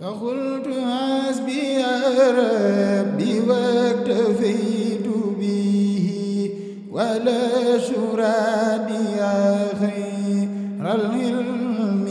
فقلت حسبي ربي واكتفيت به ولا شرادي خير العلم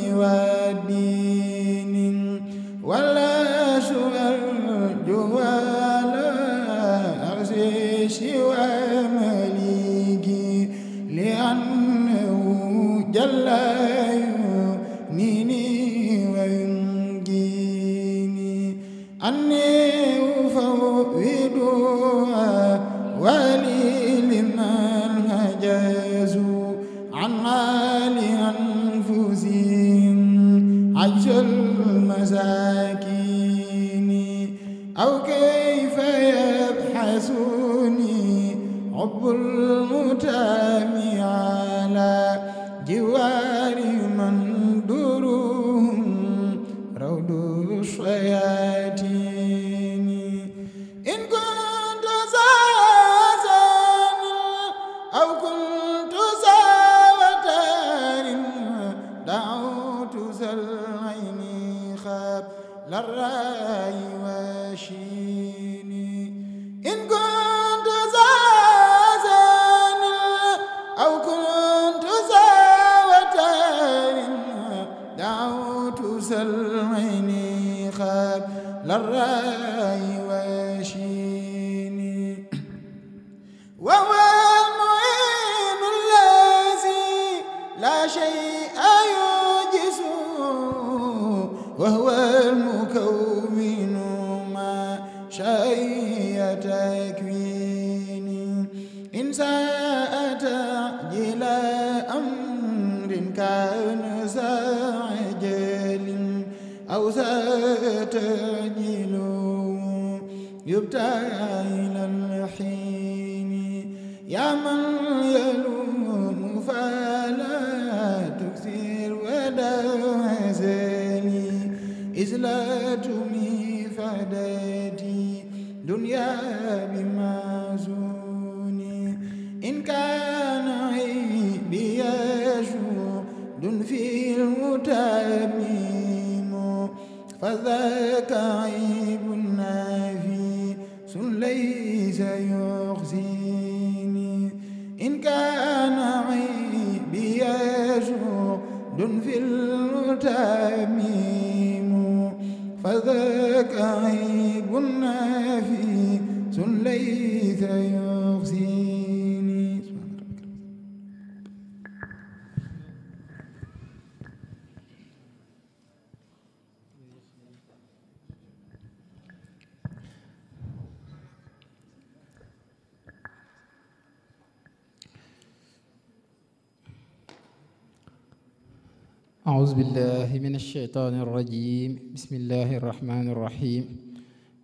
أعوذ بالله من الشيطان الرجيم بسم الله الرحمن الرحيم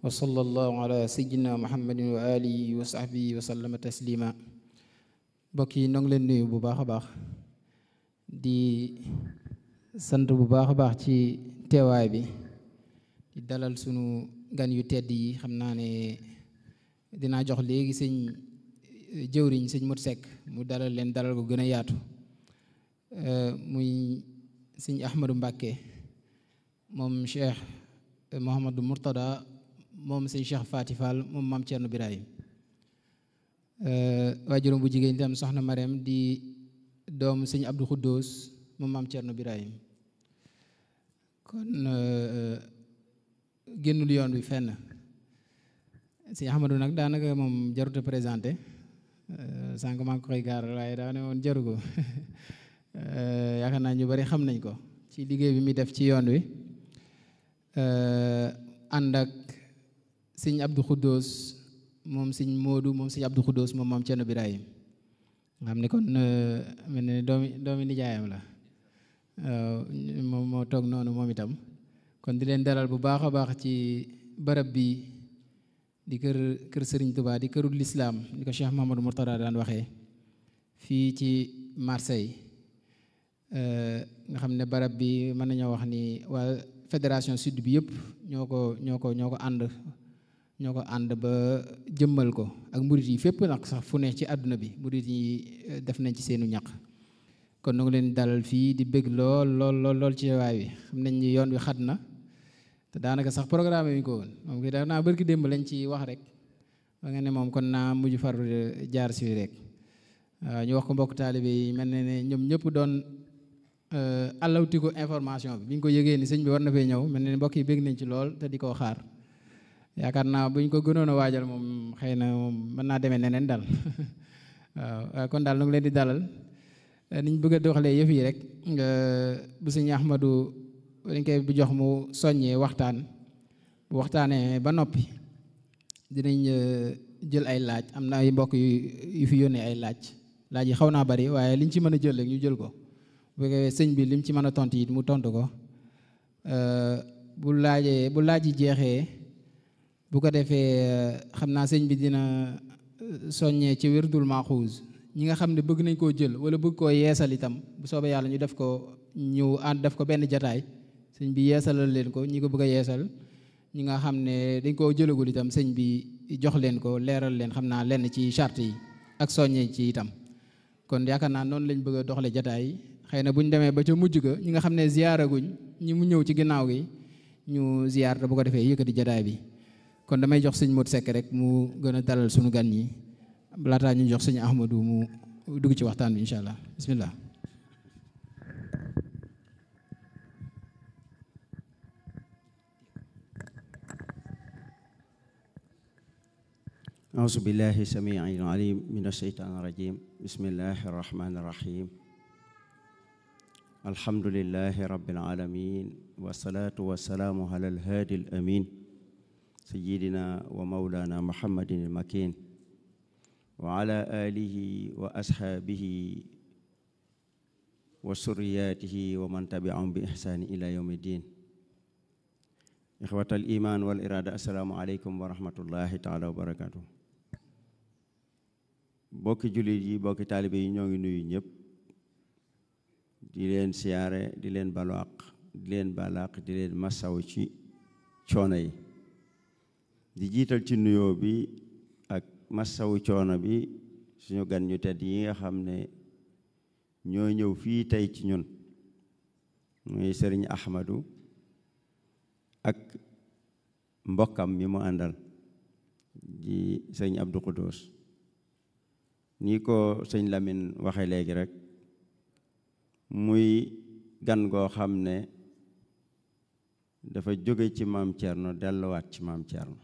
وصلى الله على سيدنا محمد وآله وصحبه وسلم تسليما bokki noo ngi leen nuyu bu baax a baax di sant bu baax a baax ci teewaay bi di dalal sunu gan yu tedd yi xam naa ne dinaa jox léegi sëñ jëwriñ sëñ Mot Sekk mu dalal leen dalal ko gën a yaatu muy sëñ Ahmadou Mbàkke moom Cheikh Mouhamadou Mourtada moom sëñ Cheikh Faati Fall moom maam Thierno Birahim euh, waajuram bu jigéen itam soxna Marème di doom sëñ Abdou Khoudous moom maam Thierno Birahim kon euh, euh, génnul yoon bi fenn sëñ Ahmadou nag daanaka moom jarut présenté sànq maa ngi koy gaar waaye daa ne woon jaru ko Euh, yaakaar naa ñu bari xam nañ ko ci liggéey bi muy def ci yoon wi euh, ànd ak sëñ Abdou Khoudous moom sëñ moodu moom sëñ Abdou Khoudous moom maam Cerno Birahim xam ne kon euh, mel ne doomi doomi nijaayam la moom moo toog noonu moom itam kon di leen dalal bu baax a baax ci barab bi di kër kër sëriñ Touba di këru lislaam di ko Cheikh Mahamadou Mourtada daan waxee fii ci Marseille Euh, nga xam ne barab bi mën nañoo wax ni waa fédération sud bi yëpp ñoo ko ñoo ko ñoo ko ànd ñoo ko ànd ba jëmmal ko ak murit yi fépp nag sax fu ne ci àdduna bi murit yi euh, def nañ ci seenu ñaq kon nu ngi leen dalal fii di bëgg lool lool lool lool waay wi xam nañ ni yoon wi xat na te daanaka sax programme yi ñu ko woon naa bërki démb lañ ci wax rek ba nga ne moom kon naa mujj far euh, jaar si rek waaw ñu wax ko mbokk taalibe yi mel ne ñoom ñëpp doon Euh, allawtiku information bi bi ñu ko yëgee ni sëñ bi war na fee ñëw mel ne mbokk yi bég nañ ci lool te di koo xaar yaakaar naa bu ñu ko gënoon a waajal moom xëy na moom mën naa demee neneen daal waaw kon daal nu leen di dalal euh, ni ñu bëgg a doxalee yëf yi rek nga bu sëñ Ahmadu dañ koy bu jox mu soññee waxtaan waxtaanee ba noppi dinañ euh, jël ay laaj am na ay mbokk yu yu fi yónnee ay laaj laaj yi xaw naa bari waaye liñ ci mën a jël rek ñu jël ko. bu sëñ bi lim ci mën a tont it mu tontu ko eh, bu laajee bu laaj yi jeexee bu ko defee eh, xam naa sëñ bi dina eh, soññee ci wirdul maxuus ñi nga xam ne bëgg nañ koo jël wala bëgg koo yeesal itam bu soobee yàlla ñu def ko ñu ànd ko benn jataay sëñ bi yeesalal leen ko ñi ko bëgg a yeesal ñi nga xam ne dañ koo jëlagul itam sëñ bi jox leen ko leeral leen xam naa lenn ci charte yi ak soññee ci itam kon yaakaar naa noonu lañ bëgg a doxale jataay xëy na bu ñu demee ba ca mujj ga ñi nga xam ne ziyaaraguñ ñi mu ñëw ci ginnaaw gi ñu ziyaar da bu ko defee yëkkati jataay bi kon damay jox sëñ Modou Seck rek mu gën a dalal suñu gan ñi laataa ñu jox sëñ Ahmadou mu dugg ci waxtaan bi incha allah bismillah أعوذ بالله السميع العليم من الشيطان الرجيم بسم الله الرحمن الرحيم alhamdulilahi rabbil alamin wasalaatu wasalaamu ala alhaadi al amin sayidina wa maulana muhammadin almakin wa ala alihi wa ashaabihi wa suriyatihi wa man tabiahum bi ihsaani ila yawmi ddin ixwata al iman wal iraada assalaamu aleykum wa rahmatullahi taala wa barakatuh bokki jullit yi bokki taalibe yi ñoo ngi nuyu ñëpp di leen siyaare di leen balwaq di leen balaq di leen masaw ci coono yi di jiital ci nuyoo bi ak masawu coono bi suñu gan ñu tedd yi nga xam ne ñoo ñëw fii tey ci ñun muy sëriñ Ahmadu ak mbokkam mi mu àndal di sëriñ Abdou Khoudous ni ko sëñ Lamine waxe léegi rek muy gan goo xam ne dafa jóge ci maam no delluwaat ci maam Thierno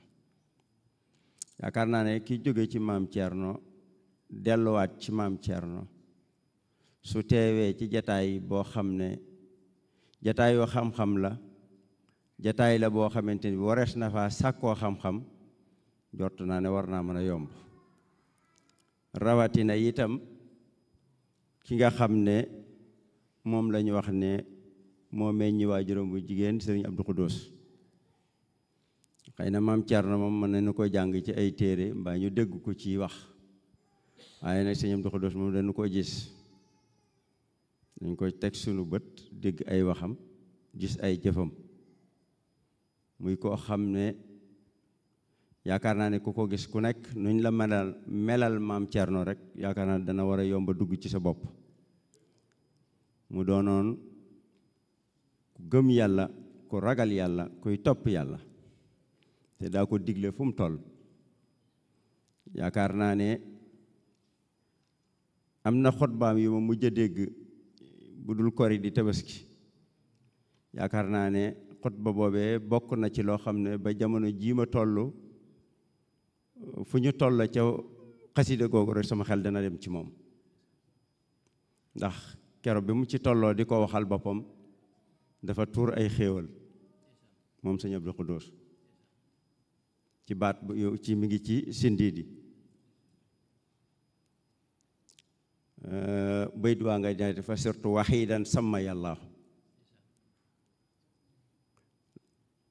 yaakaar naa ne ki jóge ci maam Thierno delluwaat ci maam Thierno su teewee ci jataay boo xam ne jataayu xam-xam la jataay la boo xamante ni warees na faa sàkkoo xam-xam jort naa ne war naa mën a yomb rawatina itam ki nga xam ne moom lañu wax ne moo meññi juróom bu jigéen sëriñ Abdou Khoudous xëy na maam Thierno moom mën nañu ko jàng ci ay téere mbaa ñu dégg ko ciy wax waaye nag sëriñ Abdou Khoudous moom dañu ko gis dañ ko teg sunu bët dégg ay waxam gis ay jëfam muy koo xam ne yaakaar naa ne ku ko gis ku nekk nuñ la melal melal maam Thierno rek yaakaar naa dana war a yomba dugg ci sa bopp mu doonoon ku gëm yàlla ku ragal yàlla kuy topp yàlla te daa ko digle fu mu toll yaakaar naa ne am na xotbaam yu ma mujj a dégg bu dul kori di tabaski yaakaar naa ne xotba boobee bokk na ci loo xam ne ba jamono jii ma toll fu ñu toll ca xasida googu sama xel dana dem ci moom ndax kero bi mu ci tolloo di ko waxal boppam dafa tuur ay xéewal moom sëñ Abdou Khoudous ci baat bu yow ci mi ngi ci sindiidi bayit waa nga jaay dafa surtout waxiidan sama yàlla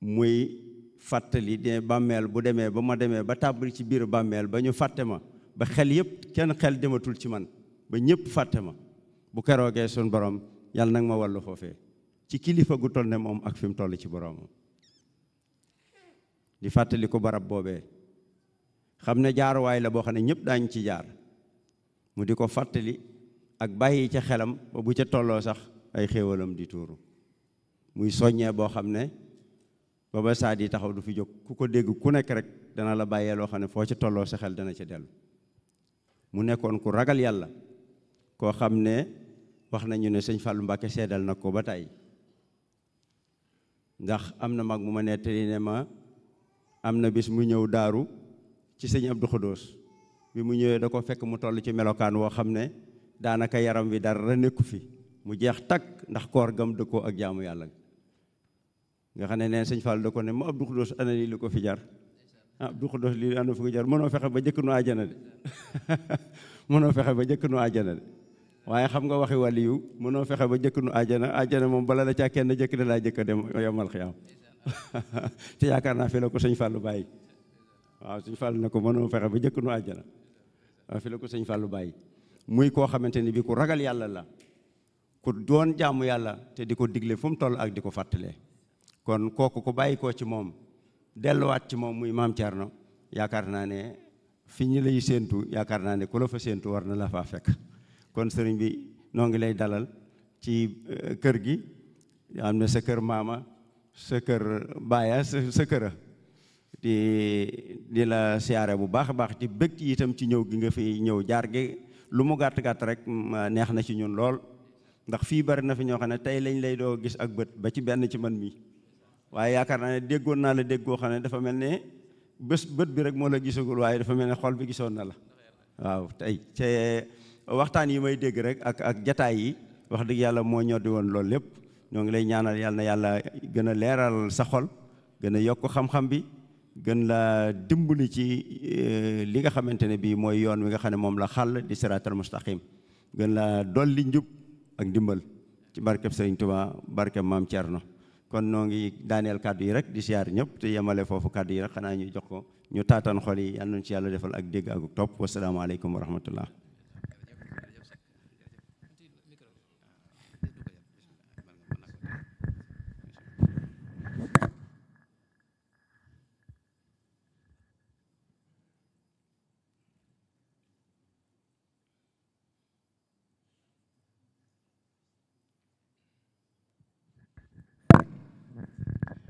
muy fàttali de bàmmeel bu demee ba ma demee ba tàbbali ci biir bàmmeel ba ñu fàtte ma ba xel yépp kenn xel dematul ci man ba ñépp fàtte ma bu keroogee suñ boroom yàlla nag ma wàllu foofee ci kilifa gu toll ne moom ak fi mu toll ci boroomam di fàttali ko barab boobee xam ne jaaruwaay la boo xam ne ñëpp daañ ci jaar mu di ko fàttali ak bàyyi ca xelam ba bu ca tolloo sax ay xéewalam di tuuru muy soññee boo xam ne ba ba saa di taxaw du fi jóg ku ko dégg ku nekk rek dana la bàyyee loo xam ne foo ca tolloo sa xel dana ca dellu mu nekkoon ku ragal yàlla koo xam ne wax nañu ne sëñ Fallou Mbacké seedal nag ko ba tey ndax am na mag mu ma nettali ne ma am na bis mu ñëw daaru ci sëñ Abdou Khoudous bi mu ñëwee da ko fekk mu toll ci melokaan woo xam ne daanaka yaram wi dara nekku fi mu jeex takk ndax koor gam dëkkoo ak jaamu yàlla nga xam ne neen sëñ Fall da ko ne ma Abdou Khoudous ana lii li ko fi jar ah Abdou Khoudous lii ana fi jar mënoo fexe ba jëkk nu àjjana de mënoo fexe ba jëkk nu àjjana de waaye xam nga waxi wàliyu mënoo fexe ba jëkk nu àjjana àjjana moom bala la caa kenn jëkk da laa jëkk a dem xiyaam te yaakaar naa fi la ko sëñ Fallou bàyyi waaw sëñ ne ko mënoo fexe ba jëkk nu àjjana waaw fi ko sëñ bàyyi muy koo xamante ni bi ku ragal yàlla la ku doon jaamu yàlla te di ko digle fu mu toll ak di ko fàttalee kon kooku ko bàyyi koo ci moom delluwaat ci moom muy maam Thierno yaakaar naa ne fi ñu lay séentu yaakaar naa ne ku la fa séentu war na la faa fekk kon sëriñ bi noo ngi lay dalal ci euh, kër gi am na sa kër maama sa kër baaya sa këra di di la siyaare bu baax a baax ci bëgg itam ci ñëw gi nga fi ñëw jaar gi lu mu gàtt gàtt rek mm, neex na ci ñun lool ndax fii bari na fi ñoo xam ne tey lañ lay doo gis ak bët ba ci benn ci man mi waaye yaakaar naa ne déggoon naa la déggoo xam ne dafa mel ne bés bët bi rek moo la gisagul waaye dafa mel ne xol bi gisoon na la waaw tey waxtaan yi may dégg rek ak ak jataay yi wax dëgg yàlla moo ñor di woon loolu lépp ñoo ngi lay ñaanal yàlla na yàlla gën a leeral sa xol gën a yokk xam-xam bi gën la dimbali ci euh, li nga xamante ne bii mooy yoon wi nga xam ne moom la xàll di siraatal mustaqim gën la dolli njub ak ndimbal ci barkeb Sëriñ Tuubaa barkeb Maam na kon noo ngi daaneel kàddu yi rek di siyaar ñëpp te yemale foofu kàddu yi rek xanaa ñu jox ko ñu taataan xol yi yal nañu ci yàlla defal ak dégg ak topp wasalaamaaleykum wa rahmatullah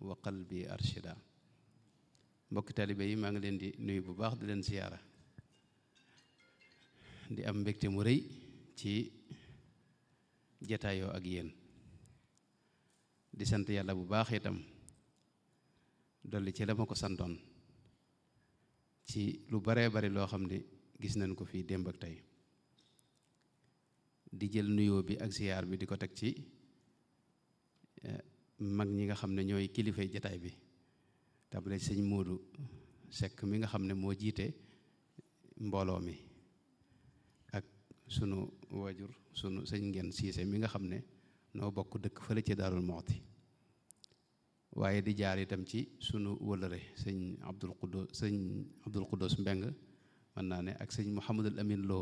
wa bi arshida mbokki taalibe yi maa ngi leen di nuyu bu baax di leen ziyaara di am mbégte mu rëy ci jataayoo ak yéen di sant yàlla bu baax itam dolli ci la ma ko santoon ci lu baree bari loo xam ne gis nañ ko fii démb ak tey di jël nuyoo bi ak ziyaar bi di ko teg ci eh, mag ñi nga xam ne ñooy kilifay jataay bi tabale sëñ Moodu Sekk mi nga xam ne moo jiite mbooloo mi ak sunu waajur sunu sëñ ngeen siise mi nga xam ne noo bokk dëkk fa fële ci Daarul Muxti waaye di jaar itam ci sunu wëlëre sëñ Abdul Quddus sëñ Abdul Quddus Mbeng mën naa ne ak sëñ Mouhamadul Amin Lo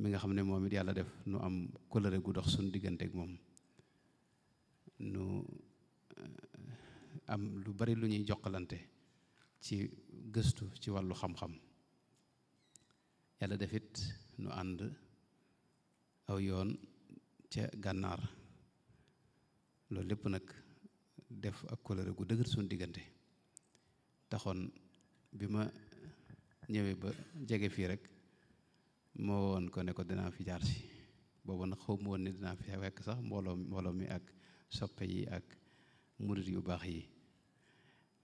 mi nga xam ne moom it yàlla def nu am kóllëre gu dox sunu diggante ak moom nu eh, am lu bari lu ñuy jokkalante ci gëstu ci wàllu xam-xam yàlla defit nu ànd aw ca gànnaar loolu lépp nag def ak kóllëre gu dëgër suñu diggante taxoon bi ma ñëwee ba jege fii rek moo woon ko ne ko dinaa fi jaar si boobu nag xaw ma woon ni dinaa fekk sax mbooloo mbooloo mi ak soppe yi ak murit yu baax yi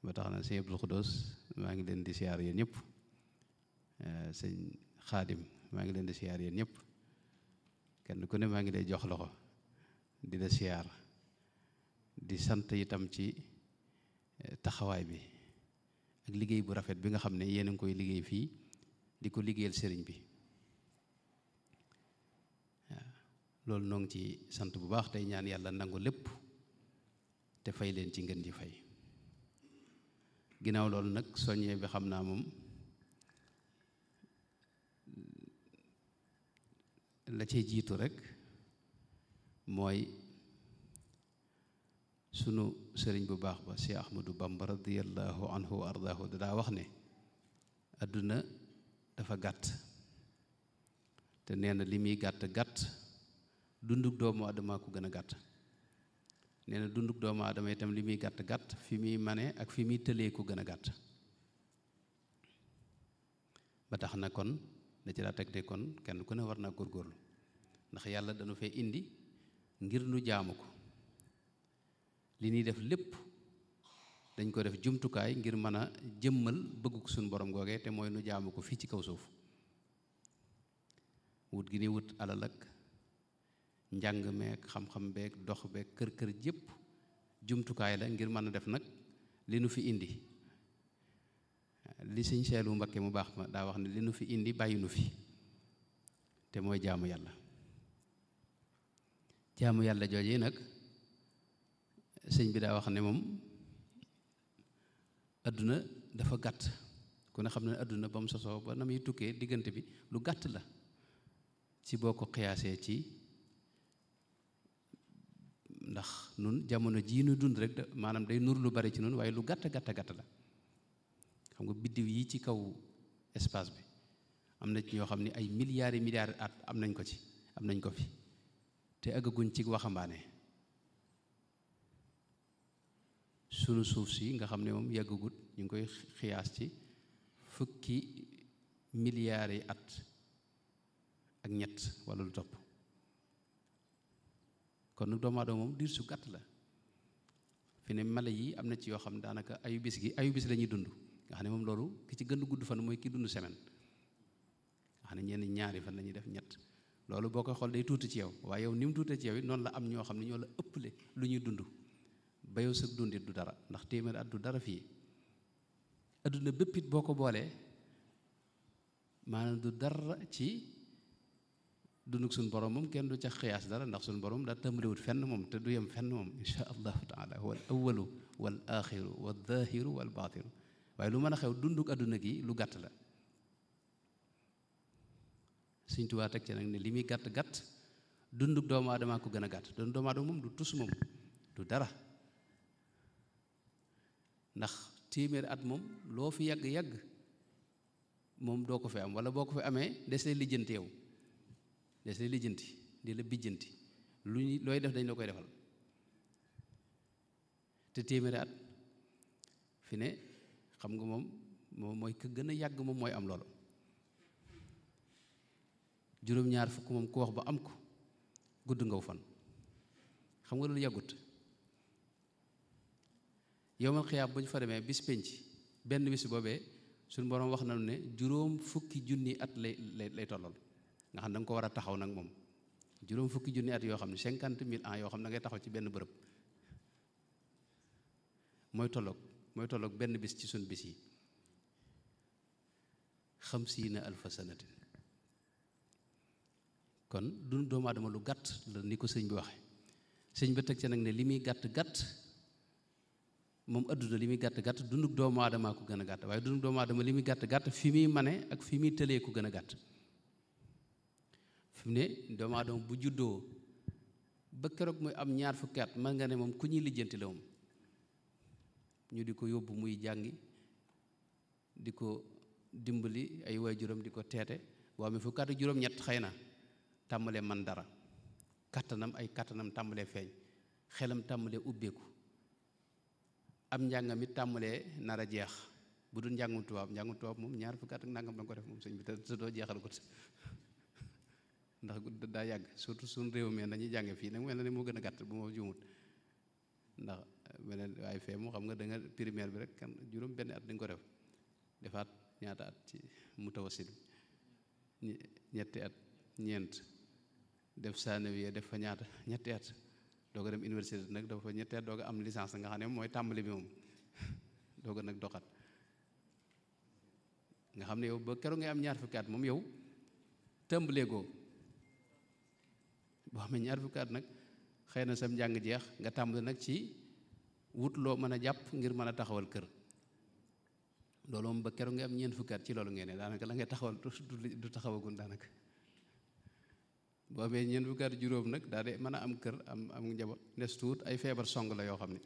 moo tax na sëñ Abdul Xudoos maa ngi leen di siyaar yéen ñëpp eh, sëñ Xaadim maa ngi leen di siyaar yéen ñëpp kenn ku ne maa ngi lay jox loxo dina la siyaar di sant itam ci eh, taxawaay bi ak liggéey bu rafet bi nga xam ne yéen a ngi koy liggéey fii di ko liggéeyal sëriñ bi loolu noo ngi ci sant bu baax tey ñaan yàlla nangu lépp te fay leen ci ngeen di fay ginnaaw loolu nag soññee bi xam naa moom la cay jiitu rek mooy sunu sëriñ bu baax ba Cheikh Ahmadou Bamba radiyallahu anhu wa ardaahu daa wax ne àdduna dafa gàtt te nee li muy gàtt gàtt dunduk doomu adama ko gën a gàtt nee na dunduk doomu adama itam li muy gàtt gàtt fi muy mane ak fi muy tëlee ko gën a gàtt ba tax na kon da ci daa teg de kon kenn ku ne war naa góorgóorlu ndax yàlla dañu fee indi ngir nu jaamu ko li ñuy def lépp dañ ko def jumtukaay ngir mën a jëmmal ko suñu borom googee te mooy nu jaamu ko fii ci kaw suuf wut gi ni wut alal ak njàng meek xam-xam beek dox beek kër-kër yépp jumtukaay la ngir mën a def nag li nu fi indi li sëñ seelu mbakke mu baax ma daa wax ne li nu fi indi bàyyi nu fi te mooy jaamu yàlla jaamu yàlla jooje nag sëñ bi daa wax ne moom adduna dafa gàtt ku ne xam ne àdduna ba mu sosoo ba na muy tukkee diggante bi lu gàtt la ci boo ko xiyaasee ci ndax nun jamono jii nu dund rek maanaam day nur lu bari ci noonu waaye lu gàtt gàtt gàtt la xam nga biddiw yi ci kaw espace bi am na ci ñoo xam ni ay milliards milliards at am nañ ko ci am nañ ko fi te àggaguñ ci waxambaane sunu suuf si nga xam ne moom yàggagut ñu ngi koy xiyaas ci fukki milliards yi at ak ñett walla lu topp kon nag doomu aadama moom diir su gàtt la fi ne mala yii am na ci yoo xam daanaka ayu bis gi ayu bis la ñuy dund nga ne moom loolu ki ci gën gudd fan mooy ki dund semaine nga xam ne ñenn ñaari fan la ñuy def ñett loolu boo koy xool day tuuti ci yow waaye yow ni mu tuutee ci yow it noonu la am ñoo xam ne ñoo la ëpple lu ñuy dund ba yow sëg dundit du dara ndax téeméer at du dara fii adduna bépp boo ko boolee maanaam du dara ci dunug suñ borom moom kenn du ca xiyaas dara ndax suñ borom daa tàmbaliwut fenn moom te du yem fenn moom insha allahu taala wal awalu wal axiru wal zahiru wal baatiru waaye lu mën a xew dundug adduna gi lu gàtt la Sëñ Tuubaa teg ci nag ne li muy gàtt gàtt dundug doomu aadama ko gën a gàtt doon doomu aadama moom du tus moom du dara ndax téeméeri at moom loo fi yàgg-yàgg moom doo ko fi am wala boo ko fi amee desee lijjanti yow des lay lijjanti di la bijjanti lu ñu looy def dañ la koy defal te téeméeri at fi ne xam nga moom moom mooy ka gën a yàgg moom mooy am loolu juróom-ñaar fukk moom ku wax ba am ko gudd ngaw fan xam nga loolu yàggut yow man xiyaab bu ñu fa demee bis penc benn bis boobee suñu boroom wax nañu ne juróom fukki junni at lay lay lay tollal nga xam da nga ko war a taxaw nag moom juróom fukki junni at yoo xam ne cinquante mil ans yoo xam ne da ngay taxaw ci benn bërëb mooy tolloog mooy tolloog benn bis ci sun bis yi xamsiina alfa sanatin kon dund doomu aadama lu gàtt la ni ko sëñ bi waxe sëñ ba teg ci nag ne li muy gàtt gàtt moom adduna li muy gàtt gàtt dunduk doomu aadama ko gën a gàtt waaye dunduk doomu li muy gàtt gàtt fi muy mane ak fi muy tëlee ko gën a gàtt fi mu ne doomu aadama bu juddoo ba keroog muy am ñaar fukki at nga ne moom ku ñuy lijjanti la ñu di ko yóbbu muy jàngi di ko dimbali ay waay waajuram di ko teete waa mi fukki at juróom-ñett xëy na tàmbalee man dara kattanam ay kattanam tàmbalee feeñ xelam tàmbalee ubbeeku am njàngam it tàmbalee nar a jeex bu dul njàngum tubaab njàngum tubaab moom ñaar fukki at ak nangam la ko def moom sëñ doo jeexal ko ndax daa yàgg surtout suñ réew mee dañuy jànge fii nag na ne moo gën a gàtt bu ma juumut ndax beneen waaye fee mu xam nga da nga primaire bi rek kan juróom benn at di nga ko def defaat ñaata at ci mutawasit bi ñetti at ñeent def saanawiya def fa ñaata ñetti at doo ko dem université nag dafa ñetti at doo ko am licence nga xam ne mooy tàmbali bi moom doo ko nag doxat nga xam ne yow ba keroog ngay am ñaar fukki at moom yow tàmbalee ko boo xam ne ñaar fukki nag xëy na sam njàng jeex nga tàmbali nag ci wut loo mën a jàpp ngir mën a taxawal kër loolu ba keroog nga am ñeent fukki ci loolu ngeen ne daanaka la ngay taxawal du taxawagun daanaka boo amee ñeent fukki at juróom nag daa de mën a am kër am am njaboot nes tuut ay feebar song la yoo xam ne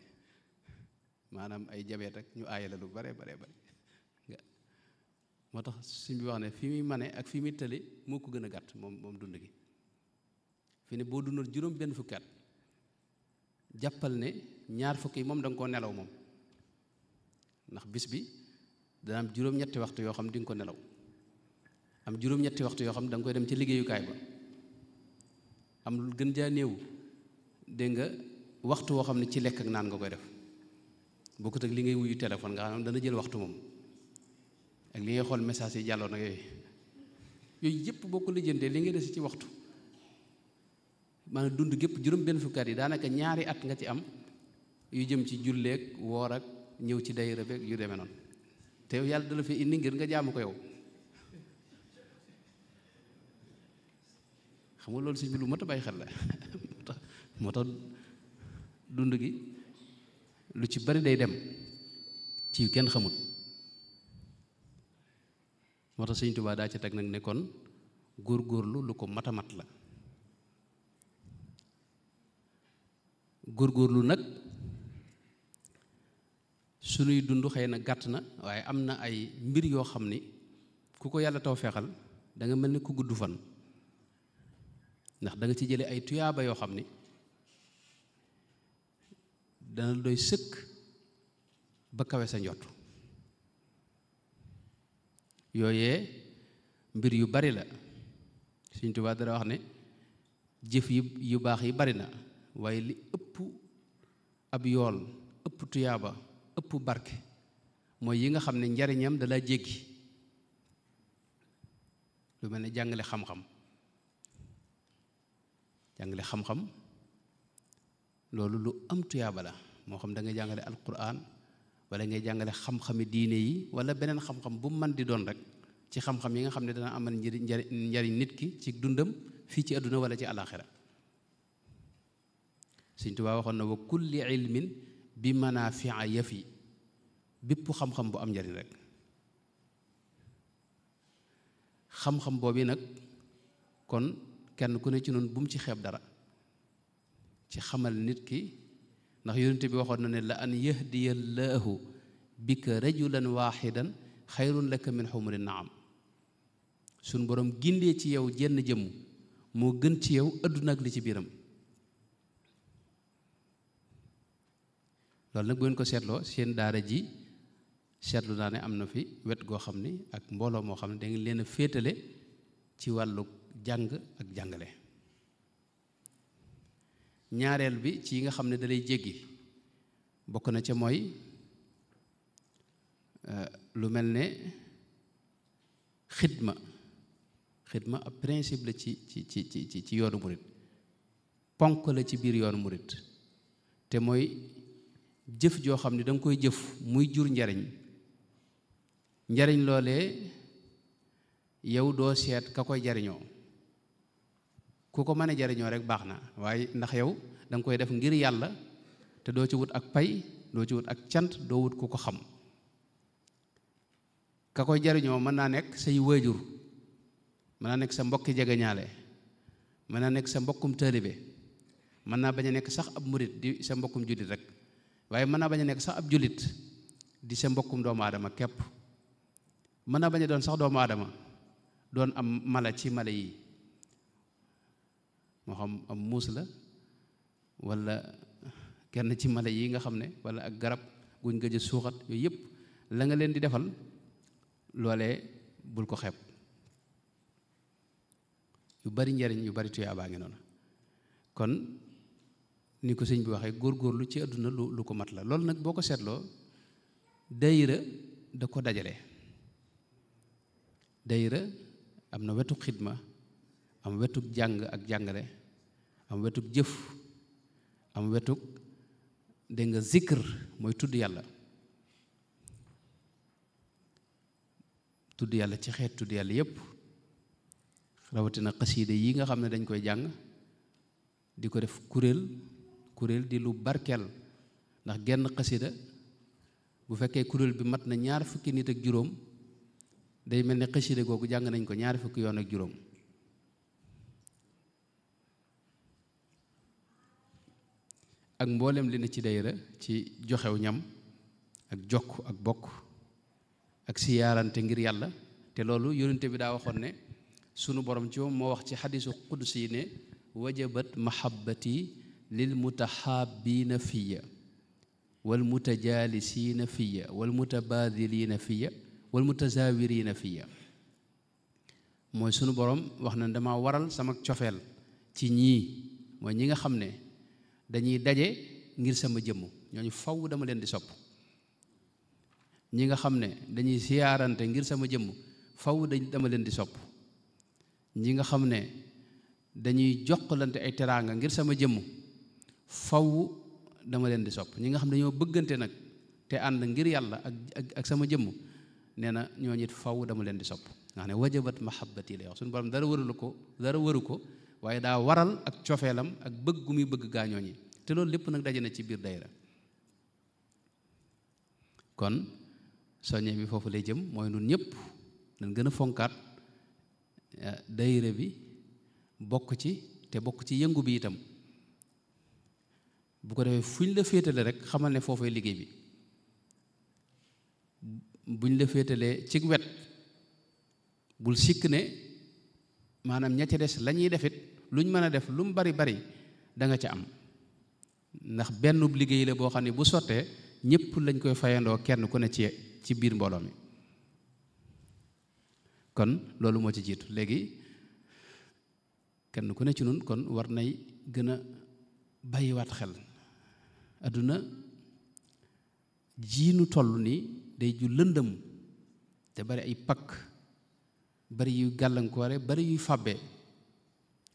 maanaam ay jabeet ñu aaye la lu bare bare bare moo tax suñ bi wax ne fii muy mane ak fii muy tële moo ko gën a gàtt moom moom dund gi fi ne boo dundoon juróom benn fukki at jàppal ne ñaar fukki yi moom da koo nelaw moom ndax bis bi dana am juróom-ñetti waxtu yoo xam di nga ko nelaw am juróom waxtu yoo xam da nga koy dem ci liggéeyukaay ba am lu gën jaa néew dégg nga waxtu woo xam ne ci lekk ak naan nga koy def bokkut ak li ngay wuyu téléphone nga xam ne dana jël waxtu moom ak li ngay xool message yi jàlloo na yooyu yooyu yëpp boo li ngay des ci waxtu maanaam dund gépp juróom benn fukki yi daanaka ñaari at nga ci am yu jëm ci julleeg woor ak ñëw ci dayra beeg yu demee noonu te yow yàlla dala fi indi ngir nga jaamu ko yow xam nga loolu sëñ bi lu mat a bàyyi xel la moo tax dund gi lu ci bari day dem ci yu kenn xamul moo tax sëñ Tuubaa daa ci teg nag nekkoon kon góorgóorlu lu ko mat a mat la góor góorlu nag sunuy dund xëy na gàtt na waaye am na ay mbir yoo xam ni ku ko yàlla taw feexal danga mel ni ku gudd fan ndax danga ci jële ay tuyaaba yoo xam ni dana doy sëkk ba kawe sa njot yooyee mbir yu bari la Sëriñ Tuubaa dara wax ne jëf yi yu baax yi bari na waaye li ëpp ab yool ëpp tuyaaba ëpp barke mooy yi nga xam ne njariñam dalaa jéggi lu mel ne jàngale xam-xam jàngale xam-xam loolu lu am tuyaaba la moo xam dangay ngay jàngale alquran wala ngay jàngale xam-xami diine yi wala beneen xam-xam bu man di doon rek ci xam-xam yi nga xam ne dana amal njariñ njariñ nit ki ci dundam fii ci àdduna wala ci àllaaxira Sëñ Tuubaa waxoon na wa kulli ilmin bi manafia yi bépp xam-xam bu am njariñ rek xam-xam boobu nag kon kenn ku ne ci noonu bu mu ci xeeb dara ci xamal nit ki ndax yonent bi waxoon na ne la an yahdiyallaahu bika rajulan waaxidan xayrun laka min na am suñ boroom gindee ci yow jenn jëmm moo gën ci yow adduna ak li ci biiram loolu nag bu ngeen ko seetloo seen daara ji seetlu naa am na fi wet goo xam ne ak mbooloo moo xam ne da leen a féetale ci wàllu jàng ak jàngale ñaareel bi ci yi nga xam ne dalay jéggi bokk na ca mooy euh, lu mel ne xidma xidma ab principe la ci ci ci ci ci yoonu murit ponk la ci biir yoonu murit te mooy jëf joo xam ne danga koy jëf muy jur njariñ njariñ loolee yow doo seet ka koy jariñoo ku ko mën a jariñoo rek baax na waaye ndax yow danga koy def ngir yàlla te doo ci wut ak pay doo ci wut ak cant doo wut ku ko xam ka koy jariñoo mën naa nekk say waajur mën naa nekk sa mbokki jegeñaale mën naa nekk sa mbokkum taalibe mën naa bañ a nekk sax ab murit di sa mbokkum jullit rek waaye mën naa bañ a nekk sax ab jullit di sa mbokkum doomu aadama képp mën naa bañ a doon sax doomu aadama doon am mala ci mala yi moo xam am muus la wala kenn ci mala yii nga xam ne wala ak garab guñ gëj suuxat yooyu yëpp la nga leen di defal loolee bul ko xeeb yu bari njariñ yu bari tuyaa baa ngi noonu kon ni ko sëñ bi waxee góorgóorlu ci àdduna lu ko mat la loolu nag boo ko seetloo dayira da ko dajale dayira am na wetu xidma am wetuk jàng ak jàngale am wetuk jëf am wetuk dégg nga zikr mooy tudd yàlla tudd yàlla ci xeet tudd yàlla yépp rawatina xasiida yi nga xam ne dañ koy jàng di ko def kuréel kuréel di lu barkel ndax genn xasida bu fekkee kuréel bi mat na ñaar fukki nit ak juróom day mel ni xasida googu jàng nañ ko ñaari fukki yoon ak juróom ak mboolem li ne ci dayra ci joxew ñam ak jokk ak bokk ak siyaarante ngir yàlla te loolu yonente bi daa waxoon ne sunu borom ci moom moo wax ci xadisu qudsi ne wajabat mahabbati lil mutaxaabiina fiya wal mutajaalisiina fiya wal mutabaadiliina fiya wal mutazaawiriina fiya mooy sunu boroom wax na dama waral sama cofeel ci ñii mooy ñi nga xam ne dañuy daje ngir sama jëmm ñooñu faw dama leen di sopp ñi nga xam ne dañuy siyaarante ngir sama jëmm faw dañ dama leen di sopp ñi nga xam ne dañuy jokkalante ay teraanga ngir sama jëmm faw dama leen di sopp ñi nga xam ne ñoo bëggante nag te ànd ngir yàlla ak ak sama jëmm nee na ñoo ñit faw dama leen di sopp nga xam ne wajabat mahabbati lay wax suñu borom dara waralu ko dara waru ko waaye daa waral ak cofeelam ak bëgg gu muy bëgg gaañoo ñi te loolu lépp nag daje na ci biir dayra kon soññe bi foofu lay jëm mooy nun ñëpp dañ gën a fonkaat eh, dayre bi bokk ci te bokk ci yëngu bi itam bu ko defee fuñ la féetale rek xamal ne foofee liggéey bi buñ la féetalee cig wet bul sikk ne maanaam ña ca des la ñuy defit luñ mën a def lu bari bari da nga ca am ndax benn liggéey la boo xam ne bu sottee ñëpp lañ koy fayandoo kenn ku ne ci ci biir mbooloo mi kon loolu moo ci jiitu léegi kenn ku ne ci nun kon war nay gën a bàyyiwaat xel adduna jiinu toll nii day ju lëndëm te bari ay pakk bari yuy gàllankoore bari yuy fabe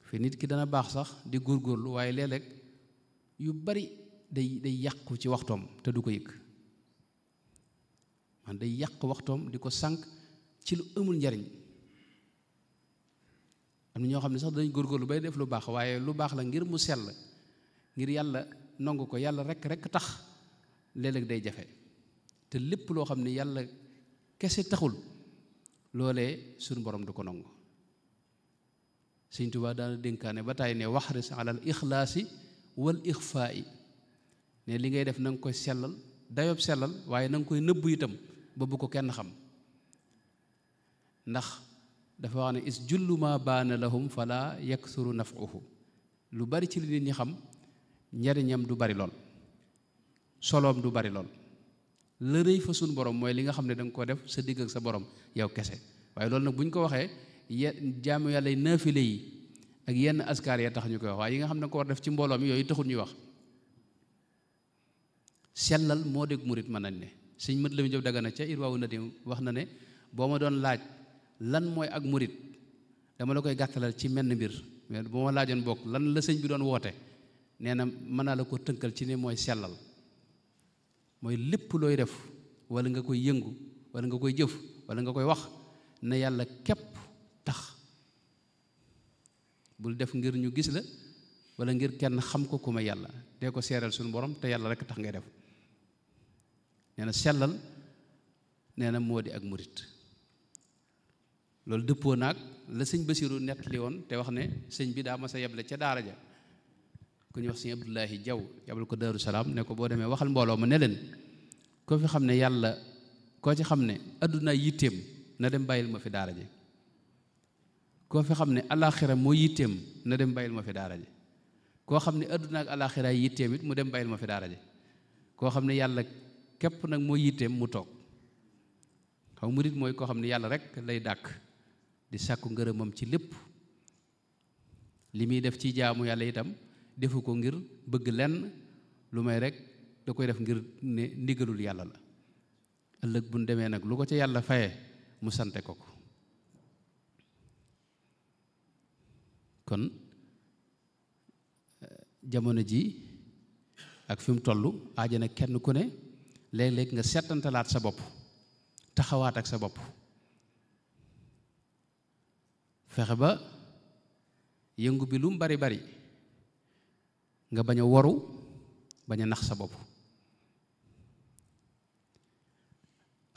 fi nit ki dana baax sax di góorgóorlu waaye léeg yu bari day day yàqu ci waxtoom te du ko yëg man day yàq waxtoom di ko sànq ci lu amul njariñ am na ñoo xam ne sax dañ góorgóorlu bay def lu baax waaye lu baax la ngir mu sell ngir yàlla nangu ko yàlla rek rek tax léeg day jafe te lépp loo xam ne yàlla kese taxul loole suñu boroom du ko nangu Sëñ Tuubaa daana dénkaane ba tàyyi ne waxris alal ixlaasi wal ixfaa'i ne li ngay def na nga koy sellal dayob sellal waaye nanga koy nëbbu itam ba bu ko kenn xam ndax dafa wax ne is jullu ma baana lahum fala yaksuru nafuhu lu bari ci li nit ñi xam njariñam du bari lool soloom du bari lool la rëy fa sun borom mooy li nga xam ne da nga ko def sa digg ak sa borom yow kese waaye loolu nag bu ñu ko waxee jaamu yàlla yi naafile yi ak yenn askar ya tax ñu koy wax waaye yi nga xam ne ko war def ci mbooloo mi yooyu taxul ñuy wax sellal moo dégg murit mën nañ ne sëñ mët la mu jëf dagana ca irwaawu nadim wax na ne boo ma doon laaj lan mooy ak murit dama la koy gàttalal ci menn mbir mais bu ma laajoon lan la sëñ bi doon woote nee na mën naa la ko tënkal ci ni mooy sellal mooy lépp looy def walla nga koy yëngu walla nga koy jëf walla nga koy wax na yàlla képp tax bul def ngir ñu gis la walla ngir kenn xam ko ku ma yàlla de ko seeral sunu borom te yàlla rekk tax ngay def nee sellal nee na moo di ak murit loolu dëppoo naag la sëñ Basiru nettali woon te wax ne sëñ bi daa mas a yeble ca daara ja ku ñuy wax sëñ Abdullahi Jaw yabal ko Daaru Salaam ne ko boo demee waxal mbooloo ma ne leen koo fi xam ne yàlla koo ci xam ne adduna yitteem na dem bàyyil ma fi daara ji koo fi xam ne alaxira moo yitteem na dem bàyyil ma fi daara koo xam ne adduna ak alaxira it mu dem bàyyil ma fi daara ji koo xam ne yàlla képp nag moo yitteem mu toog xaw murit mooy koo xam ne yàlla rek lay dàkk di sàkku ngërëmam ci lépp li muy def ci jaamu yàlla itam defu ko ngir bëgg lenn lu may rek da koy def ngir ne ndigalul yàlla la ëllëg bu ñu demee nag lu ko ca yàlla faye mu sante ko ko kon eh, jamono ji ak fi mu toll aajana kenn ku ne léeg nga settantalaat sa bopp taxawaat ak sa bopp fexe ba yëngu bi lu mu bari bari nga bañ a waru bañ a nax sa bopp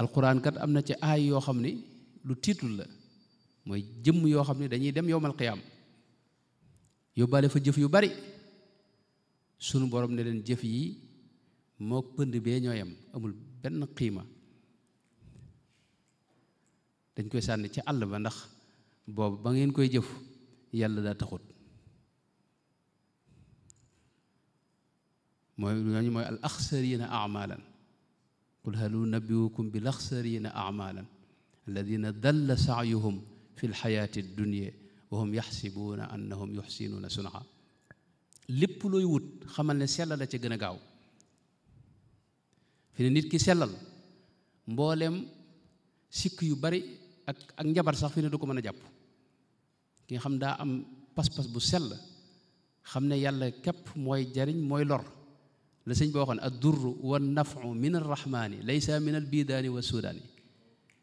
alxuraankat am na ci aay yoo xam ni lu tiitul la mooy jëmm yoo xam ne dañuy dem yowmal qiyaam yóbbaale fa jëf yu bari sunu boroom ne leen jëf yi moo pënd bee ñoo yem amul benn xiima dañ koy sànni ci àll ba ndax boobu ba ngeen koy jëf yàlla daa taxut mooy ñooñu mooy al axsarina amalan qul hal unabbiukum bil axsarina amalan alladina dalla saayuhum fi lxayaati dunya wa hum yaxsibuuna annahum yuxsinuuna sunaa lépp looy wut xamal ne sellal la ca gën a gaaw fi ne nit ki sellal mboolem sikk yu bari ak ak njabar sax fi ne du ko mën a jàpp ki nga xam daa am pas-pas bu sell xam ne yàlla képp mooy jariñ mooy lor la sëñ boo waxoon ad durru wa nafu min arrahmaani laysa min albidaani wa sudaani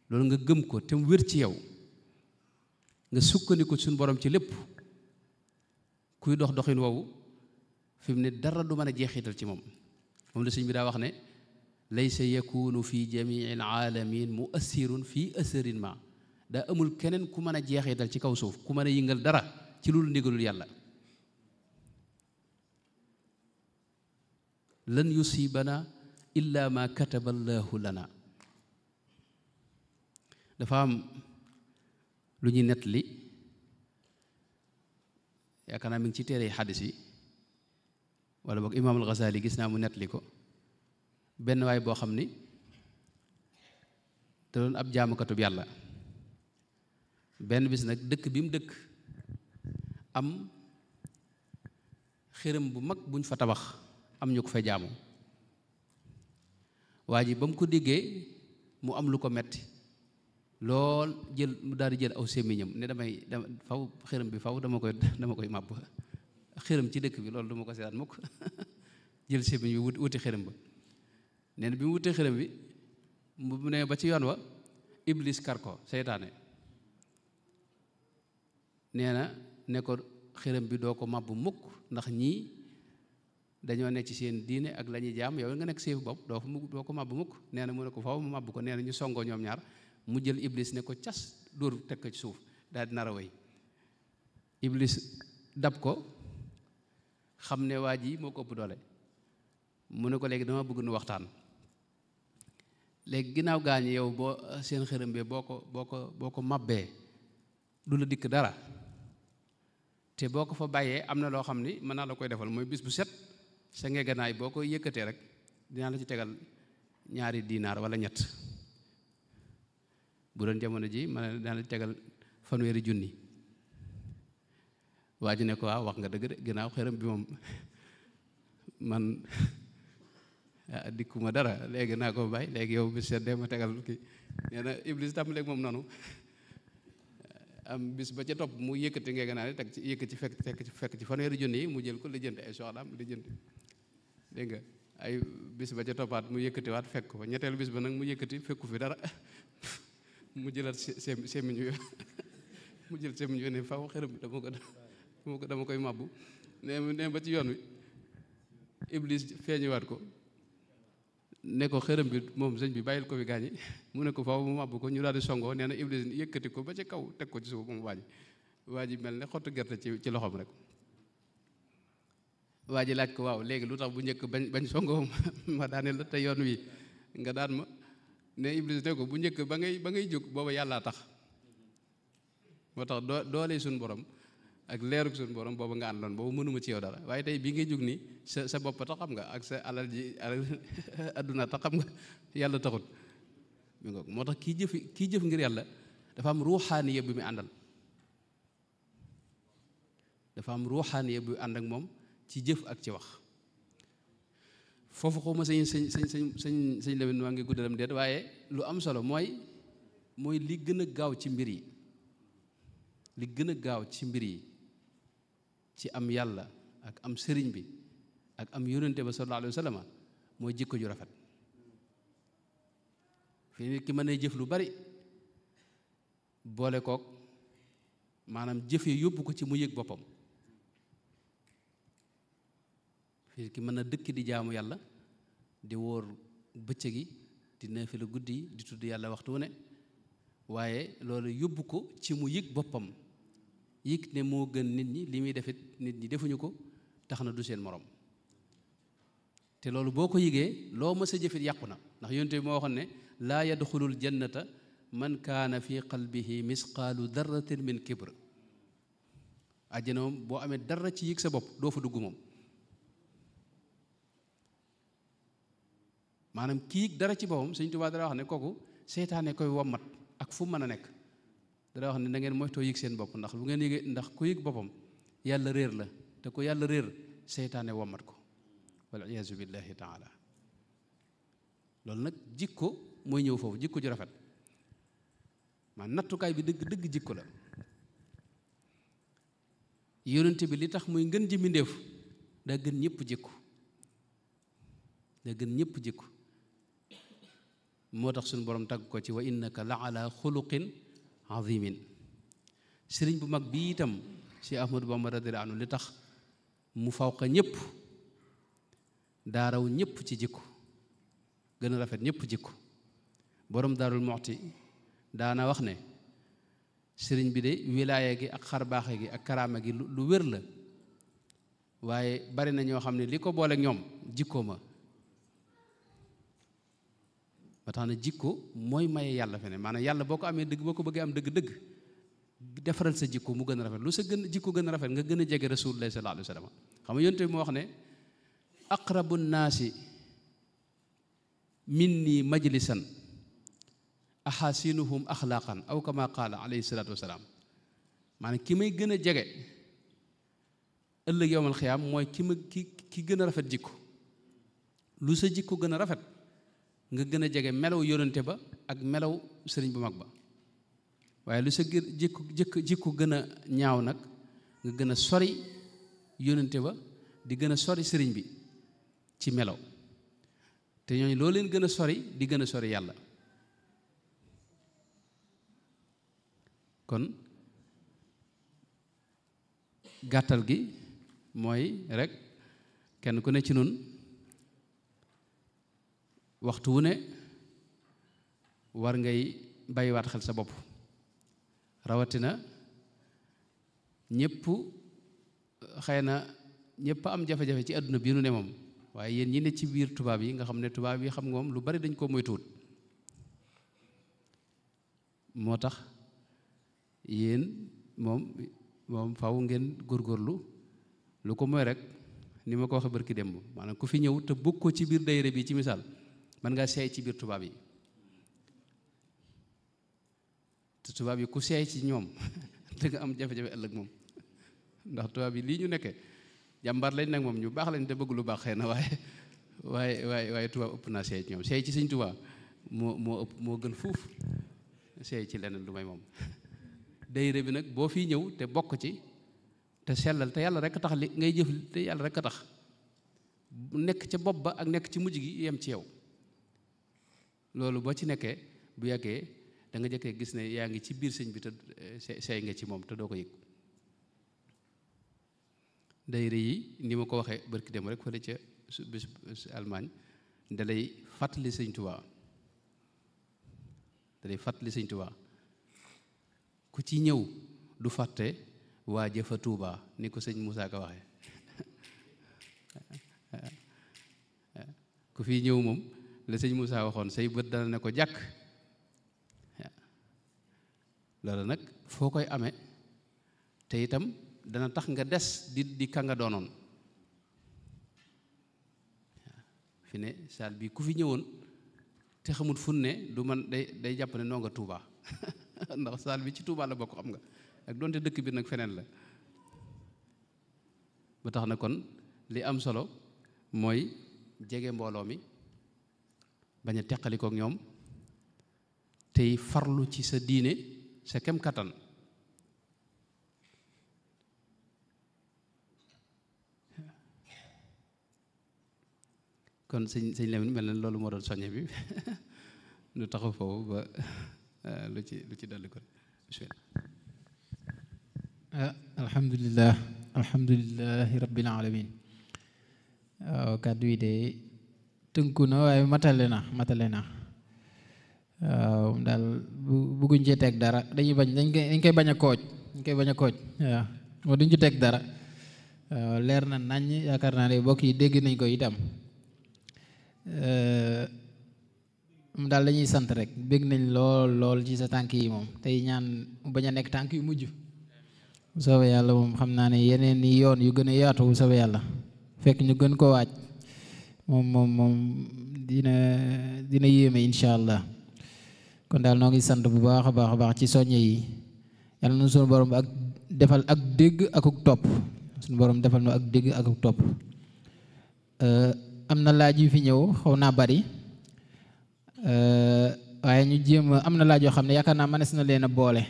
loolu nga gëm ko te mu wér ci yow nga sukkandiku suñu borom ci lépp kuy dox doxin woowu fi mu ne dara du mën a jeexital ci moom moom la sëñ bi daa wax ne laysa yakunu fi jamiil alamin muassirun fi asarin ma daa amul keneen ku mën a jeexital ci kaw suuf ku mën a yëngal dara ci loolu ndigalul yàlla lan yusibana illa ma kataba lana dafa am lu ñuy nett li yaakaar naa mi ngi ci téere xadis yi wala boog imaam al Ghazali gis naa mu nett li ko benn waay boo xam ni te doon ab jaamukatub yàlla benn bis nag dëkk bi mu dëkk am xërëm bu mag buñ fa tabax am ñu ko fa jaamu waa ji ba mu ko déggee mu am lu ko metti lool jël mu daal jël aw sémmiñam ne damay dama faw xërëm bi faw dama koy dama koy màbb xërëm ci dëkk bi loolu du ma ko seetaan mukk jël sémmiñ bi wut wuti xërëm ba nee bi mu wutee xërëm bi mu ne ba ci yoon wa iblis kar ko seytaane nee ne ko xërëm bi doo ko màbb mukk ndax ñii dañoo nekk ci seen diine ak lañuy ñuy jaam yow nga nekk séefu bopp doo fa mu doo ko màbb mukk nee na mu ne ko faaw mu màbb ko nee na ñu songoo ñoom ñaar mu jël iblis ne ko cas dóor teg ko ci suuf daal di nar a way iblis dab ko xam ne waa ji moo ko ëpp doole mu ne ko léegi dama bëgg nu waxtaan léegi ginnaaw gaañ yow boo seen xërëm bi boo ko boo ko boo ko mabbee du la dikk dara te boo ko fa bàyyee am na loo xam ni mën naa la koy defal mooy bis bu set sa ngeganaay boo koy yëkkatee rek dinaa la ci tegal ñaari diinaar wala ñett bu doon jamono ji ma ne dinaa tegal fanweeri junni waa ji ne ko waaw ah, wax nga dëgg de ginnaaw xëram bi moom man ah, dikku ma dara léegi naa ko bàyyi léegi yow bis seddee ma tegal ki nee na iblis tam léegi moom noonu am bis ba ca topp mu yëkkati ngeganaay teg ci yëkkati fekk fekk ci fanweeri junni yi mu jël ko lijjanti ay soxlaam lijjanti dégg nga ay bis ba ca toppaat mu yëkkatiwaat fekk ko ñetteelu bis ba nag mu yëkkati fekku fi dara mu jëlaat semiñ wi mu jël semiñ wi ne faw xërëm bi dama ko dama ko koy màbbu ne ne ba ci yoon wi iblis feeñuwaat ko ne ko xërëm bi moom sëñ bi bàyyil ko fi gaañi mu ne ko faw mu màbbu ko ñu daal di songoo nee na iblis ko ba ci kaw teg ko ci suuf moom waaji waa ji mel ne xottu gerte ci ci loxoom rek waa ji laaj ko waaw léegi lu tax bu njëkk bañ bañ songoo ma daaneel la te yoon wi nga daan ma ne Iblis ne ko bu njëkk ba ngay ba ngay jóg booba yàllaa tax moo tax doo doole suñu borom ak leeru suñu borom booba nga loon boobu mënuma ci yow dara waaye tey bi ngay jóg nii sa sa bopp tax xam nga ak sa alal ji adduna tax xam nga yàlla taxut mi moo tax kii jëf kii jëf ngir yàlla dafa am ruuxaaniya bi mu àndal dafa am ruuxaaniya bi ànd ak moom ci jëf ak ci wax foofu xawma sañ sañ sañ sañ sañ sañ Lamin waa ngi guddalam déet waaye lu am solo mooy mooy li gën a gaaw ci mbir yi li gën a gaaw ci mbir yi ci am yàlla ak am sëriñ bi ak am yónnante ba sallallahu alayhi wa sallam mooy jikko ju rafet fii nit ki mën na jëf lu bari boole kook maanaam jëfe yóbbu ko ci mu yëg boppam nit ki mën na dëkk di jaamu yàlla di woor bëccëg yi di naafila guddi yi di tudd yàlla waxtu wu ne waaye loolu yóbbu ko ci mu yëg boppam yëg ne moo gën nit ñi li muy defit nit ñi defuñu ko tax na du seen moroom te loolu boo ko yëgee loo mës a jëfit yàqu na ndax yonte bi moo waxoon ne laa yadxulul jannata man kaana fi qalbihi misqaalu darratin min kibr àjjana boo amee dara ci yëg sa bopp doo fa dugg moom maanaam kii dara ci boppam Sëñ Tuubaa dara wax ne kooku seytaane koy wommat ak fu mën a nekk dara wax ne da ngeen moytoo yëg seen bopp ndax bu ngeen yëgee ndax ku yëg boppam yàlla réer la te ku yàlla réer seytaane wommat ko wal iyaazu billahi taala loolu nag jikko mooy ñëw foofu jikko ju rafet maa nattukaay bi dëgg dëgg jikko la yonent bi li tax muy ngën ji mbindéef daa gën ñëpp jikko daa gën ñëpp jikko moo tax suñu boroom tagg ko ci wa innaka la ala xuluqin azimin sëriñ bu mag bi itam si ahmadou bamba radiyallahu anhu li tax mu fawqa ñëpp daaraw ñëpp ci jikko gën a rafet ñëpp jikko boroom daarul moxti daana wax ne sëriñ bi de wilaaya gi ak xarbaaxe gi ak karaama gi lu wér la waaye bari na ñoo xam ne li ko boole ñoom jikko ma ba tax na jikko mooy maye yàlla fene maanaam yàlla boo ko amee dëgg boo ko bëggee am dëgg-dëgg defaral sa jikko mu gën a rafet lu sa gën jikko gën a rafet nga gën a jege rasulullah sallallahu alayhi wa sallam xam nga yonent bi moo wax ne aqrabu naasi minni majlisan ahasinuhum axlaaqan aw kama qaala alayhi salatu wasalaam maanaam may gën a jege ëllëg yowmal mooy ki ma ki ki gën rafet jikko lu sa jikko gën a rafet nga gën a jege melaw yonente ba ak melaw sëriñ bu mag ba waaye lu sa gër jikko jikko jikko gën a ñaaw nag nga gën a sori yonente ba di gën a sori sëriñ bi ci melaw te ñooñu loo leen gën a sori di gën a sori yàlla kon gàttal gi mooy rekk kenn ku ne ci nun waxtu wu ne war ngay bàyyiwaat xel sa bopp rawatina ñëpp xëy na ñëpp am jafe-jafe ci àdduna bii nu ne moom waaye yéen ñi ne ci biir tubaab yi nga xam ne tubaab yi xam nga moom lu bari dañ koo moytuwut moo tax yéen moom moom faw ngeen góor góorlu lu ko moy rek ni ma ko waxee barki maa maanaam ku fi ñëw te bokkoo ci biir daayira bi ci misaal mën ngaa seey ci biir tubaab yi te tubaab yi ku seey ci ñoom da nga am jafe-jafe ëllëg moom ndax tubaab yi lii ñu nekke jàmbaar lañ nag moom ñu baax lañ te bëgg lu baax xëy na waaye waaye waaye waaye tubaab ëpp naa seey ci ñoom seey ci sëñ tubaab moo moo ëpp moo gën fuuf seey ci leneen lu may moom dayre bi nag boo fii ñëw te bokk ci te sellal te yàlla rek tax li ngay jëf te yàlla rek a tax nekk ca bopp ba ak nekk ci mujj gi yem ci yow loolu boo ci nekkee bu yàggee danga jëkkee gis ne yaa ngi ci biir sëñ bi te eh, say nga ci moom te doo ko yëg dayre yi ni ma ko waxee barki dem rek fële ca bis Allemagne da lay fàttali sëñ Tuubaa fàttali sëñ ku ci ñëw du fàtte waa a Tuubaa ni ko sëñ Moussa ko waxe ku fi ñëw moom la sëñ Moussa waxoon say bët dana ne ko jàkk loolu nag foo koy amee te itam dana tax nga des di di ka doonoon fi ne saal bi ku fi ñëwoon te xamut fun ne du man day day jàpp ne noo nga Touba ndax saal bi ci Touba la bokk xam nga ak doonte dëkk bi nag feneen la ba tax na kon li am solo mooy jege mbooloo mi bañ a teqalikook ñoom tey farlu ci sa diine sa kem kattan kon sëñ sëñ Lamin mel na loolu moo doon soññe bi nu taxu foofu ba ah, lu ci lu ci daldi kon ah, alhamdulilah alhamdulilahi rabbil alamin ah, kàddu yi de tënku na waaye matale na matale na waaw daal bëgguñ ci teg dara dañuy bañ dañ koy dañ koy bañ a kooj dañ koy bañ waaw moo duñ ci teg dara leer na nañ yaakaar naa ne bokk yi dégg nañ ko itam mu daal dañuy sant rek bégg nañ lool lool ci sa tànk yi moom tey ñaan bañ a nekk tànk yu mujj bu soobee yàlla moom xam naa ne yeneen yoon yu gën a yaatu bu soobee yàlla fekk ñu gën ko waaj moom moom moom dina dina yéeme incha allah kon daal noo ngi sant bu baax a baax a baax ci soññe yi yàlla na suñu borom ak defal ak dégg akuk topp suñu borom defal nu ak dégg akuk topp euh, am na laaj yu fi ñëw xaw naa bari euh, waaye ñu jéem am na laaj yoo xam ne yaakaar naa mënees na leen a boole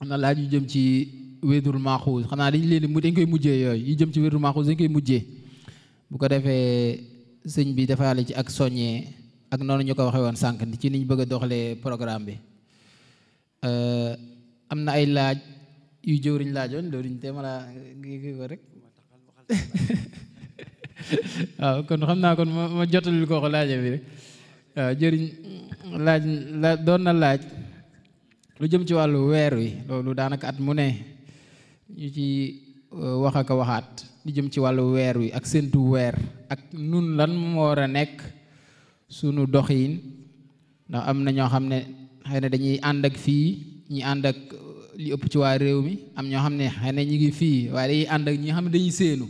am na laaj yu jëm ci wédul maaxuus xam naa dañ leen mu dañ koy mujjee yooyu yu jëm ci wédul maaxuus dañ koy mujjee bu ko defee sëñ bi defaale ci ak soññee ak noonu ñu ko waxee woon sànq ci niñ bëgg a doxalee programme bi euh, am na ay laaj yu jëwriñ laajoon loolu ñu te mën a kii xam naa kon ma jotalil kooku laaja bi jëriñ laaj la doon na laaj lu jëm ci wàllu weer wi loolu daanaka at mu ne ñu ci euh, wax ak waxaat li jëm ci wàllu weer wi ak séntu weer ak nun lan moo war a nekk sunu doxiin ndax am na ñoo xam ne xëy na dañuy ànd ak fii ñi ànd ak uh, li ëpp ci waa réew mi am ñoo xam ne xëy na ñu ngi fii waaye dañuy ànd ak ñi nga xam ne dañuy séenu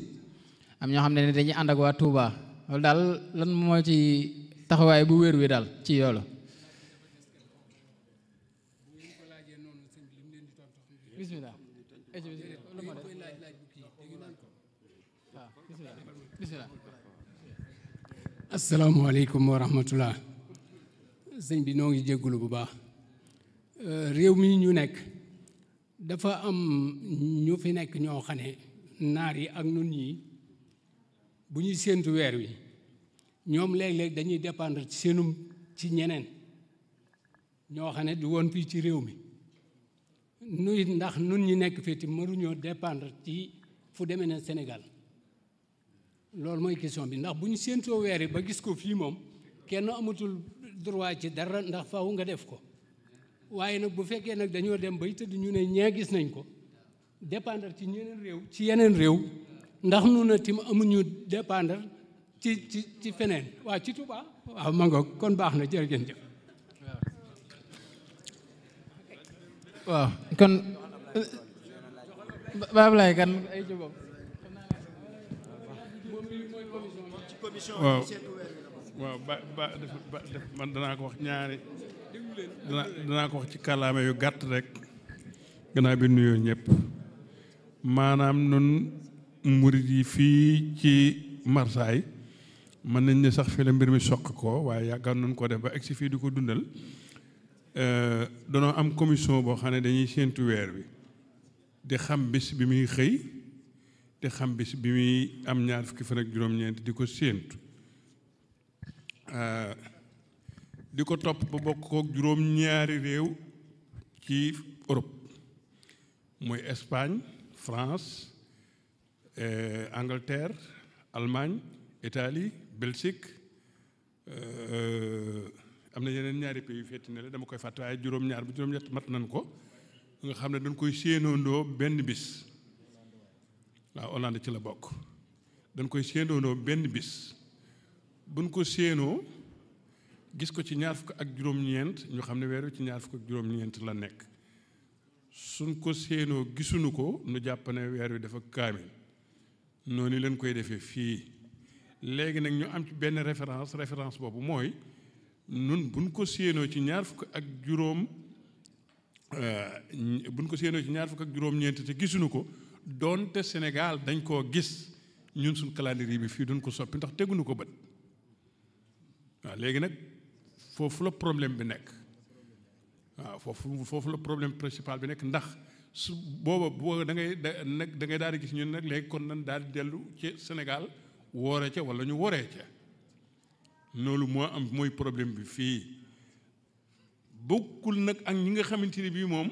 am ñoo xam ne dañuy ànd ak waa Touba loolu daal lan moo ci taxawaay bu weer wi daal ci yoolu asalaamaaleykum wa rahmatullah sëñ bi noo ngi jéggulu bu baax euh, réew mi ñu nekk dafa am ñu fi nekk ñoo xam ne naar yi ak nun ñi bu ñuy séentu weer wi ñoom léeg-léeg dañuy dépendre ci seenum ci ñeneen ñoo xam ne du woon fii ci réew mi nuy ndax nun ñi nekk fii ti mënuñoo dépendre ci fu demee ne senegal loolu mooy question bi ndax bu ñu séentoo weer yi ba gis ko fii moom kenn amatul droit ci dara ndax faw nga def ko waaye nag bu fekkee nag dañoo dem bay tëdd ñu ne ñaa gis nañ ko dépendre ci ñeneen réew ci yeneen réew ndax nu na tim amuñu dépendre ci ci ci feneen waa ci Tuubaa waaw ma nga kon baax na jërëjëf waaw kon Baablaay kan ay jubam waaw waaw ba def man danaa ko wax ñaari danaa danaa ko wax ci kàllaame yu gàtt rek gannaaw bi nuyoo ñépp maanaam nun murit yi fii ci Marseille mën nañ ne sax fi la mbir mi soq ko waaye yaakaar nañ koo def ba si fii di ko dundal euh, danoo am commission boo xam ne dañuy séentu weer bi di xam bis bi muy xëy te xam bis bi muy am ñaar fukki fan ak juróom-ñeent di ko séentu ah, di ko topp ba bokk kook juróom-ñaari réew ci Europe mooy Espagne France eh, Angleterre Allemagne Italie Belgique eh, am na yeneen ñaari pays yu fetti ne la dama koy fàtte waaye juróom-ñaar bu juróom-ñett mat nañ ko nga xam ne dañ koy séenoondoo benn bis waaw Hollande ci la bokk dañ koy séendoonoo benn bis buñ ko séenoo gis ko ci ñaar fukk ak juróom-ñeent ñu xam ne weer wi ci ñaar fukk ak juróom-ñeent la nekk suñ ko séenoo gisuñu ko nu jàpp ne weer wi dafa kaamil noonu leen koy defee fii léegi nag ñu am ci benn référence référence boobu mooy nun buñ ko séenoo ci ñaar ak juróom euh, buñ ko séenoo ci ñaar fukk ak te gisuñu ko doonte Sénégal dañ koo gis ñun suñ calendrier bi fii duñ ko soppi ndax teguñu ko bët waaw léegi nag foofu la problème bi nekk waaw foofu la problème principal bi nekk ndax su booba boo da ngay da nag da ngay di gis ñun nag léegi kon nan daal di dellu ci Sénégal woore ca wala ñu woree ca loolu moo am mooy problème bi fii bokkul nag ak ñi nga xamante ne bii moom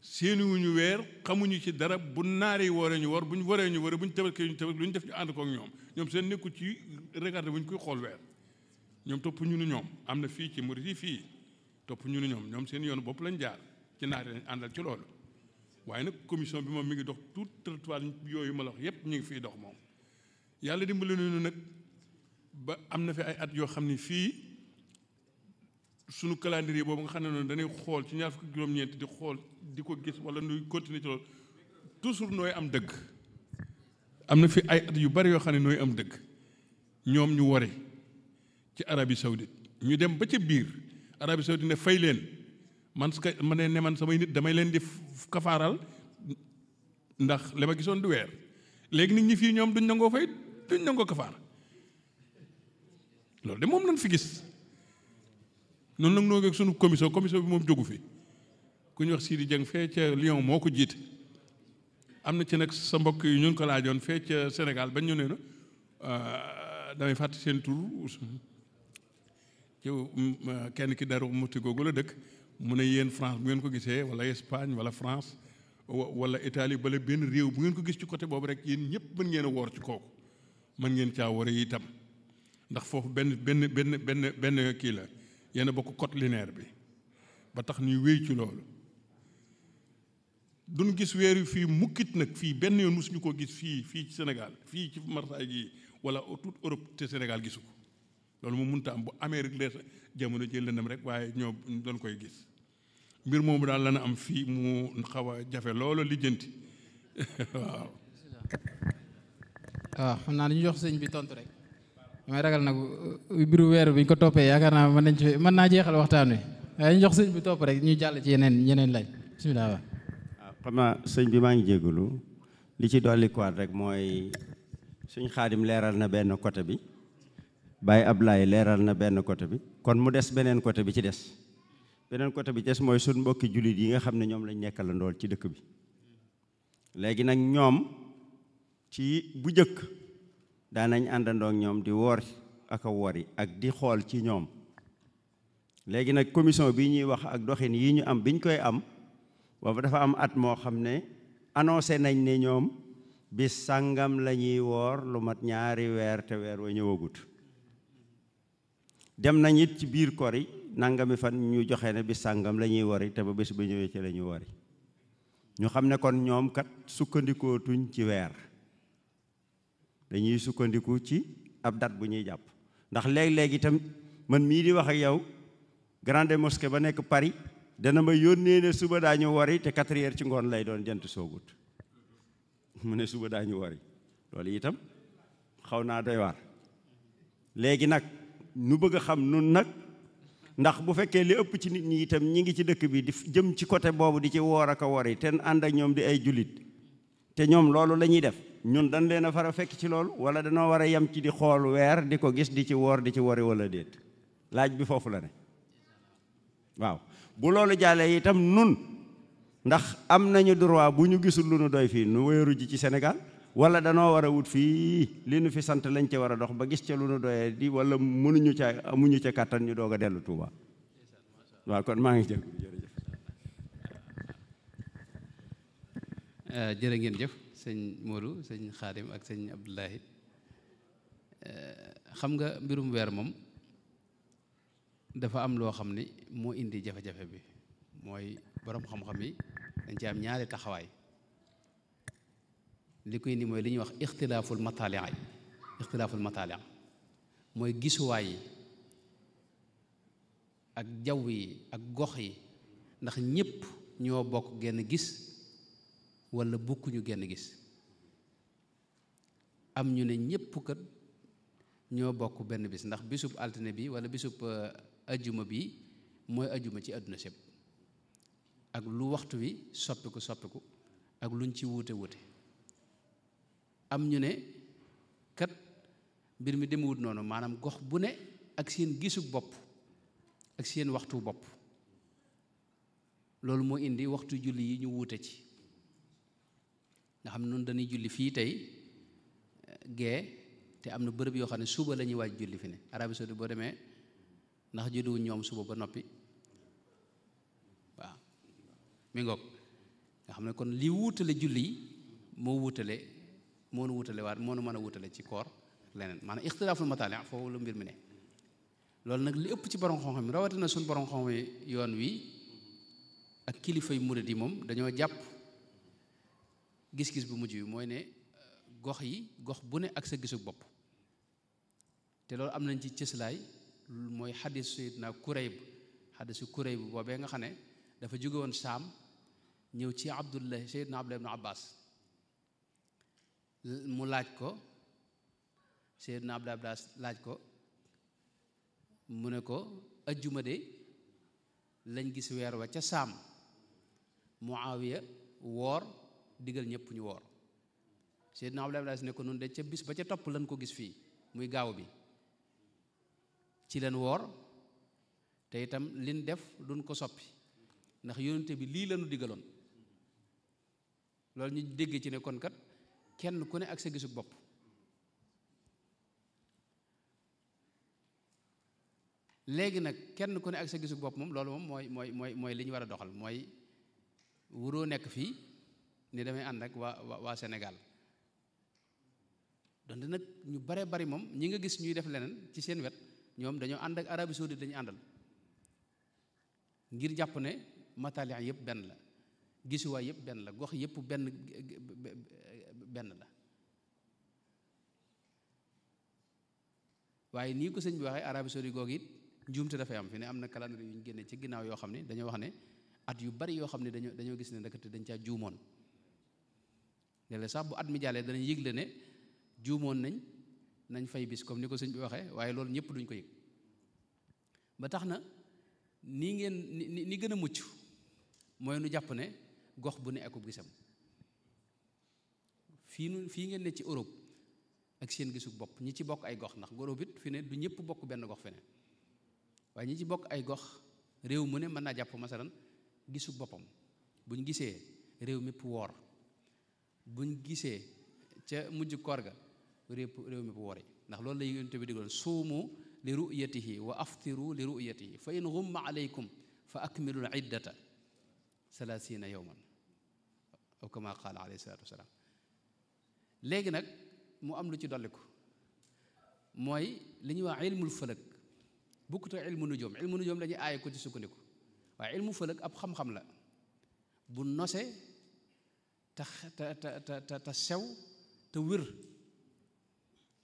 séenuwuñu weer xamuñu ci dara bu naar yi waree ñu war bu ñu waree ñu war bu ñu tabaskee ñu tabaski lu ñu def ñu ànd ko ak ñoom ñoom seen nekkul ci regarder bu ñu koy xool weer ñoom topp ñu ni ñoom am na fii ci murit yi fii topp ñu ni ñoom ñoom seen yoonu bopp lañ jaar ci naar yi lañ àndal ci loolu waaye nag commission bi moom mi ngi dox tout territoire yooyu ma la yépp ñu ngi fiy dox moom yàlla dimbali nañu nag ba am na fi ay at yoo xam ne fii sunu calendrier boobu nga xam ne noonu dañuy xool ci ñaar fukki juróom-ñeent di xool di ko gis wala nuy continuer ci loolu toujours nooy am dëgg am na fi ay at yu bari yoo xam ne nooy am dëgg ñoom ñu wari ci Arabie Saoudite ñu dem ba ca biir Arabie Saoudite ne fay leen man su ma ne ne man samay nit damay leen di kafaaral ndax li ma gisoon du weer léegi nit ñi fii ñoom duñ nangoo fay duñ nangoo kafaar loolu de moom lañ fi gis noonu nag noo ngeeg sunu commission commission bi moom jógu fi ku ñu wax Sidi Dieng fee ca Lyon moo ko jiit am na ci nag sa mbokk yi ñu ko laajoon fee ca Sénégal bañ ñu nee na euh, damay fàtte seen tur mm, euh, kenn ki daru muti ko la dëkk mu ne yéen France bu ngeen ko gisee wala Espagne wala France wala Italie bala benn réew bu ngeen ko gis ci côté boobu rek yéen ñëpp mën ngeen a woor ci kooku mën ngeen caa wore itam ndax foofu benn benn benn benn benn kii la yéen a bokk code linéaire bi ba tax ñuy wéy ci loolu duñ gis weer yu fii mukkit nag fii benn yoon mosuñu koo gis fii fii ci Sénégal fii ci Marseille gii wala toute Europe te Sénégal gisu ko loolu moom mënta am bu Amérique lees jamono jël lëndam rek waaye ñoo doon koy gis mbir moomu daal lan am fii mu xaw jafe loolu lijjanti waaw waaw ah, xam naa dañu jox sëñ bi tontu rek damay ragal nag uh, biru weer bi ñu ko toppee yaakaar naa mën nañ ci mën naa jeexal waxtaan wi waaye ñu jox sëñ bi topp rek ñu jàll ci yeneen ñeneen laaj bisimilah waaw ah, xam naa sëñ bi maa ngi jégalu li ci dolli kuwaat rek mooy suñ xaadim leeral na benn côté bi Baye laay leeral na benn côté bi kon mu des beneen côté bi ci des beneen côté bi ci des mooy suñ mbokki jullit yi nga xam ne ñoom lañ nekkal ndool ci dëkk bi léegi nag ñoom ci bu jëkk daanañ nañ ak ñoom di woor ak a wori ak di xool ci ñoom léegi nag commission bi ñuy wax ak doxin yi ñu am biñ koy am boobu dafa am at moo xam ne annoncé nañ ne ñoom bis sàngam lañuy ñuy woor lu mat ñaari weer te weer wa ñëwagut dem nañ it ci biir kori nangami fan ñu joxe ne bi sàngam la ñuy wori te ba bés ba ñëwee ci la ñuy wori ñu xam ne kon ñoom kat sukkandikootuñ ci weer dañuy sukkandiku ci ab dat bu ñuy jàpp ndax léeg-léeg itam man mii di wax ak yow grande moske ba nekk Paris dana ma yónnee ne suba daañu wari te quatre ci ngoon lay doon jant soogut mu ne suba daañu wari loolu itam xaw naa doy waar léegi nag nu bëgg a xam nun nag ndax bu fekkee li ëpp ci nit ñi itam ñi ngi ci dëkk bi di jëm ci côté boobu di ci woor ak a wari ten ànd ak ñoom di ay jullit te ñoom loolu la def ñun dañ leen a fara fekk ci loolu wala danoo war a yem ci di xool weer di ko gis di ci woor di ci wori wala déet laaj bi foofu la ne waaw bu loolu jàllee itam nun ndax am nañu droit bu ñu gisul lu nu doy fii nu wéeru ji ci Sénégal wala danoo war a wut fii li nu fi sant lañ ca war a dox ba gis ca lu nu doyee di wala mënuñu ca amuñu ca kàttan ñu doog a dellu Tuuba waaw kon maa ngi jël Eh, jërë ngeen jëf sëñ Modou sëñ Xaadim ak sëñ Abdullahi eh, xam nga mbirum weer moom dafa am loo xam ni moo indi jafe-jafe bi mooy boroom xam-xam yi dañ ci am ñaari taxawaay li koy indi mooy li ñuy wax ixtilaaful mataalia yi ixtilaaful mooy gisuwaay yi ak jaww yi ak gox yi ndax ñépp ñoo bokk genn gis wala bokkuñu genn gis am ñu ne ñépp kat ñoo bokk benn bis ndax bisub altine bi wala bisub euh, ajuma bi mooy ajuma ci àdduna sépp ak lu waxtu wi soppiku soppiku ak luñ ci wuute wuute am ñu ne kat mbir mi demewut noonu maanaam gox bu ne ak seen gisub bopp ak seen waxtu bopp loolu moo indi waxtu julli yi ñu wuute ci nga xam ne noonu dañuy julli fii tey gee te am na bërëb yoo xam ne suba la ñuy waaj julli fi ne Arabie Saoudite boo demee ndax julliwuñ ñoom suba ba noppi waaw mi ngoog nga xam ne kon li wuutale julli yi moo wuutale moo nu wuutale waat moo nu mën a wuutale ci koor leneen maanaam ixtilaaful mataali foofu la mbir mi ne loolu nag li ëpp ci borom xam-xam yi rawatina suñu borom xam yoon wi ak kilifa yu murid yi moom dañoo jàpp gis-gis bu mujj bi mooy ne euh, gox yi gox bu ne ak sa gisug bopp te loolu am nañ ci cëslaay mooy xadis sayidna Kurayb xadisu Kurayb boobee nga xam ne dafa jóge woon saam ñëw ci Abdullah sayidna Abdullah ibnu Abbas mu laaj ko sayidna Abdullah Abbas laaj ko mu ne ko ajjuma de lañ gis weer wa ca saam Muawiya woor digal ñëpp ñu woor Seydina Abdul Aziz ne ko nun de ca bis ba ca topp lan ko gis fii muy gaaw bi ci leen woor te itam lin def duñ ko soppi ndax yónnte bi lii lanu digaloon loolu ñu dégg ci ne kon kat kenn ku ne ak sa gisug bopp léegi nag kenn ku ne ak sa gisug bopp moom loolu moom mooy mooy mooy mooy li ñu war a doxal mooy wuroo nekk fii ni demee ànd ak waa waa Sénégal donte nag ñu bare bari moom ñi nga gis ñuy def leneen ci seen wet ñoom dañoo ànd ak Arabie Saoudite dañu àndal ngir jàpp ne matalian yëpp benn la gisuwaay yëpp benn la gox yëpp benn la waaye nii ko sëñ bi waxee Arabie Saoudite googu it njuumte dafay am fi ne am na calendrier yu ñu génne ci ginnaaw yoo xam ne dañoo wax ne at yu bari yoo xam ne dañoo dañoo gis ne ndekete dañ caa juumoon léeg-léeg sax bu at mi jàllee danañ yëgle ne juumoon nañ nañ fay bis comme ni ko sëñ bi waxee waaye loolu ñëpp duñ ko yëg ba tax na nii ngeen ni gën a mucc mooy nu jàpp ne gox bu ne akub gisam fii nu fii ngeen ne ci Europe ak seen gisug bopp ñi ci bokk ay gox ndax Europe it fi ne du ñëpp bokk benn gox feneen waaye ñi ci bokk ay gox réew mu ne mën naa jàpp masalan gisug boppam buñ gisee réew mépp woor buñ gisee ca mujj koor ga réew réew mi bu wori ndax loolu la yonent bi digaloon suumu li ru'yatihi wa aftiru li ru'yatihi fa in ghumma alaykum fa akmilul iddata salaasina yowman aw kama qaala alayhi salaatu nag mu am lu ci dolliku mooy li ñuy wax ilmul fëlëg bukkut ak ilmu nujoom ilmu nujoom la ñuy ko ci sukkandiku waaye ilmu fëlëg ab xam-xam la bu nose te te te sew te wér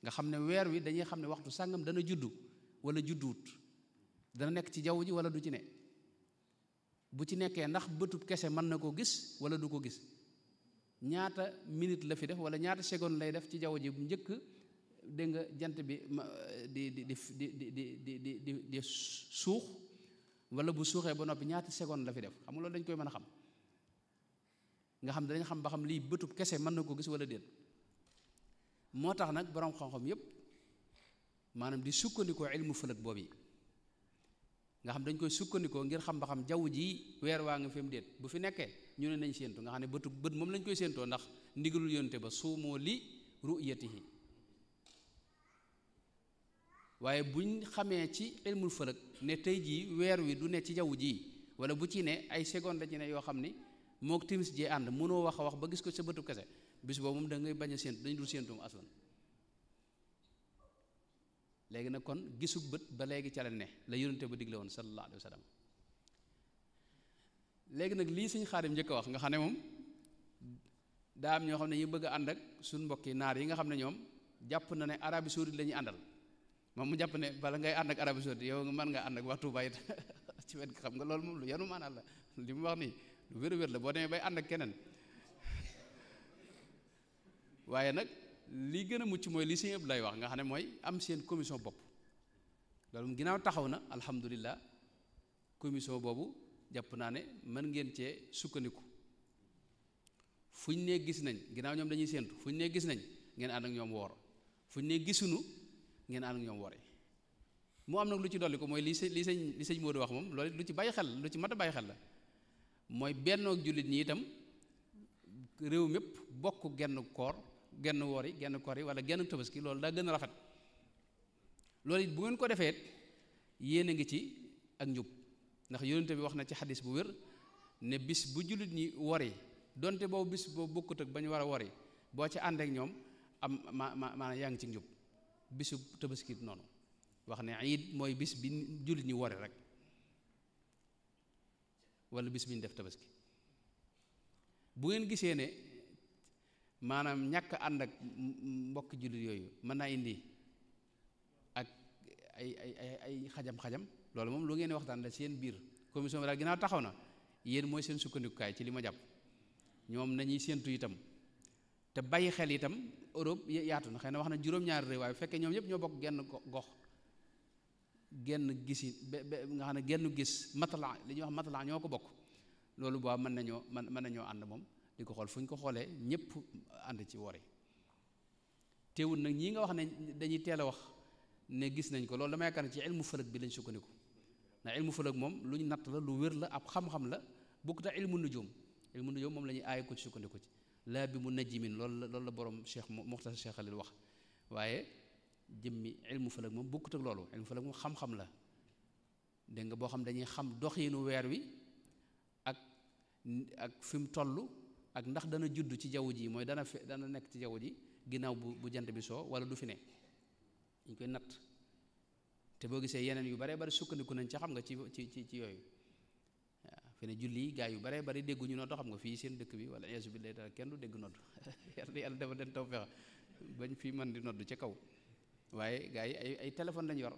nga xam ne weer wi dañuy xam ne waxtu sàngam dana juddu wala judduwut dana nekk ci jaww ji wala du ci ne bu ci nekkee ndax bëtub kese mën na koo gis wala du ko gis ñaata minute la fi def wala ñaata seconde lay def ci jaww ji bu njëkk dégg jant bi di di di di di di di suux wala bu suuxee ba noppi ñaata seconde la fi def xam nga loolu dañ koy mën a xam nga xam dañ xam ba xam lii bëtub kese mën na ko gis wala déet moo tax nag borom xam-xam yépp maanaam di sukkandikoo ilmu fëlëg boobu yi nga xam dañ koy sukkandikoo ngir xam ba xam jaww ji weer waa nga fi mu déet bu fi nekkee ñu ne nañ séentu nga xam ne bëtu bët moom lañ koy séentoo ndax ndigalul yonte ba suumoo li ru'yatihi waaye buñ xamee ci ilmul fëlëg ne tey jii weer wi du ne ci jaww ji wala bu ci ne ay seconde la ci ne yoo xam ni mook timis jee ànd mënoo wax a wax ba gis ko ci bëtu kese bis boobu moom da ngay bañ a séentu dañ dul séentum nag kon gisu bët ba léegi ca ne la yonente ba digle woon sallallahu alayhi wa léegi nag lii sëñ xaadim njëkk a wax nga xam ne moom daa am ñoo xam ne ñu bëgg a ànd ak suñ mbokki naar yi nga xam ne ñoom jàpp na ne Arabie Saoudite lañuy àndal moom mu jàpp ne bala ngay ànd ak Arabie Saoudite yow man nga ànd ak waxtu bayit ci wet gi xam nga loolu moom lu yanu maanaam la li mu wax nii wér wér la boo demee bay ànd ak keneen waaye nag li gën a mucc mooy li sëñ lay wax nga xam ne mooy am seen commission bopp loolu ginnaaw taxaw na alhamdulilah commission boobu jàpp naa ne mën ngeen cee sukkandiku fu ñu nee gis nañ ginnaaw ñoom dañuy séentu fu ñu nee gis nañ ngeen ànd ak ñoom woor fu ñu nee gisunu ngeen ànd ak ñoom woore mu am nag lu ci dolli ko mooy li sëñ li sëñ li sëñ Modou wax moom loolu lu ci bàyyi xel lu ci mat bàyyi xel la mooy bennoog jullit ñi itam réew mépp bokk genn koor genn woor yi genn koor yi wala genn tabaski loolu daa gën a rafet loolu it bu ngeen ko defeet yéen a ngi ci ak njub ndax yonent bi wax na ci xadis bu wér ne bis bu jullit ñi wori donte boobu bis boobu bokkut ak ba ñu war a wori boo ci ànd ñoom am ma ma maanaam yaa ngi ci njub bisu tabaski noonu wax ne iid mooy bis bi jullit ñi wori rek wala bis bi ñu def tabaski bu ngeen gisee ne maanaam ñàkk ànd ak mbokk jullit yooyu mën naa indi ak ay ay ay xajam-xajam loolu moom lu ngeen waxtaan la seen biir commission bi daal ginnaaw taxaw na yéen mooy seen sukkandikukaay ci li ma jàpp ñoom nañuy séentu itam te bàyyi xel itam Europe yaatu na xëy na wax na juróom-ñaari réew waaye bu fekkee ñoom ñëpp ñoo bokk genn gox genn gisi be nga xam ne genn gis matala li ñuy wax matala ñoo ko bokk loolu boo mën nañoo mën mën nañoo ànd moom di ko xool fu ñu ko xoolee ñëpp ànd ci wori teewul nag ñii nga wax ne dañuy teel a wax ne gis nañ ko loolu dama yaakaar ne ci ilmu fëlëg bi lañ sukkandiku ndax ilmu fëlëg moom lu ñu natt la lu wér la ab xam-xam la bokkut ak ilmu nujum ilmu nujum moom la ñuy aaye ko ci sukkandiku ci laa bi mu najjimin loolu la loolu la borom cheikh Muxtasar Cheikh Xalil wax jëmmi ilmu falak moom bokkut ak loolu mu falak xam-xam la dégg nga boo xam dañuy xam doxiinu weer wi ak ak fi mu toll ak ndax dana judd ci jaww ji mooy dana fe dana nekk ci jaww ji ginnaaw bu jant bi soo wala du fi ne dañ koy natt te boo gisee yeneen yu baree bari sukkandiku nañ ca xam nga ci ci ci yooyu waaw fi ne julli gaa yu bare bari dégguñu nodd xam nga fii seen dëkk bi wala insu bi lay dara kenn du dégg nodd yàlla yàlla dafa den taw fexe bañ fii man di nodd ca kaw waaye gaa yi ay ay téléphone lañu yor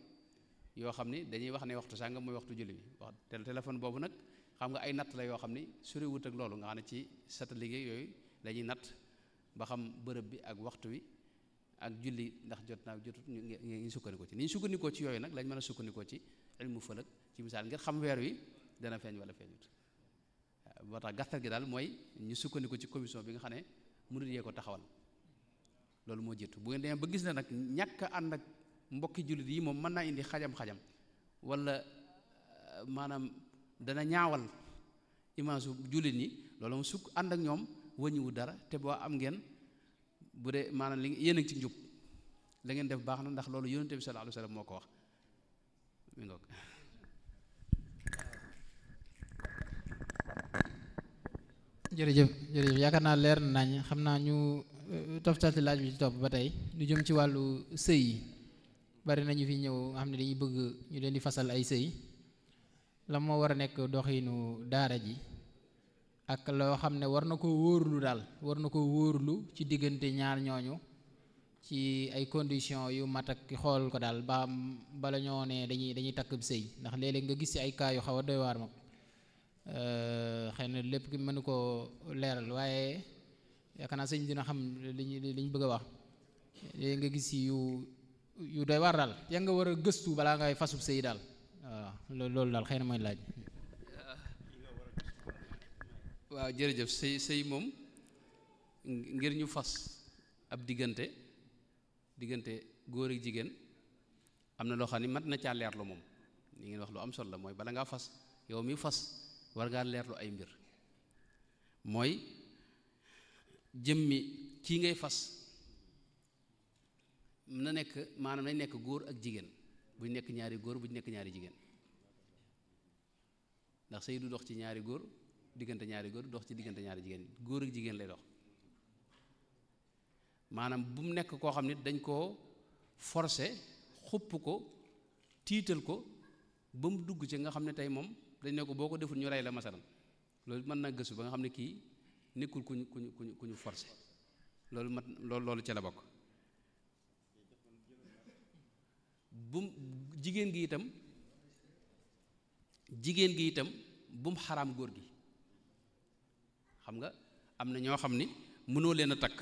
yoo xam ni dañuy wax ne waxtu sàngam mooy waxtu julli bi wax te téléphone boobu nag xam nga ay natt la yoo xam ni sori wut ak loolu nga xam ne ci sat liggéey yooyu dañuy natt ba xam bërëb bi ak waxtu wi ak julli ndax jot naa jotut ñu sukkandikoo ci ni ñu ci yooyu nag lañ mën a sukkandikoo ci ilmu fëlëg ci misaal ngir xam weer wi dana feeñ wala feeñut boo tax gàttal gi daal mooy ñu sukkandiku ci commission bi nga xam ne murid yee ko taxawal loolu moo jiitu bu ngeen demee ba gis na nag ñàkk ànd ak mbokki jullit yi moom mën naa indi xajam-xajam wala euh, maanaam dana ñaawal image jullit ñi loolu moom sukk ànd ak ñoom wëññiwu dara te boo am ngeen bu dee maanaam li yéen a ngi ci njub la ngeen def baax na ndax loolu yonente bi sallallahu alayhi wasallam moo ko wax mi ngoog jërëjëf jërëjëf yaakaar naa leer nañ xam naa ñu Euh, toftal ci laaj bi ci topp ba tey lu jëm ci wàllu sëy yi bari nañu fi ñëw nga xam ne dañuy bëgg ñu leen di fasal ay sëy la moo war a nekk doxinu daara ji ak loo xam ne war na ko wóorlu daal war na ko wóorlu ci diggante ñaar ñooñu ci ay condition yu mat ak xool ko daal ba bala ñoo ne dañuy dañuy takk sëy ndax léeg nga gis ci ay cas yu xaw a doy waar euh, xëy na lépp ki mënu koo leeral waaye yaakaar naa dina xam li liñ liñ bëgg bëgga wax léegi nga gis yu yu doy war daal yaa nga war a gëstu balaa ngay fasub sëy daal waaw loolu daal xëy na mooy laaj waaw jërëjëf sëy sëy moom ngir ñu fas ab diggante diggante góor ak jigéen am na loo xam ne mat na caa leerlu moom li ngeen wax lu am solo la mooy bala ngaa fas yow mi fas war ngaa leerlu ay mbir mooy mi kii ngay fas na nekk maanaam lay nekk góor ak jigéen buñ nekk ñaari góor buñ nekk ñaari jigéen ndax sëy du dox ci ñaari góor diggante ñaari góor dox ci diggante ñaari jigéen góor ak jigéen lay dox maanaam bu mu nekk koo xam ne dañ koo forse xupp ko tiital ko ba mu dugg ci nga xam ne tey moom dañ ne ko boo ko deful ñu rey la masalan loolu mën naa gëstu ba nga xam ne kii nekkul ku ñu ku ñu ku ñu ku forcé loolu mat loolu loolu ca la bokk jigéen gi itam jigéen gi itam bu xaram góor gi xam nga am na ñoo xam ni mënoo leen a takk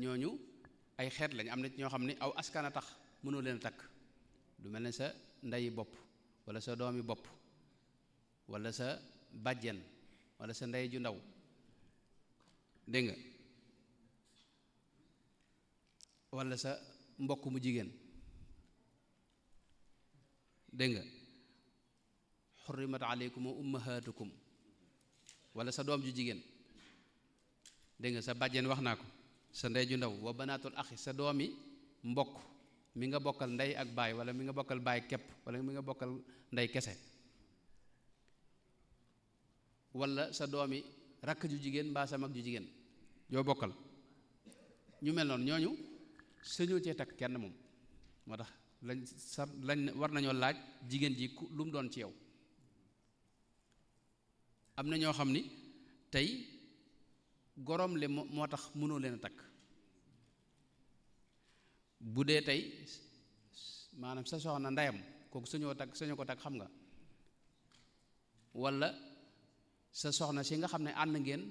ñooñu ay xeet lañ am na ñoo xam ni aw askan a tax mënoo leen a takk du mel ne sa ndeyi bopp walla sa doomi bopp walla sa bàjjen walla sa ndey ju ndaw dégg nga wala sa mbokk mu jigéen dégg nga xurrimat aleykum ummahatukum wala sa doom ju jigéen dégg nga sa bàjjen wax naa ko sa ndey ju ndaw wa banaatul axi sa doomi mbokk mi nga bokkal ndey ak baay wala mi nga bokkal baay kepp wala mi nga bokkal ndey kese wala sa doomi rakk ju jigéen mbaa sa mag ju jigéen yoo bokkal ñu mel noonu ñooñu sëñoo cee takk kenn moom moo tax lañ sa lañ war nañoo laaj jigéen ji lu mu doon ci yow am na ñoo xam ni tey gorom le moo tax mënoo leen a takk bu dee tey maanaam sa soxna ndeyam kooku sañoo takk sañoo ko takk xam nga walla sa soxna si nga xam ne ànd ngeen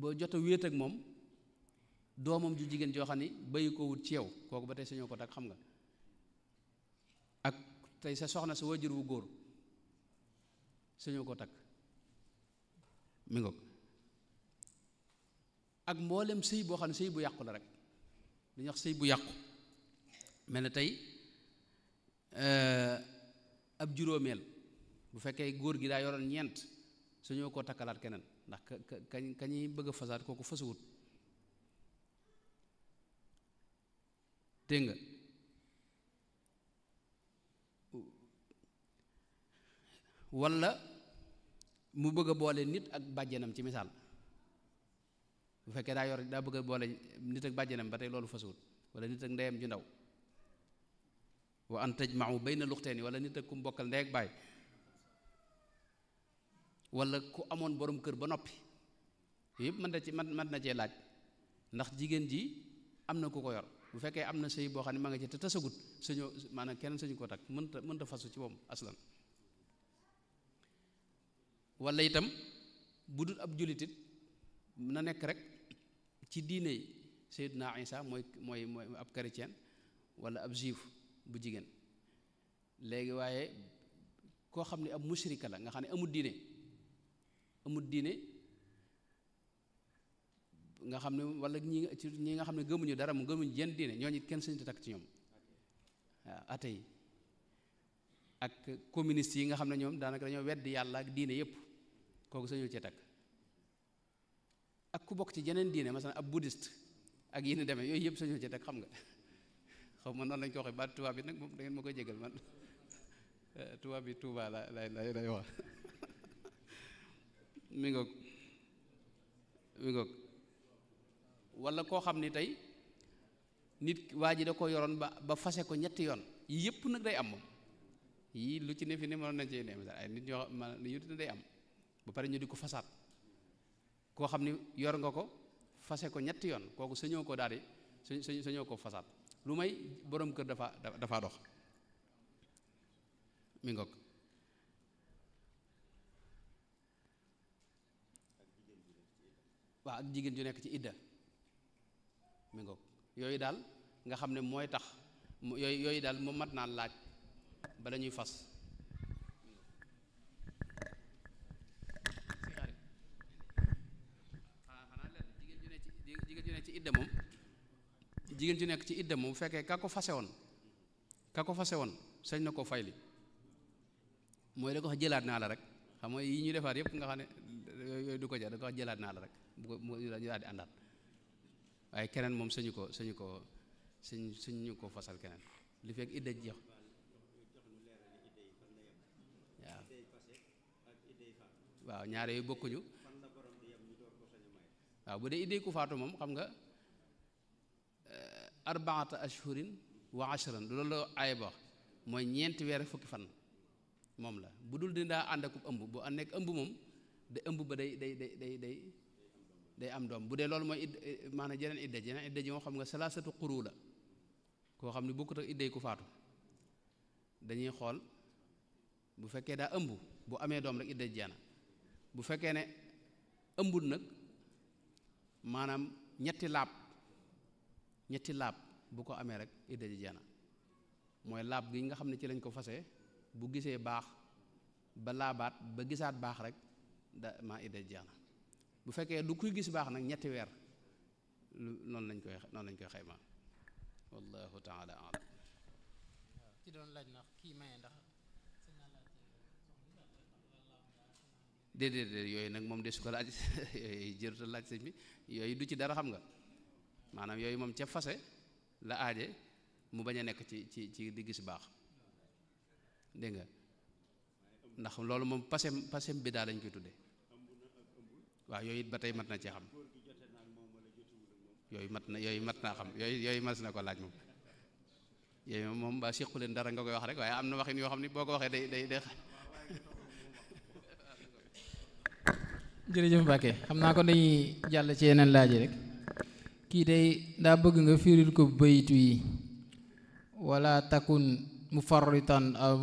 boo jot wéet ak moom doomam ju jigéen joo xam ne bàyyi wut ci yow kooku ba tey sañoo ko takk xam nga ak tey sa soxna sa wajur wu góor sañoo ko takk mi ngoog ak mboolem sëy boo xam ne sëy bu yàqu la rek dañuy wax sëy bu yàqu mel na tey euh, ab juróomeel bu fekkee góor gi daa yoral ñeent suñoo koo takkalaat keneen ndax ka ka ka ñuy bëgg a fasaat kooku fasuwut dégg nga walla mu bëgg a boole nit ak bàjjenam ci misaal bu fekkee daa yor daa bëgg a boole nit ak bàjjenam ba tey loolu fasuwut walla nit ak ndeyam ju ndaw wa bay na bayna luxteeni walla nit ak kum bokkal ndey ak baay wala ku amoon boroom kër ba noppi yëpp mën na ci man man na cee laaj ndax jigéen ji am na ku ko yor bu fekkee am na sëy boo xam ne ma nga ci te tasagut sañoo maanaam keneen sañu ko takk mënta mënta fasu ci moom aslan walla itam bu dul ab jullitit na nekk rek ci diine Seydina Isa mooy mooy mooy ab chrétien wala ab juif bu jigéen léegi waaye koo xam ne ab musrika la nga xam ne amul diine amul diine nga xam ne wala ñi ci ñi nga xam ne gëmuñu dara mu gëmuñu jenn diine ñi kenn suñu te takk ci ñoom waaw ate yi ak communiste yi nga xam ne ñoom daanaka dañoo wedd yàlla ak diine yépp kooku sañu cee takk ak ku bokk ci jeneen diine masalan ab bouddhiste ak yéen demee yooyu yëpp sañu cee takk xam nga xaw ma noonu lañ ko waxee baat tubaab bi nag moom da ngeen ma koy jégal man tubaab bi tuubaa la lay lay wax mi ngoog mi ngoog walla koo xam ni tey nit waa ji da ko yoroon ba ba fase ko ñetti yoon yii yëpp nag day am moom yii lu ci ne fi ne nañ cee ne ay nit ñoo ma yu day am ba pare ñu di ko fasaat koo xam ni yor nga ko fase ko ñetti yoon kooku sañoo ko daal di sa sañoo ko fasaat lu may boroom kër dafa dafa dox mi ngoog waaw ak jigéen ju nekk ci idda mi ngoog yooyu daal nga xam ne mooy tax yooyu yooyu daal moom mat naa laaj bala ñuy fas jigéen ju nekk ci idda moom jigéen ju nekk ci idda moom bu fekkee ka ko fase woon ka ko fase woon sañ na koo fay li mooy da ko jëlaat naa la rek xam nga yi ñuy defaat yëpp nga xam ne yooyu du ko jar da ko wax jëlaat naa la rek bu ko mu ñu daal di àndaat waaye keneen moom suñu ko suñu ko suñ suñu ko fasal keneen li fekk idda jox waaw waaw yooyu bokkuñu waaw bu dee idday ku faatu moom xam nga eh, arbaata ashhurin wa du loolu aay ba mooy ñeenti weer fukki fan moom la bu dul dindaa ànd ak ëmb bu nekk ëmb moom da ëmb ba dey day day day day day am doom bu dee loolu mooy id maana jeneen idda jeneen idda ji moom xam nga salaasatu xuru la koo xam ne bokkut ak idday ku faatu dañuy xool bu fekkee daa ëmb bu amee doom rek idda jeena bu fekkee ne ëmbul nag maanaam ñetti laab ñetti laab bu ko amee rek idda ji jeena mooy laab gi nga xam ne ci lañ ko fase bu gisee baax ba laabaat ba gisaat baax rek da maa idda jeex na bu fekkee du kuy gis baax nag ñetti weer lu noonu lañ koy noon lañ koy xayma wallahu taala alam ci doon laaj ndax kii maye ndax déedéet yooyu nag moom de su ko laaj yooyu jërëta laaj sëñ bi yooyu du ci dara xam nga maanaam yooyu moom ca fase la aaje mu bañ a nekk ci ci ci di gis baax dégg nga ndax loolu moom pasem pasem bi daal lañ koy tudde waa yooyu it ba tey mat na ci xam yooyu mat na yooyu mat naa xam yooyu yooyu mas na ko laaj moom yooyu moom ba séqu leen dara nga koy wax rek waaye am na waxin yoo xam ni boo ko waxee day day day jërëjëf Mbacke xam naa ko dañuy jàll ci yeneen laaj rek kii day daa bëgg nga firil ko baytu yi wala takun mufarritan aw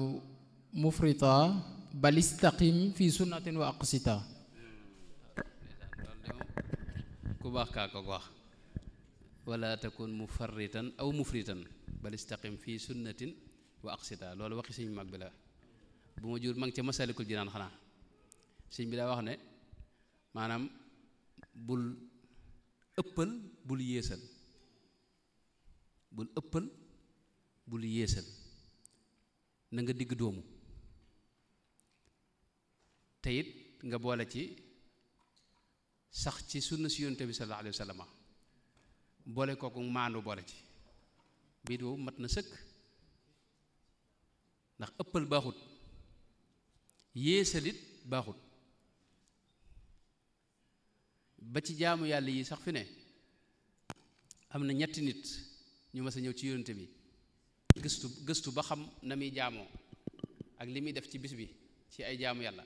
mufrita bal istaqim fi sunnatin wa aqsita ku baax kaa ko wax wala takun mufarritan aw mufritan bal istaqim fi sunnatin wa aqsita loolu waxi sëñ mag bi la bu ma jur mag ngi ca masalikul jinaan xanaa sëñ bi daa wax ne maanaam bul ëppal bul yéesal bul ëppal bul yéesal na nga digg doomu te nga boole ci sax ci sunna si yonte bi sallallahu alayhi wa sallam boole kooku maandu boole ci biit boobu mat na sëkk ndax ëppal baaxut yéesalit baaxut ba ci jaamu yàlla yi sax fi ne am na ñetti nit ñu mas a ñëw ci yonte bi gëstu gëstu ba xam na muy jaamoo ak li muy def ci bis bi ci ay jaamu yàlla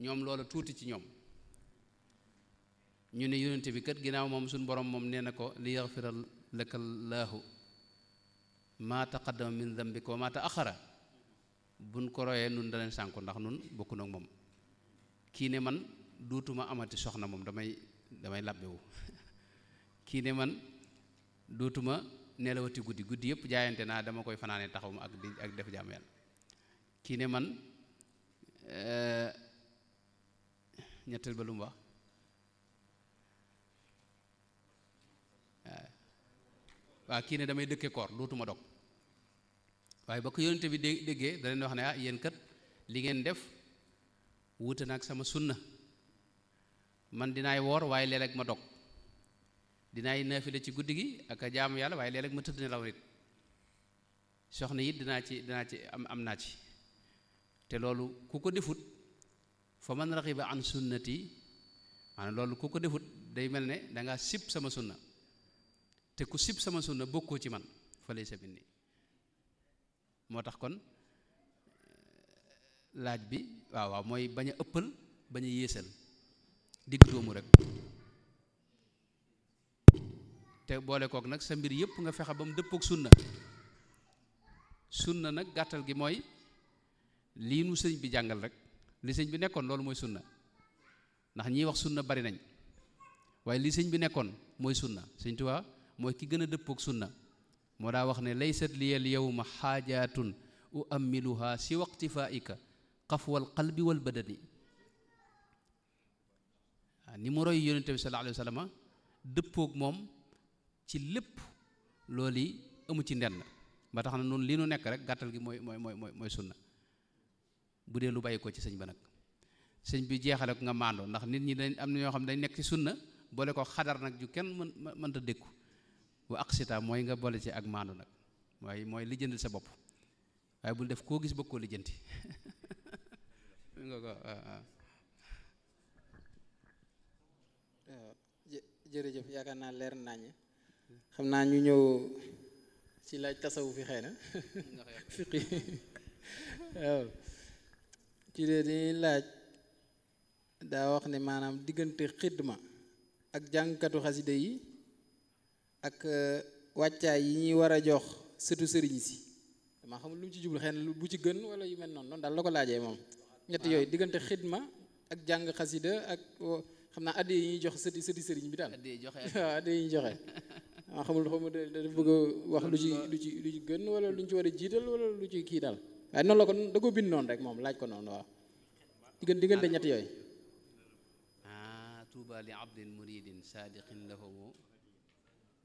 ñoom loola tuuti ci ñoom ñu ne yonent bi kat ginnaaw moom suñ borom moom nee na ko li yaxfira laka llaahu maa taqaddama min dambika wa maa taaxara buñ ko royee nun danañ sànku ndax nun bokku nag moom kii ne man duutuma amati soxna moom damay damay labbewu kii ne man duutuma nelawati guddi guddi yëpp jaayante naa dama koy fanaanee taxaw ma ak di ak def jaam kii ne man eh, ñetteel ba lu waa kii ne damay dëkke koor ma dog waaye ba ko yónente bi dé déggee da wax ne ah yéen kat li ngeen def wuute na ak sama sunna man dinaay woor waaye léeg ma dog dinaay naafila ci guddi gi ak a jaamu yàlla waaye léeg ma tëdd nelaw nit soxna it dinaa ci danaa ci am am naa ci te loolu ku ko defut fa man raxiba an sunnati maanaam loolu ku ko defut day mel ne dangaa ngaa sama sunna te ku sib sama sunna bokkoo ci man fa lay sa minni moo tax kon eh, laaj bi waaw waaw mooy bañ a ëppal bañ a yéesal digg doomu rek te boole kook nag sa mbir yëpp nga fexe ba mu dëppook sunna sunna nag gàttal gi mooy lii nu sëñ bi jàngal rek li sëñ bi nekkoon loolu mooy sunna ndax ñiy wax sunna bari nañ waaye li sëñ bi nekkoon mooy sunna sëñ Tuubaa mooy ki gën a dëppook sunna moo daa wax ne laysat liyal yowma xaajaatun u ammiluha si waqtifaika xafwal qalbi wal badani ni mu roy yonente bi sallallahu alayhi wa sallam dëppook moom ci lépp loolu amu ci ndenn ba tax na noonu li nu nekk rek gàttal gi mooy mooy mooy sunna bu dee lu bàyyi ko ci sëñ ba nag sëñ bi jeexale ko nga maandoo ndax nit ñi dañ am na ñoo xam ne dañ nekk ci sunna boole ko xadar nag ju kenn mën mënta dékku wa aqsita mooy nga boole si ak maandu nag mooy mooy lijjanti sa bopp waaye bul def koo gis bëgg koo lijjanti ah, ah. Euh, yaakaar naa leer nañ xam naa ñu ñëw ci laaj tasawu fi xëy na fiqi waaw ci dee di laaj daa wax ne maanaam diggante xidma ak jàngkatu xasida yi ak euh, wàccaay yi ñuy war a jox sëtu sëriñ si dama xamul lu mu ci jublu xëy bu ci gën wala yu mel noonu noonu daal la ko laajee moom ñett yooyu diggante xidma ak jàng xasida ak oh, xam naa adde yi ñuy jox sëti sëti bi daal waaw adde yi joxe dama xamul xaw ma dafa bëgg wax lu ci lu ci lu ci gën wala lu ñu ci war a jiital wala lu ci kii daal waaye noonu la ko da ko bind noonu rek moom laaj ko noonu waaw diggan diggante ñett yooy ah tuuba li abdin muridin sadiqin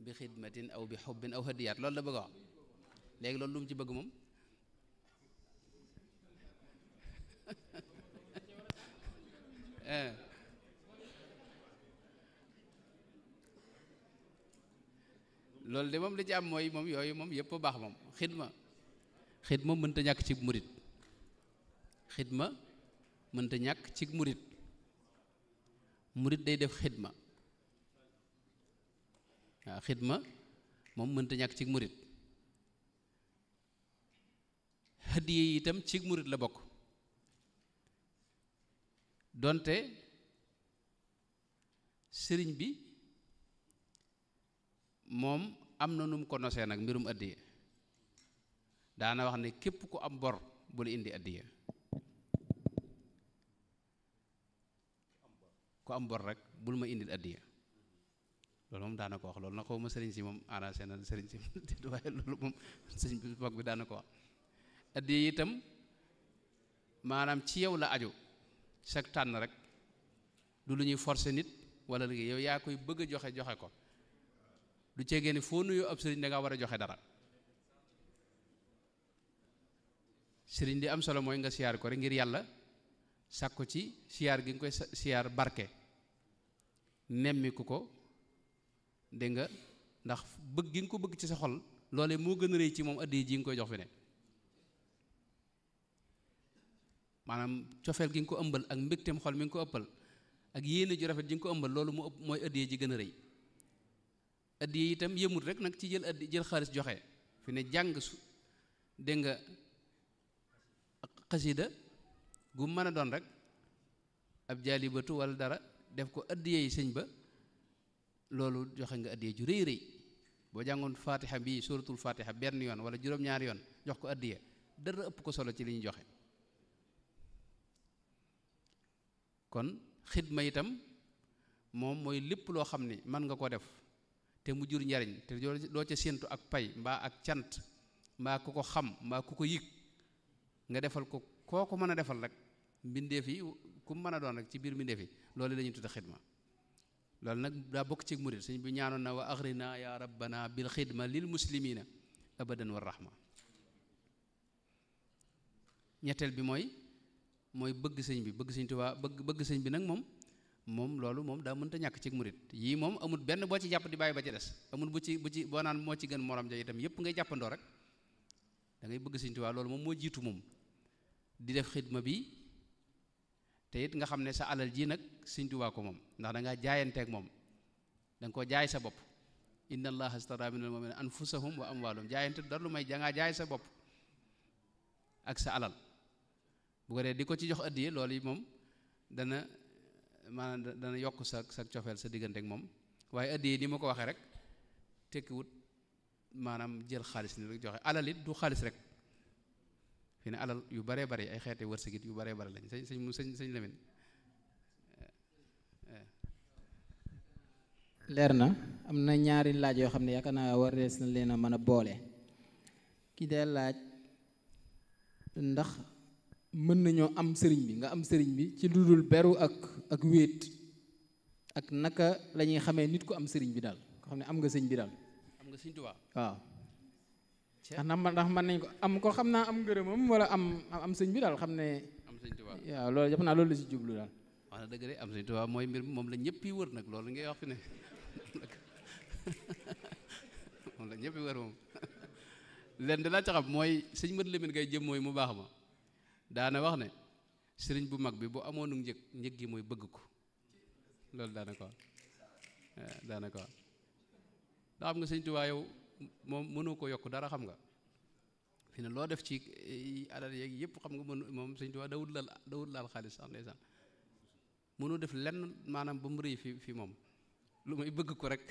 bi xidmatin aw bi xubbin aw hadiyaat loolu la bëgg a wax léegi loolu lu ci bëgg moom eh. loolu de moom li ci am mooy moom yooyu moom yëpp baax moom xidma xidma mënta ñàkk ci murit xidma mënta ñàkk ci murit murit day def xidma waaw xidma moom mënta ñàkk ci murit hadiya yi itam ci murit la bokk donte sëriñ bi moom am na nu mu ko nosee nag mbirum addiya daana wax ne képp ku am bor bu indi addiya ku am bor rek bul ma indil addiya loolu moom daana ko wax loolu na xaw ma sëriñ si moom arrangé na sëriñ si waaye loolu moom sëriñ bi mag bi daana ko wax addiya itam maanaam ci yow la aju chaque tànn rek du lu ñuy forcer nit wala léegi yow yaa koy bëgg joxe joxe ko du ceegee ne foo nuyoo ab sëriñ da war a joxe dara sëriñ di am solo mooy nga siyaar ko rek ngir yàlla sàkku ci siyaar gi nga koy siyaar barke nemmiku ko dégg nga ndax bëgg gi nga ko bëgg ci sa xol loole moo gën a rëy ci moom addi ji nga koy jox fi ne maanaam cofeel gi nga ko ëmbal ak mbégteem xol mi nga ko ëppal ak yéene ju rafet ji nga ko ëmbal loolu mu ëpp mooy addi ji gën a rëy addi itam yëmut rek nag ci jël addi jël xaalis joxe fi ne jàng su nga xasida gu mën a doon rek ab jaalibatu wala dara def ko addi yi sëñ ba loolu joxe nga addiyee ju rëy rëy boo jàngoon fatiha bii suratul fatiha benn yoon wala juróom-ñaari yoon jox ko addiyee dara ëpp ko solo ci li ñu joxe kon xidma itam moom mooy lépp loo xam ni mën nga ko def te mu jur njariñ te doo ca séentu ak pay mbaa ak cant mbaa ku ko xam mbaa ku ko yëg nga defal ko koo ko mën a defal rek mbindeef yi ku mën a doon rek ci biir mbindeef yi loolu lañuy ñuy tudde xidma loolu nag daa bokk ci murid sëñ bi ñaanoon na wa axrina ya rabbana bil xidma lil muslimina abadan wa rahma ñetteel bi mooy mooy bëgg sëñ bi bëgg sëñ Tuubaa bëgg bëgg sëñ bi nag moom moom loolu moom daa mënta ñàkk ci murid yii moom amul benn boo ci jàpp di bàyyi ba ci des amul bu ci bu ci boo naan moo ci gën morom ja itam yépp ngay jàppandoo rek dangay bëgg sëñ loolu moom moo jiitu moom di def xidma bi te nga xam ne sa alal ji nag sëñ Tuubaa ko moom ndax da ngaa jaayanteeg moom da ko jaay sa bopp inna allaha astara minal mu'minina anfusahum wa amwaalahum jaayante dara lu may da jaay sa bopp ak sa alal bu ko dee di ko ci jox addiye loolu yi moom dana maanaam dana yokk sa sa cofeel sa diggante ak moom waaye addiye ni ma ko waxee rek tekkiwut maanaam jël xaalis ni rek joxe alal it du xaalis rek fi ne alal yu baree bari ay xeeti wërsëgit yu baree bari lañ sañ sañ sañ sañ Lamin leer na am na ñaari laaj yoo xam ne yaakaar naa war rees na leen a mën a boole kii dee laaj ndax mën nañoo am sëriñ bi nga am sëriñ bi ci lu dul beru ak ak wéet ak naka lañuy xamee nit ku am sëriñ bi daal nga xam ne am nga sëñ bi daal. am nga sëñ Tuubaa waaw. ndax man ndax mën nañ ko am ko xam naa am ngërëmam wala am am sëñ bi daal xam ne. am sëñ Tuubaa waaw loolu jàpp naa loolu la si jublu daal. wax na dëgg de am sëñ Tuubaa mooy mbir moom la ñëpp yi wër nag loolu ngay wax fi ne. moom la ñëpp war moom lenn di laa ca xam mooy sëñ mën Lamine Gaye jëm mooy mu baax ma daana wax ne sëriñ bu mag bi bu amoonu njëg njëg gi mooy bëgg ko loolu daana ko eh, daana ko ndax xam nga sëñ yow moom mënoo ko yokk dara xam nga fi ne loo def ci eh, alal yeeg yëpp xam nga mën moom sëñ Tuubaa dawul laal dawul laal xaalis sax ndeysaan def lenn maanaam ba mu rëy fi fi moom lu may bëgg ko rek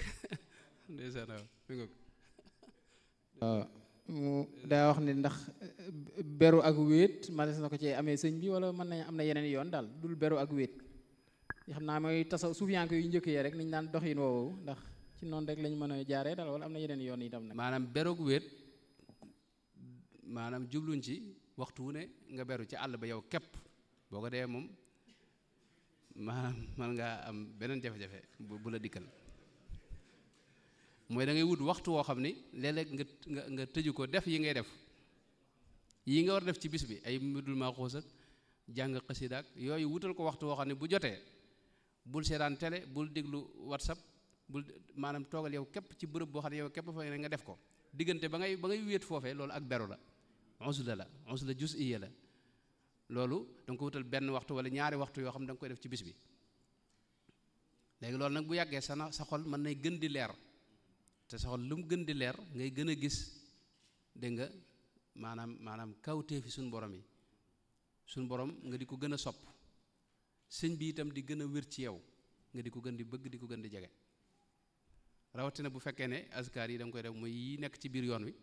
ndeysaan mi ah, daa wax ne ndax beru ak wéet manees na ko ci amee sëñ bi wala mën nañ am na yeneen yoon daal dul beru ak wéet xam naa mooy tasaw soufiyanke yu njëkk yee rek niñ daan doxin woowu ndax ci noonu rek lañ mën a jaaree daal wala am na yeneen yoon itam nag maanaam beru ak wéet maanaam jubluñ ci waxtu ne nga beru ci àll ba yow képp boo ko dee moom maanaam man ngaa am beneen jafe-jafe bu la dikkal mooy da ngay wut waxtu woo xam ni léeg-léeg nga nga nga tëju ko def yi ngay def yi nga war def ci bis bi ay dul maa xuus ak jàng xasida ak yooyu wutal ko waxtu woo xam ne bu jotee bul seetaan télé bul déglu whatsapp bul maanaam toogal yow képp ci bërëb boo xam ne yow képp fa nga def ko diggante ba ngay ba ngay wéet foofee loolu ak beru la usla la usla jus iya la loolu da ko wutal benn waxtu wala ñaari waxtu yoo xam ne da nga koy def ci bis bi léegi loolu nag bu yàggee sa na sa xol mën nay gën di leer te sa xol lu gën di leer ngay gën a gis dégg nga maanaam maanaam kawtee suñ borom yi suñu borom nga di ko gën a sopp sëñ bi itam di gën a wér ci yow nga di ko gën di bëgg di ko gën di jege rawatina bu fekkee ne askar yi da koy def muy yi nekk ci biir yoon wi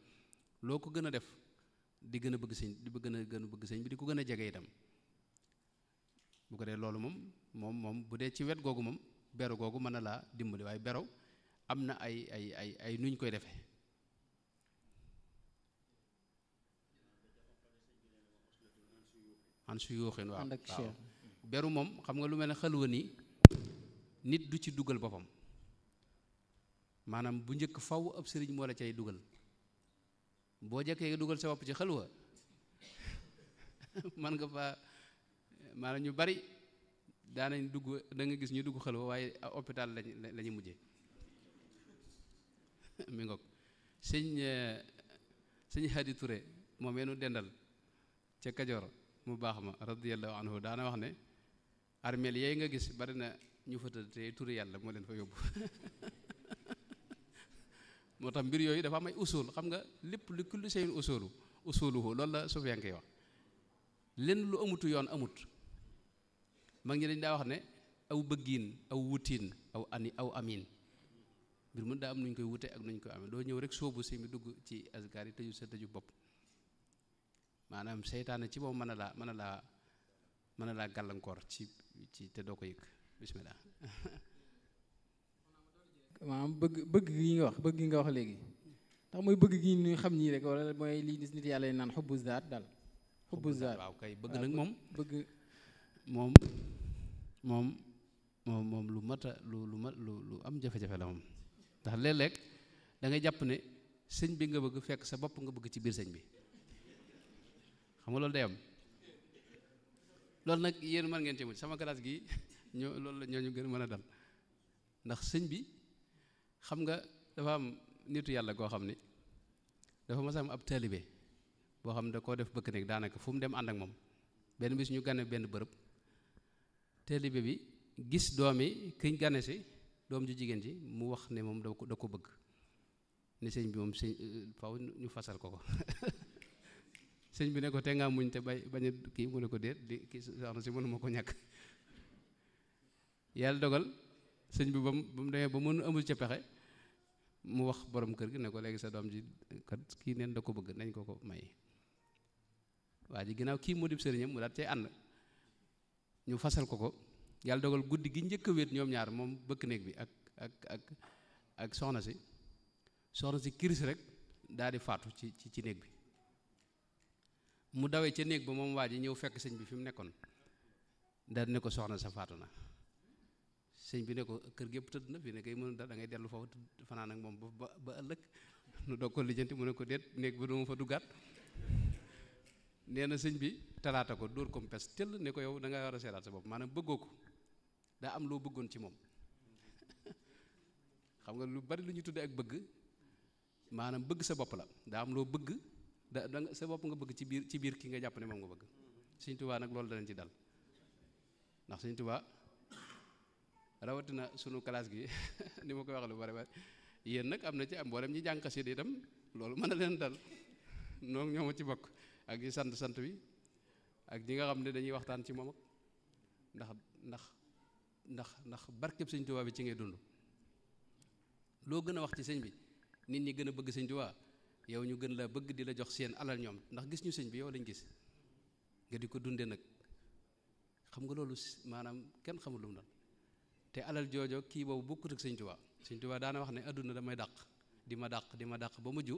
loo ko gën a def di gën a bëgg sëñ di gën a gën a bëgg sëñ bi di ko gën a jege itam bu ko dee loolu moom moom moom bu dee ci wet googu moom beru googu mën na laa dimbali waaye beru am na ay ay ay nuñ koy defee an su yooxin waaw waaw beru moom xam nga lu mel ne xalwa nii nit du ci dugal boppam maanaam bu njëkk faw ab sëriñ moo la cay dugal boo jëkkee dugal sa bopp ci xalwa man nga fa maanaam ñu bari daanañ dugg danga gis ñu dugg xalwa waaye hôpital lañ la ñu mujjee mi ngoog sëñ eh, sëñ Hadi ture moom yeenu dendal ca Kajoor mu baax ma radiyallahu anhu daana wax ne armeel yee nga gis bari na ñu fa tëdd te yàlla moo leen fa yóbbu moo tax mbir yooyu dafa am ay xam nga lépp li kulli shay'in usulu usuluhu loolu la Sufyaan koy wax lenn lu amutu yoon amut mag ñi dañ daa wax ne aw bëggiin aw wutiin aw ani aw amin mbir mën daa am nuñ koy wute ak nuñ koy amee doo ñëw rek soobu si mi dugg ci azkar yi tëju sa tëju bopp maanaam seytaane ci moom mën a laa mën a laa mën a laa gàllankoor ci ci te doo ko yëg bismillah maanaam bëgg bëgg gi nga wax bëgg gi nga wax léegi ndax mooy bëgg gi ñu xam nii rek wala mooy lii nit yàlla naan xubbu zaat daal xubbu zaat waaw kay bëgg nag moom bëgg moom moom moom lu mat a lu lu lu lu am jafe-jafe la moom ndax léeg lekk dangay jàpp ne sëñ bi nga bëgg fekk sa bopp nga bëgg ci biir sëñ bi xam nga loolu day am loolu nag yéen mën ngeen ci mucc sama galaas gi ñoo loolu la ñoo ñu gën mën a dal ndax sëñ bi xam nga dafa am nitu yàlla goo xam ni dafa mas a am ab taalibe boo xam ne da koo def bëkk néeg daanaka fu mu dem ànd ak moom benn bis suñu gane benn bërëb taalibe bi gis doomi kiñ gane si doom ju jigéen ji mu wax ne moom da ko da ko bëgg ni sëñ bi moom sëñ faw ñu fasal ko ko sëñ bi ne ko te nga muñ te bay bañ kii mu ne ko déet di kii soxna si mënuma ko ñàkk yàlla dogal sëñ bi ba mu ba mu demee ba mënu amul ca pexe mu wax boroom kër gi ne ko léegi sa doom ji kat kii neen da ko bëgg nañ ko ko may waa ji ginnaaw kii moo dib sëriñam mu daat cay ñu fasal ko ko yàlla dogal guddi gi njëkk a wéet ñoom ñaar moom bëkk néeg bi ak ak soxna si soxna si kiris rek daal di ci ci ci néeg bi mu dawee ca néeg ba moom waa ji ñëw fekk sëñ bi fi mu nekkoon daal ne ko soxna sa faatu na sëñ bi ne ko kër gépp tëdd na fi ne kay mën da ngay dellu foofu tëdd fanaan ak moom ba ba ëllëg nu doog ko lijjanti mu ne ko déet néeg bi duma fa duggaat nee na sëñ bi talaata ko dóor ko mu pes tëll ne ko yow da war a seelaat sa bopp maanaam bëggoo ko daa am loo bëggoon ci moom xam nga lu bari lu ñu tuddee bëgg maanaam bëgg sa bopp la daa am loo bëgg da da sa bopp nga bëgg ci biir ci biir ki nga jàpp ne moom nga bëgg sëñ Tuubaa nag loolu danañ ci dal ndax sëñ Tuubaa rawatina sunu classe gi ni ma koy wax lu bari bari yéen nag am na ci am mboolem ñi jàng xasida itam loolu mën a leen dal noonu ñoo ci bokk ak ñi sant sant bi ak ñi nga xam ne dañuy waxtaan ci moom ak ndax ndax ndax ndax barkeb sëñ Tuubaa bi ci ngay dund loo gën a wax ci sëñ bi nit ñi gën a bëgg sëñ Tuubaa yow ñu gën la bëgg di la jox seen alal ñoom ndax gis ñu sëñ bi yow lañ gis nga di ko dunde nag xam nga loolu maanaam kenn xamul lu mu doon te alal joojo kii boobu bokkut ak sëñ Tuubaa sëñ Tuubaa daana wax ne àdduna damay dàq di ma dàq di ma dàq ba mujj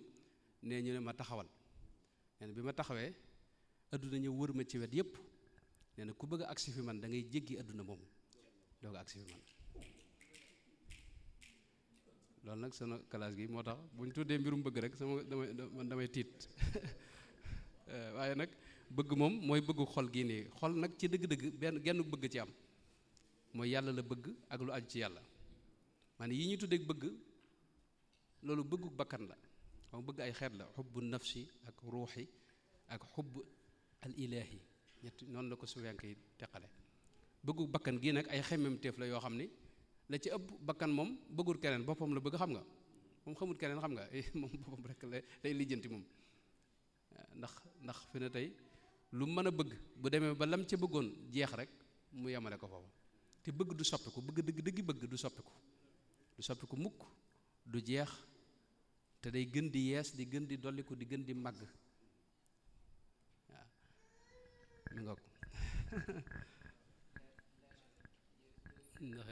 ne ñu ne ma taxawal nee na bi ma taxawee adduna ñu wër ma ci wet yépp nee na ku bëgg a agsi fi man da ngay jéggi àdduna moom doog agsi fi man loolu nag sama classe gi moo tax bu ñu tuddee mbirum bëgg rek sama damay man damay tiit waaye nag bëgg moom mooy bëgg xol gii nii xol nag ci dëgg-dëgg benn genn bëgg ci am mooy yàlla la bëgg ak lu aju ci yàlla maanaam yi ñu tuddee bëgg loolu bëggu bakkan la xam bëgg ay xeet la xubbu nafsi ak ruuxi ak xubb al ilaahi ñett noonu la ko suwenk yi teqale bëggu bakkan gii nag ay xemmem la yoo xam ni la ci ëpp bakkan moom bëggul keneen boppam la bëgg xam nga moom xamul keneen xam nga moom boppam rek lay lijjanti moom ndax ndax fi ne tey lu mën a bëgg bu demee ba lam ca bëggoon jeex rek mu yemale ko foofu te bëgg du ko bëgg dëgg dëgg bëgg du soppiku du ko mukk du jeex te day gën di yees di gën di dolliku di gën di màgg waaw mi ngoog ndax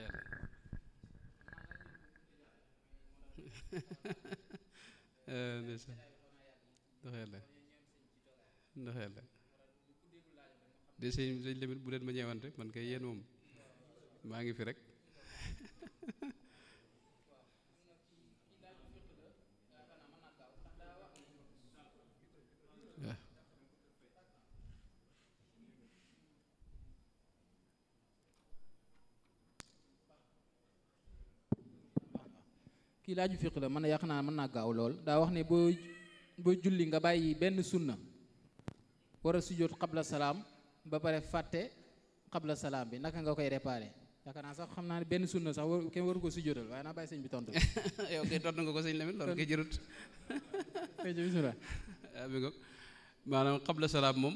yàlla ndax yàlla ndax de sëñ sëñ Lamine bu leen ma ñeewante man kay yéen moom maa ngi fi rek kii laaju fiq la man yàq naa mën naa gaaw lool daa wax ne boo boo julli nga bàyyi benn sunna war a sujjóot xabla salaam ba pare fàtte xab la salaam bi naka nga koy réparé yaakaar naa sax xam naa ne benn sunna sax war kenn waru ko si jotal waaye naa bàyyi sëñ bi tontu yow kay nga ko sëñ Lamine loolu kay jërut kay jë bismillah bi ko maanaam xabla moom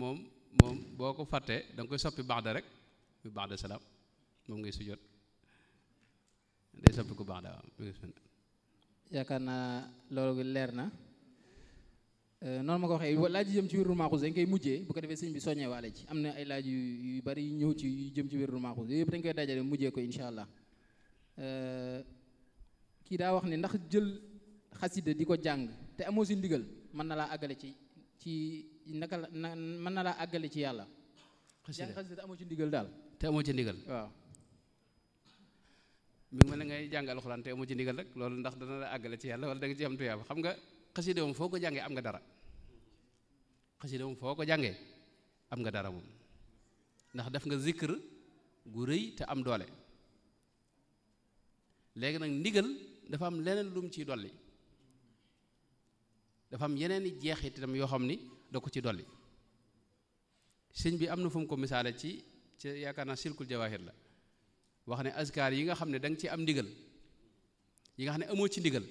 moom moom boo ko fàttee danga koy soppi baxda rek mu baxda salaam moom ngay sujjot day soppi ko baxda waaw yaakaar naa loolu leer na Euh, noonu ma ko waxee laaj yi jëm ci wérul maaxuus dañ koy mujjee bu ko defee sëñ bi soññee waale ci am na ay laaj yu bari yu ñëw ci yu jëm ci wérul maaxuus yooyu yëpp dañ koy dajale mujjee ko incha allah euh, daa wax ne ndax jël xasida di ko jàng te amoo si ndigal mën na laa àggale ci ci naka la na mën na laa àggale ci yàlla jàng xasida te ci ndigal daal te amoo ci ndigal waaw mi ngi mel ne ngay alxuraan te amoo ci ndigal rek loolu ndax dana la àggale ci yàlla wala da nga ci am tuyaaba xam nga xasida moom foo ko jàngee am nga dara xasida moom foo ko jàngee am nga dara moom ndax def nga zikr gu rëy te am doole léegi nag ndigal dafa am leneen lum ciy dolli dafa am yeneen i jeexit itam yoo xam ni da ko ci dolli sëñ bi am na foom ko misaale ci ci yaakaar naa silkul jawaahir la wax ne askar yi nga xam ne da nga ci am ndigal yi nga xam ne amoo ci ndigal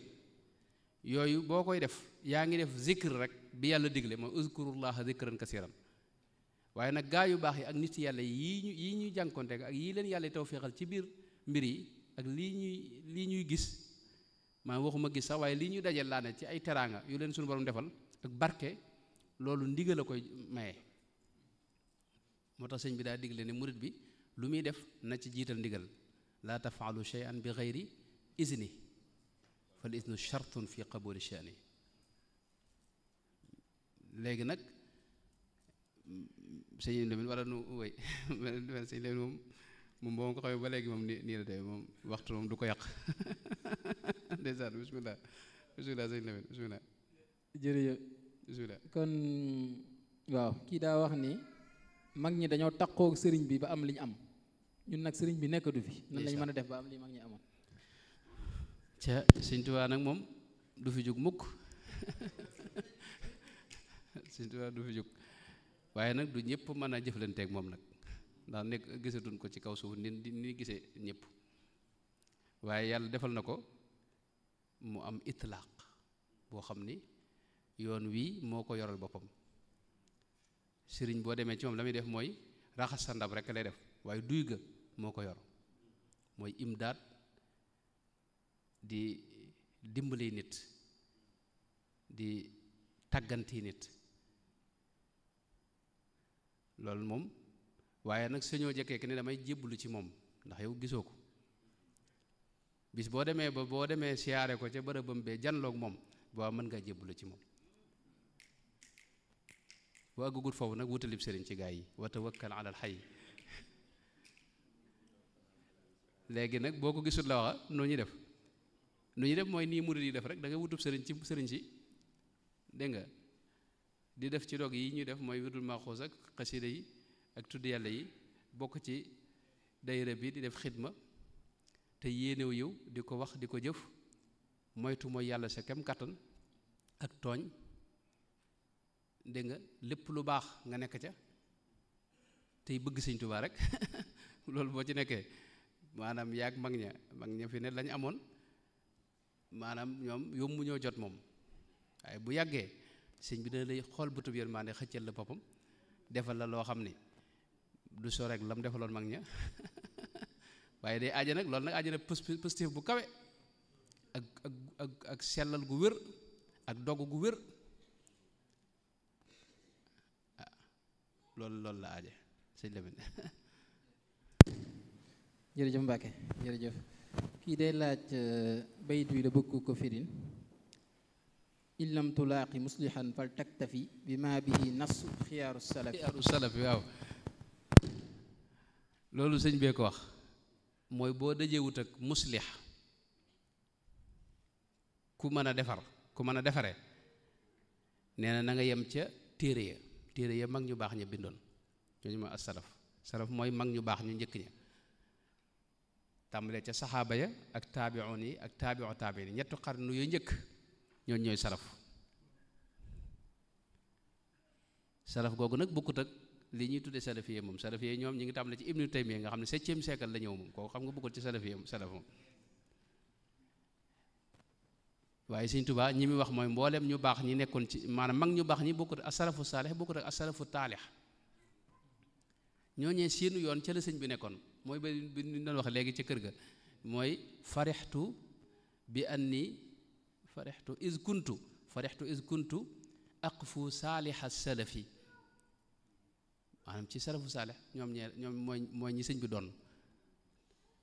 yooyu boo koy def yaa ngi def zikr rek bi yàlla digle ma mooy uzkurullaha zikran kasiran waaye nag gaa yu baax yi ak nit yàlla yii ñu yii ñuy jànkonte ak yii leen yàlla feexal ci biir mbir yi ak lii ñuy lii ñuy gis maa waxuma gis sax waaye lii ñuy dajal laa ne ci ay teraanga yu leen suñu borom defal ak barke loolu ndigal a koy maye moo tax sëñ bi daa digle ne murit bi lu muy def na ci jiital ndigal laa tafaalu shay'an bi xayri izni fal isnu chartun fi qabuli shani léegi nag sëñ Lamin wala nu wéy sëñ Lamin moom moom boo ko xamee ba léegi moom ni nii la de moom waxtu moom du ko yàq ndeysaan bismillah bismillah sëñ Lamin bismillah jërëjëf bismillah kon waaw kii daa wax ni mag ñi dañoo takkook sëriñ bi ba am li ñu am ñun nag sëriñ bi nekkatu fi nan lañ mën a def ba am li mag ñi amoon ca Sëñ Tuubaa nag moom du fi jóg mukk Sëñ Tuubaa du fi jóg waaye nag du ñëpp mën a jëflanteek moom nag ndax nekk gisatuñ ko ci kaw suuf ni ni gisee ñépp waaye yàlla defal na ko mu am itlaaq boo xam ni yoon wii moo ko yoral boppam sëriñ boo demee ci moom la muy def mooy raxas sa ndab rek lay def waaye duy ga moo ko yor mooy imdaad di dimbali nit di tàgganti nit loolu moom waaye nag suñoo jëkkee ki ne damay jébbalu ci moom ndax yow gisoo ko bis boo demee ba boo demee siyaare ko ca bërëbam bee janloog moom boo mën ngaa jébbalu ci moom boo àggagut foofu nag wutalib sëriñ ci gaa yi wa tawakkal ala al léegi nag boo ko gisul la waxa noo ñu def lu ñu def mooy nii murid yi def rek da nga wutub sëriñ ci sëriñ si dégg nga di def ci dog yi ñuy def mooy wirdul maxuus ak xasida yi ak tudd yàlla yi bokk ci dayra bi di def xidma te yéenew yow di ko wax di ko jëf moytu mooy yàlla sa kem kattan ak tooñ dégg nga lépp lu baax nga nekk ca tey bëgg sëñ Tuubaa rek loolu boo ci nekkee maanaam yaag mag ña mag ña fi ne lañ amoon maanaam ñoom yomb ñoo jot moom waaye bu yàggee sëñ bi dana lay xool bëtub yërmande xëccal la boppam defal la loo xam ni du so rek lam defaloon mag ña waaye day aaja nag loolu nag aaja nag positif bu kawe ak ak ak ak sellal gu wér ak dogg gu wér ah loolu loolu la aaja sëñ Lamine jërëjëf Mbacke jërëjëf kii day laaj euh, bayit wi da bëgg ko firin in lam tulaaqi muslihan fal taktafi bi ma bihi nas xiyaaru salafi xiyaaru salafi waaw loolu sëñ bee ko wax mooy boo dajewut ak muslix ku mën a defar ku mën a defare nee na na nga yem ca téere ya téere ya mag ñu baax ña bindoon ñooñu mooy as salaf salaf mooy mag ñu baax ñu njëkk ña tàmbalee ca saxaaba ya ak taabi'un yi ak taabi'u taabi'in yi ñetti xarnu yu njëkk ñooñ ñooy salaf salaf googu nag bokkut ak li ñuy tuddee salafiyee moom salafiyee ñoom ñi ngi tàmbalee ci ibnu taymiya nga xam ne septième siècle la ñëw moom koo xam nga bokkut ci salafiyee salaf moom waaye Sëñ Tuubaa ñi muy wax mooy mbooleem ñu baax ñi nekkoon ci maanaam mag ñu baax ñi bokkut ak asalafu saalix bokkut ak asalafu taalix ñoo ñee seenu yoon ca la bi nekkoon mooy ba bi ñu doon wax léegi ci kër ga mooy farixtu bi anni farixtu is kuntu farixtu is kuntu aqfu saaliha salafi maanaam ci salafu saalih ñoom ñee ñoom mooy ñu sëñ bi doon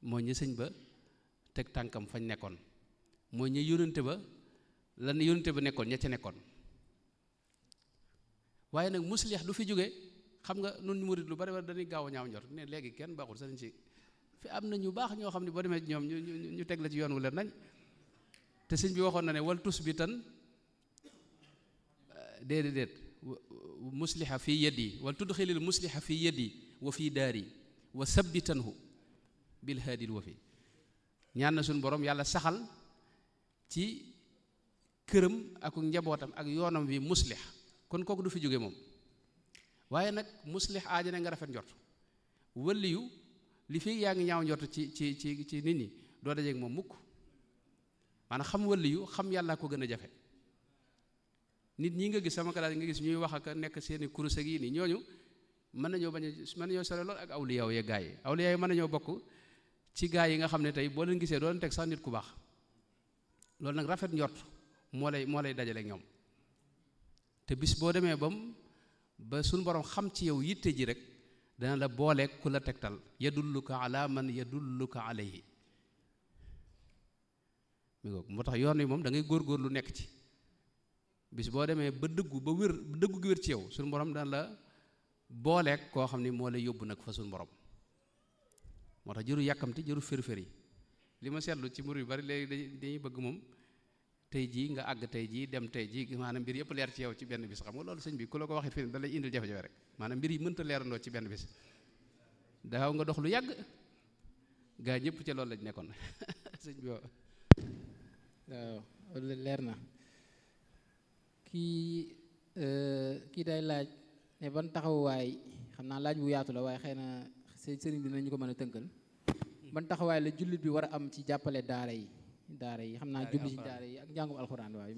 mooy ñu sëñ ba teg tànkam fañ nekkoon mooy ñi yónante ba lan yónante ba nekkoon ña ca nekkoon waaye nag muslix du fi jóge xam nga nun ñu murit lu bari war dañuy gaaw a ñaaw njort ne léegi kenn baaxul sëriñ si fi am na ñu baax ñoo xam ne boo demee ci ñoom ñu ñu teg la ci yoon wu leen nañ te sëñ bi waxoon na ne wal tus bi tan eh, déedéet déet musliha fi yi wal tudxilil musliha fi yadi wa fi daari wa sabbitanhu bil haadil wafi ñaan na suñu boroom yàlla saxal ci këram ak njabootam ak yoonam wi muslih kon kooku du fi jóge moom waaye nag muslix aaja ne nga rafet njort wëliyu li fii yaa ngi ñaaw njort ci ci ci ci nit ñi doo dajeeg moom mukk maanaam xam wëliyu xam yàlla ko gën a jafe nit ñi nga gis sama kalaas nga gis ñuy wax ak nekk seeni kurus ak yi nii ñooñu mën nañoo bañ a mën nañoo sore lool ak awliyaa yee gaa yi awliyaa yi mën na nañoo bokk ci gaa yi nga xam ne tey boo leen gisee doo leen teg sax nit ku baax loolu nag rafet njort moo lay moo lay dajale ñoom te bis ba suñu borom xam ci yow yitte ji rek dana la booleeg ku la tegtal yadulluka ala man yadulluka alayhi yi ngoog moo tax yoon wi moom dangay góor góor lu nekk ci bis boo demee ba dëggu ba wér dëggu gi wér ci yow suñu borom dana la booleek koo xam ne moo lay yóbbu nag fa suñu borom moo tax jëru yàkkamti jëru fér-fér yi li ma seetlu ci mur yu bari léegi dañuy bëgg moom tey jii nga àgg tey jii dem tey jii maanaam mbir yëpp leer ci yow ci benn bis xam nga lool sëñ bi ku la ko waxit fi da lay indil jafe-jafe rek maanaam mbir yi mënta leerandoo ci benn bis daaw nga dox lu yàgg gaa yépp ci loolu lañ nekkoon sëñ bi waaw na kii euh, kii day laaj ne ban taxawaay xam naa laaj bu yaatu la waaye xëy na sëriñ dinañu ko mën a tënkal hmm. ban taxawaay la jullit bi war a am ci jàppale daara yi daara yi xam naa jublu ci daara yi ak njàngum alxuraan waaw yu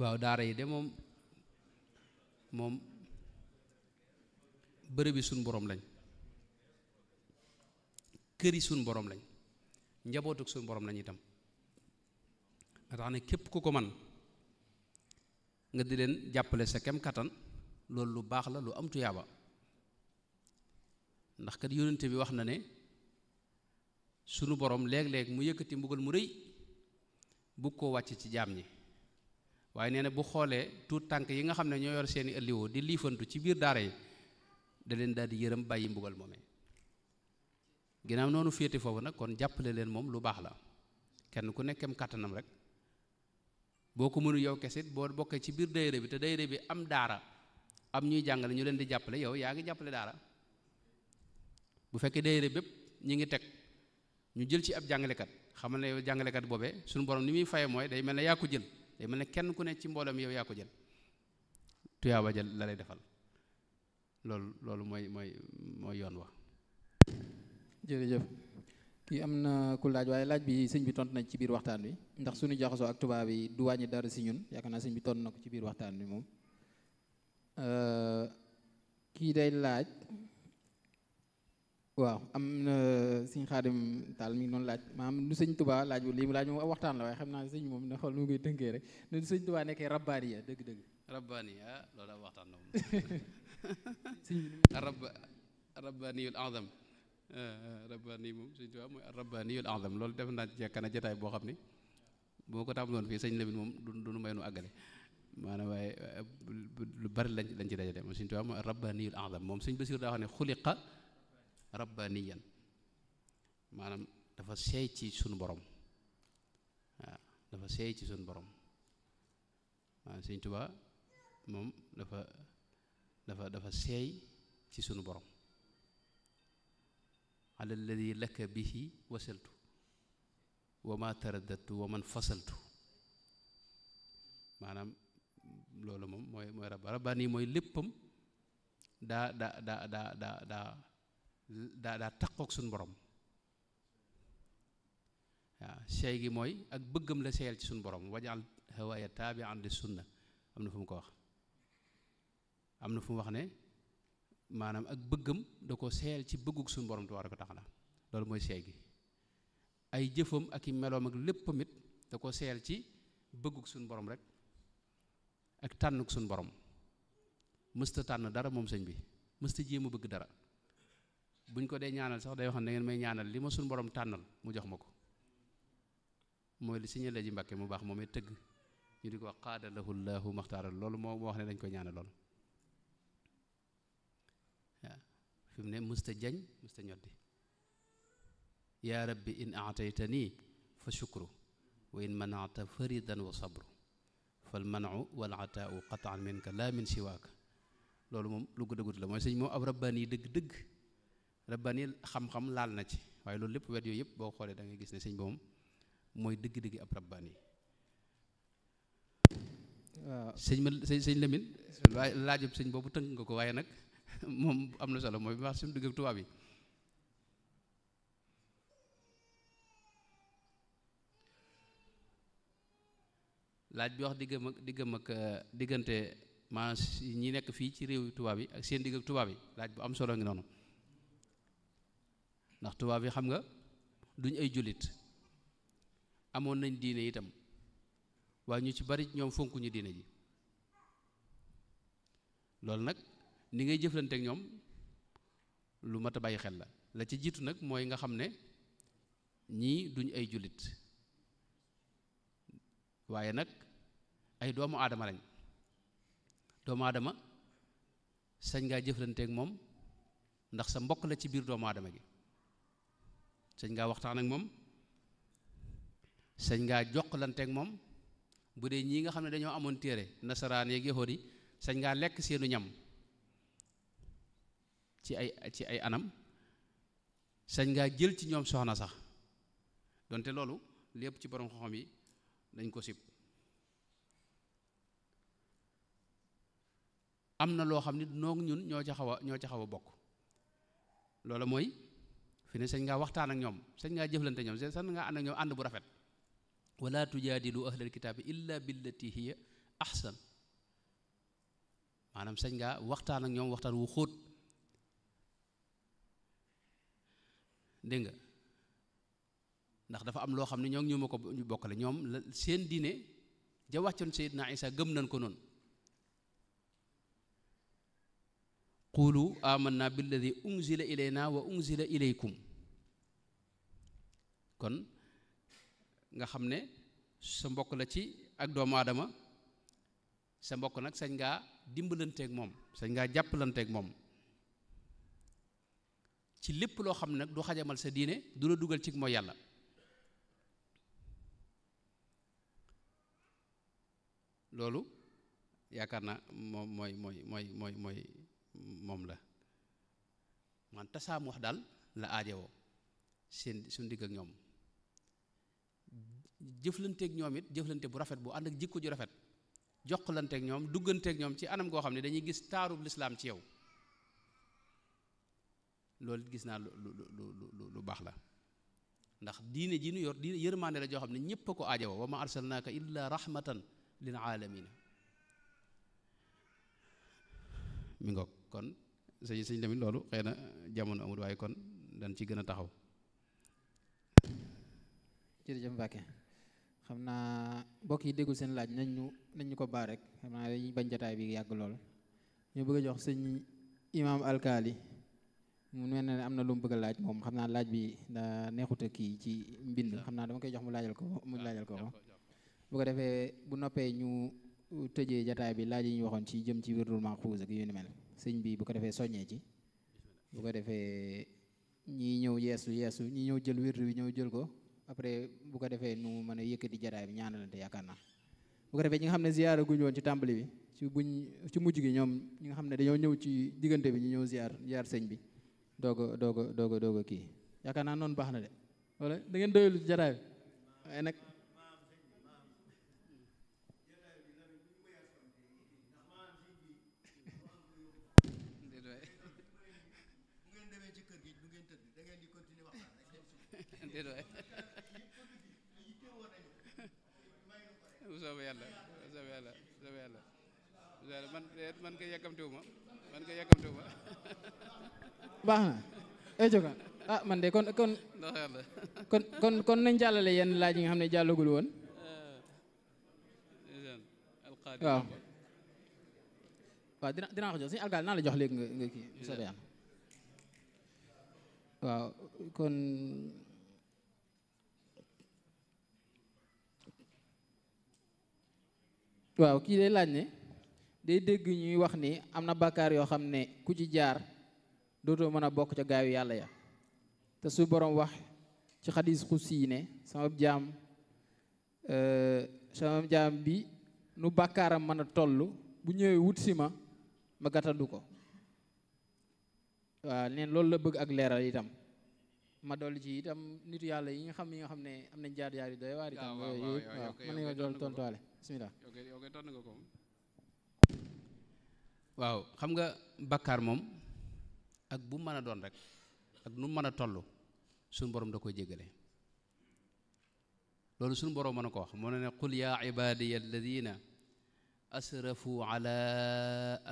waaw daara yi de moom moom bërëb yi suñ boroom lañ kër yi suñ boroom lañ njabootuk suñ boroom lañ itam nga tax ne képp ku ko man nga di leen jàppale sa kem kattan loolu lu baax la lu am tuyaaba ndax kat yónnente bi wax na ne sunu boroom léeg-léeg mu yëkkati mbugal mu rëy bu ko wàcc ci jaam ñi waaye nee na bu xoolee tuut tànk yi nga xam ne ñoo yor seeni ëlliwoo di liifantu ci biir daara yi da leen daal di yërëm bàyyi mbugal moomee ginnaaw noonu féete foofu nag kon jàppale leen moom lu baax la kenn ku nekkem kàttanam rek boo ko mënu yow kesit boo bokkee ci biir dayre bi te dayre bi am daara am ñuy jàngale ñu leen di jàppale yow yaa ngi jàppale daara bu fekkee dayre ngi teg ñu jël ci ab jàngalekat xamal na yow jàngalekat boobee suñu borom ni muy faye mooy day mel ne yaa ko jël day mel ne kenn ku ne ci mboolem yow yaa ko jël tuyaaba jël la lay defal loolu loolu mooy mooy mooy yoon wa jërëjëf kii am na ku laaj waaye laaj bi sëñ bi tont nañ ci biir waxtaan bi ndax suñu jaxasoo ak tubaab yi du wàññi dara si ñun yaakaar naa sëñ bi tont na ko ci biir waxtaan bi moom euh, kii day laaj waaw am na sëñ xaadim taal mi ngi doon laaj maanaam nu sëñ tubaa laaj lii mu laaj moom waxtaan la waaye xam naa sëñ moom na xool nu ngi koy tënkee rek nu dëgg-dëgg loolu waxtaan la moom rab rabbaaniyul azam euh, euh, rabbaani moom sëñ tubaa mooy rabbaaniyul loolu def naa jekk na jataay boo xam ne boo ko tàmbaloon fii sëñ Lamine moom du nu may nu àggale maanaam waaye euh, lu bari lañ lañ ci dajale moom sëñ tubaa mooy rabbaaniyul azam moom sëñ Basiir daa wax ne xuliqa rabbaniyan maanaam dafa seey ci sunu borom waaw dafa seey ci sunu borom waaw Sëñ Tuubaa moom dafa dafa dafa seey ci sunu borom ala alladi bi si wasaltu wa ma taraddatu wa man fasaltu maanaam loolu moom mooy mooy rabba rabbani mooy léppam daa daa daa daa daa daa daa takkook suñ borom waaw sey gi mooy ak bëggam la seyal ci suñ borom wajal hawaaya taabian suñ na am na fu mu ko wax am na fu mu wax ne maanaam ak bëggam da ko seyal ci bëgguk suñ borom tabaaraka wa taala loolu mooy sey ay jëfam ak i meloom ak léppam it seyal ci bëgguk suñ borom rek ak tànnuk suñ borom mësta tànn dara moom sëñ bi mësta jéem a bëgg dara bu buñ ko dee ñaanal sax day wax ne da ngeen may ñaanal li ma suñ borom tànnal mu jox ma ko mooy li siñe la ji mbàkke mu baax moomee tëgg ñu di ko qaada lahu maxtaaral loolu moo moo wax ne dañ koy ñaana lool waaw fi mu ne musta jañ musta ñoddi yaa wa loolu moom lu gudd a gudd la mooy sëñ moom ab rabbaani dëgg-dëgg rabbani xam-xam laal na ci waaye loolu lépp wet yooyu yëpp boo xoolee da ngay gis ne sëñ boom mooy digg digg ab rabbani waaw sëñ ma sëñ Lamine waaye sëñ boobu tënk nga ko waaye nag moom am na solo mooy bi wax suñu dugg ak tubaab laaj bi wax diggam ak diggam euh, diggante maa ñi nekk fii ci réew yu tubaab yi ak seen digg ak tubaab yi laaj bu am solo ngi noonu ndax tubaab yi xam nga duñ ay jullit amoon nañ diine itam waaye ñu ci bari ñoom fonkuñu diine ji loolu nag ni ngay jëflanteek ñoom lu mat a bàyyi xel la la ci jiitu nag mooy nga xam ne ñii duñ ay jullit waaye nag ay doomu aadama lañ doomu aadama sañ ngaa jëflanteek moom ndax sa mbokk la ci biir doomu aadama gi sëñ ngaa waxtaan ak moom sëñ ngaa jokkalante ak moom bu dee ñii nga xam ne dañoo amoon téere nasaraan yeeg yahood yi sëñ ngaa lekk seenu ñam ci ay ci ay anam sëñ ngaa jël ci ñoom soxna sax donte loolu lépp ci borom xoxom yi dañ ko sib am na loo xam ni noog ñun ñoo ca xaw a ñoo ca xaw a bokk loola mooy fi ne sañ ngaa waxtaan ak ñoom sañ ngaa jëflante ñoom sañ ngaa ànd ak ñoom ànd bu rafet wala tujaadilu ahlal bi illa billati hiya ahsan maanaam sañ ngaa waxtaan ak ñoom waxtaan wu xóot dégg nga ndax dafa am loo xam ne ñoo ngi ñu ma ko bokkale ñoom seen diine ja wàccoon Seydina Isa gëm nan ko noonu qulu amanna billadi unzila ilayna wa unzila ilaykum kon nga xam ne sa mbokk la ci ak doomu aadama sa mbokk nag sañ ngaa dimbalanteek moom sañ ngaa jàppalanteek moom ci lépp loo xam ne nag du xajamal sa diine du la dugal ci mooy yàlla loolu yaakaar naa moom mooy mooy mooy mooy mooy moom la man tasaamu wax daal la aajowoo seen suñu digg ak ñoom jëflanteeg ñoom it jëflante bu rafet bu ànd ak jikko ju rafet joxlanteeg ñoom dugganteek ñoom ci anam goo xam ne dañuy gis taarub lislaam ci yow loolu gis naa lu lu lu lu baax la ndax diine ji nu yor diine yërmande la joo xam ne ñépp a ko aajowoo wa ma arsalnaaka illa rahmatan lil aalamiina mi ngoog kon sëñ sëñ tamit loolu xëy na jamono amul waaye kon dañ ci gën a taxaw jërëjëf Mbacke xam naa mbokk yi déggul seen laaj nañ ñu nañ ko baa rek xam naa dañuy bañ jataay bi yàgg lool ñu bëgg a jox sëñ imaam alkaali mu mel ne am na lu bëgg laaj moom xam naa laaj bi da neexuta kii ci mbind xam naa dama koy jox mu laajal ko mu laajal ko ko bu ko defee bu noppee ñu tëjee jataay bi laaj yi ñu waxoon ci jëm ci wirdul maxfuus ak yu ni mel sëñ bi bu ko defee soññee ci bu ko defee ñii ñëw yeesu yeesu ñi ñëw jël wird wi ñëw jël ko après bu ko defee nu mën a yëkkati jataay bi ñaanalante yaakaar naa bu ko defee ñi nga xam ne ziyaara guñu woon ci tàmbali bi ci buñ ci mujj gi ñoom ñi nga xam ne dañoo ñëw ci diggante bi ñu ñëw ziyaar ziyaar sëñ bi doog a doog a doog a kii yaakaar naa noonu baax na de wala da ngeen doyul jataay bi taala man man kay yàkkamtiwuma man kay yàkkamtiwuma baax na e ah man de kon kon kon kon nañ jàllale yenn laaj yi nga xam ne jàllagul woon eh, waaw waaw dina dinaa ko jox suñu alkaal naa la jox léegi nga nga kii bu waaw kon waaw kii de laaj ne day dégg ñuy wax ni am na bàkkaar yoo xam ne ku ci jaar dootoo mën a bokk ca gaayu yàlla ya te su boroom wax ci xadis xussi ne sama jaam euh, sama jaam bi nu bàkkaaram mën a toll bu ñëwee wut si ma ma gàttandu ko waaw neen loolu la bëgg ak leeral itam ma dolli ci itam nitu yàlla yi nga xam yi nga xam ne am nañ jaar jaar yi doy waar itam ah, yooyu waaw mën nañoo dool tontuwaale waaw xam nga bakkaar moom ak bu mën a doon rek ak nu mën a toll suñ borom da koy jégale loolu suñ borom mën a ko wax moo ne ne qul yaa ibadiya alladina asrafu ala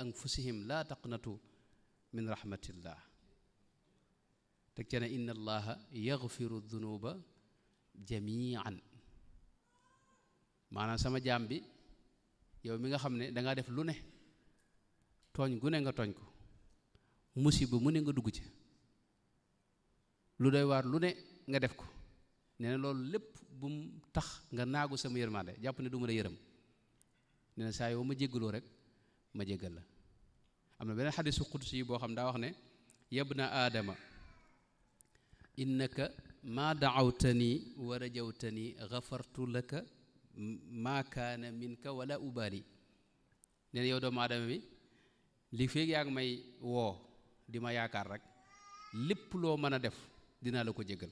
anfusihim laa taqnatu min rahmatillah teg ce ne inna allaha yaxfiru dunuba jamian maanaam sama jaam bi yow mi nga xam ne dangaa def lu ne tooñ gu nga tooñ ko musiba mu ne nga dugg ci lu doy waar lu ne nga def ko nee na loolu lépp bu mu tax nga naagu sama yërmande jàpp ne duma de la yërëm nee na saa yoo ma jéggaloo rek ma jéggal la am na beneen xadisu qudsi yi boo xam daa wax ne na aadama innaka maa daawtani wa rajawtani gafartu laka maa kaana ka wala ubaali nee na yow doomu aadama bi li feeg yaa ngi may woo di ma yaakaar rek lépp loo mën a def dinaa la ko jégal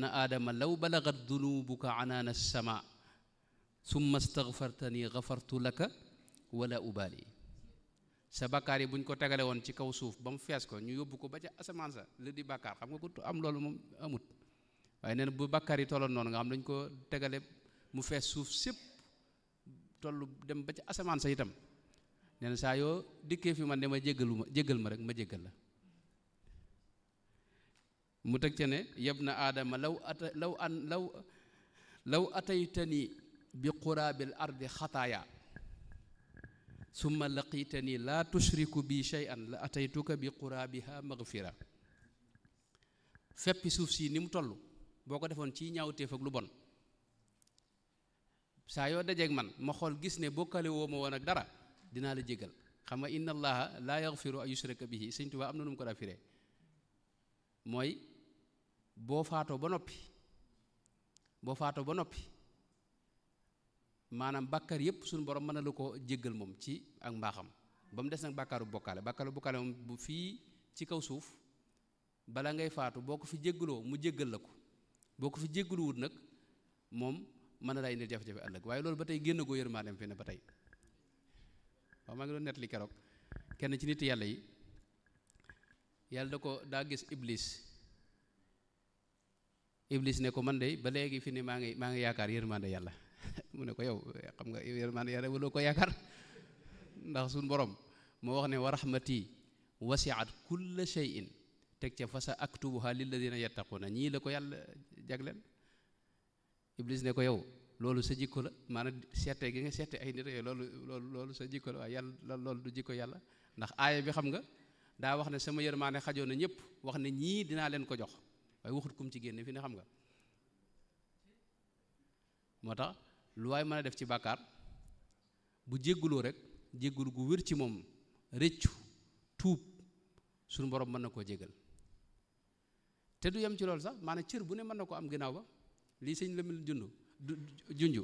na aadama law ba balagat dunubuka anaana sama summa staghfartani ghafartu laka wala ubali sa bàkkaar yi bu ñu ko tegale woon ci kaw suuf ba mu fees ko ñu yóbbu ko ba ca asamaan sa li di bàkkaar xam nga ko am loolu moom amut waaye nee na bu bàkkaar yi tolloon noonu nga xam dañ ko tegale mu fees suuf sépp tollu dem ba ca asamaan sa itam nee na saa yoo dikkee fi man de ma jéggalu ma jéggal ma rek ma jéggal la mu teg ca ne yab na aadama law ata law an law ataytani bi quraabil ardi xataaya summa laqitani laa tushriku bi shay'an la ataytuka bi quraabiha maghfira feppi suuf si ni mu toll boo ko defoon ci ñaawteef ak lu bon saa yoo dajeeg man ma xool gis ne bokkale ma woon ak dara dinaa la jégal xam nga inna allaha laa yaxfiru an yushraka bihi sëñ Tuubaa am na nu mu ko daa firee mooy boo faatoo ba noppi boo faatoo ba noppi maanaam bàkkaar yépp suñu borom mën na la ko jéggal moom ci ak mbaaxam ba mu des nag bàkkaaru bokkaale bàkkaaru bokkaale moom bu fii ci kaw suuf bala ngay faatu boo ko fi jéggaloo mu jéggal la ko boo ko fi jéggaluwut nag moom mën na laa indil jafe-jafe ëllëg waaye loolu ba tey génn goo yërmaandeem fi ne ba tey waaw maa ngi doon li keroog kenn ci nit yàlla yi yàlla da ko daa gis iblis iblis ne ko man de ba léegi fi ne maa ngi maa ngi yaakaar yërmande yàlla mu ne ko yow xam nga yërmande yàlla wala ko yaakaar ndax suñ borom moo wax ne wa rahmati wasiat kulla shay'in teg ca fasa aktubuha lilladina yattaquna ñii la ko yàlla jagleel iblis ne ko yow loolu sa jikko la maana seete gi nga seete ay nit yooyu loolu loolu loolu sa jikko la waaye yàlla loolu du jikko yàlla ndax aaya bi xam nga daa wax ne sama yërmaane xajoon na ñëpp wax ne ñii dinaa leen ko jox waaye waxut kum ci génne fi ne xam nga moo tax lu waaye mën a def ci bàkkaar bu jégguloo rek jéggul gu wér ci moom rëccu tuub suñu borom mën na koo jégal te du yem ci lool sax maanaam cër bu ne mën na ko am ginnaaw ba lii sëñ la mel jund junj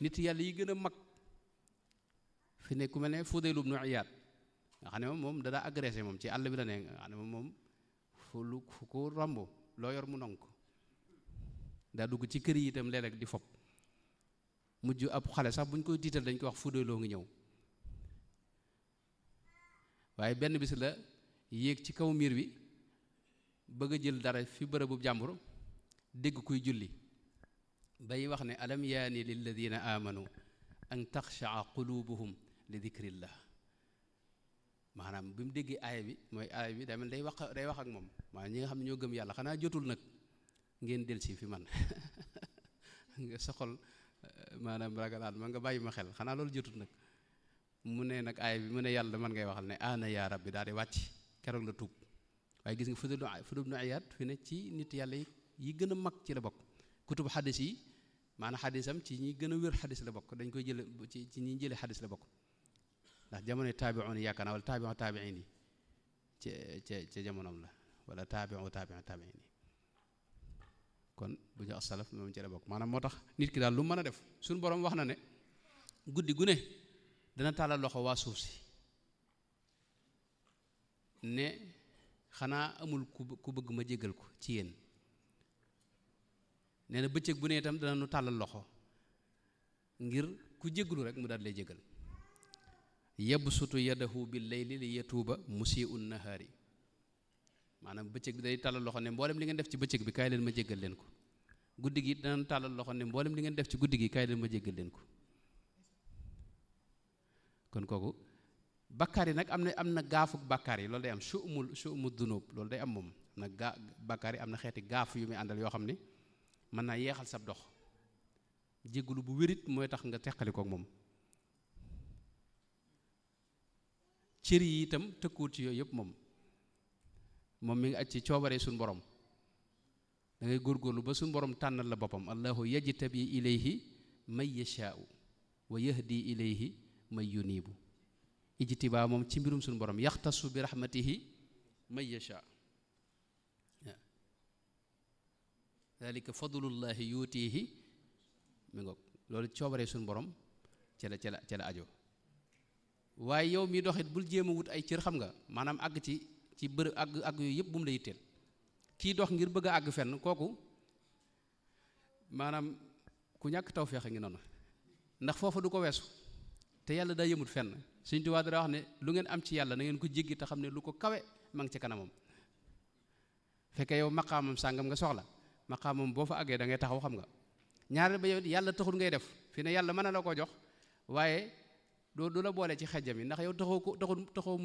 nit yàlla yi gën a mag fi ne ku mel ne Fudayl ibn Iyaad nga xam ne moom da daa agressé moom ci àll bi la ne nga xam ne moom fu lu fu ko romb loo yor mu nonk daa dugg ci kër yi itam di fob mujj ab xale sax buñ koy tiital dañ ko wax Fudayloo ngi ñëw waaye benn bisi la yéeg ci kaw miir bi bëgg a jël dara fi bërëbu jàmbur dégg kuy julli bay wax ne alam yaani lilladina amanu an taxshaa qulubuhum li dikrillah maanaam bi mu déggee aaya bi mooy aaya bi day day wax day wax ak moom maanaam ñi nga xam ñoo gëm yàlla xanaa jotul nag ngeen del si fi man nga soxol eh, maanaam ragalaat ma nga bàyyi ma xel xanaa loolu jotul nag mu ne nag aaya bi mu ne yàlla man ngay waxal ne aana yaa bi daal di wàcc keroog la tuub waaye gis nga fudub nu ayaat fi ne ci nit yàlla yi gën a mag ci la bokk kutub xadis yi maanaam xadisam ci ñuy gën a wér xadis la bokk dañ koy jële ci ci ñi jële xadis la bokk ndax jamono taabiun yi yaakaar naa wala taabiu taabiin yi ci la wala taabiu taabiu taabiin yi kon bu ñu asalaf moom ci la bokk maanaam moo tax nit ki daal lu mën a def suñu borom wax na ne guddi gu ne dana tàllal loxo waa suuf si ne xanaa amul ku bëgg ma jégal ko ci yéen nee na bëccëg bu ne itam dana nu tàllal loxo ngir ku jéglu rek mu daal lay jégal yabsutu yadahu bil layli li yatuuba musii'un nahaari maanaam bëccëg bi day tàllal loxo ne mboolem li ngeen def ci bëccëg bi kaay leen ma jéggal leen ko guddi gi dana tàllal loxo ne mboolem li ngeen def ci guddi gi kay leen ma jéggal leen ko kon kooku bakkaar yi nag am na am na gaafuk bakkaar yi loolu day am su suumul suumul dunub loolu day am moom am na gaa bakkaar yi am na xeeti gaaf yu muy àndal yoo xam ne mën naa yeexal sab dox jéggalu bu wérit mooy tax nga teqalikook moom cër yi itam tëkkuwut ci yooyu yëpp moom moom mi ngi aj ci coobaree suñ borom da góor góorlu ba suñ borom tànnal la boppam allahu yajtabi ilayhi may yashaau wa yahdi ilayhi may yuniibu baa moom ci mbirum suñu borom yaxtasu bi rahmatihi may yashaa dalika fadlullahi yuutiihi mi ngoog loolu coobaree suñu borom ca la ca la ca la ajo waaye yow mi doxit bul jéem a wut ay cër xam nga maanaam àgg ci ci bërëb àgg àgg yooyu yëpp bu mu la yitteel kii dox ngir bëgg a àgg fenn kooku maanaam ku ñàkk tawféex a ngi noonu ndax foofa du ko weesu te yàlla daa yëmut fenn Sëñ Tuubaa dara wax ne lu ngeen am ci yàlla na ngeen ko jéggi te xam ne lu ko kawe ma ngi ci kanamam fekkee yow maqaamam sàngam nga soxla maqaamam boo fa àggee dangay ngay taxaw xam nga ñaareel ba yàlla taxul ngay def fi ne yàlla mën na la ko jox waaye doo du la boole ci xajjam yi ndax yow taxoo ko taxul taxoo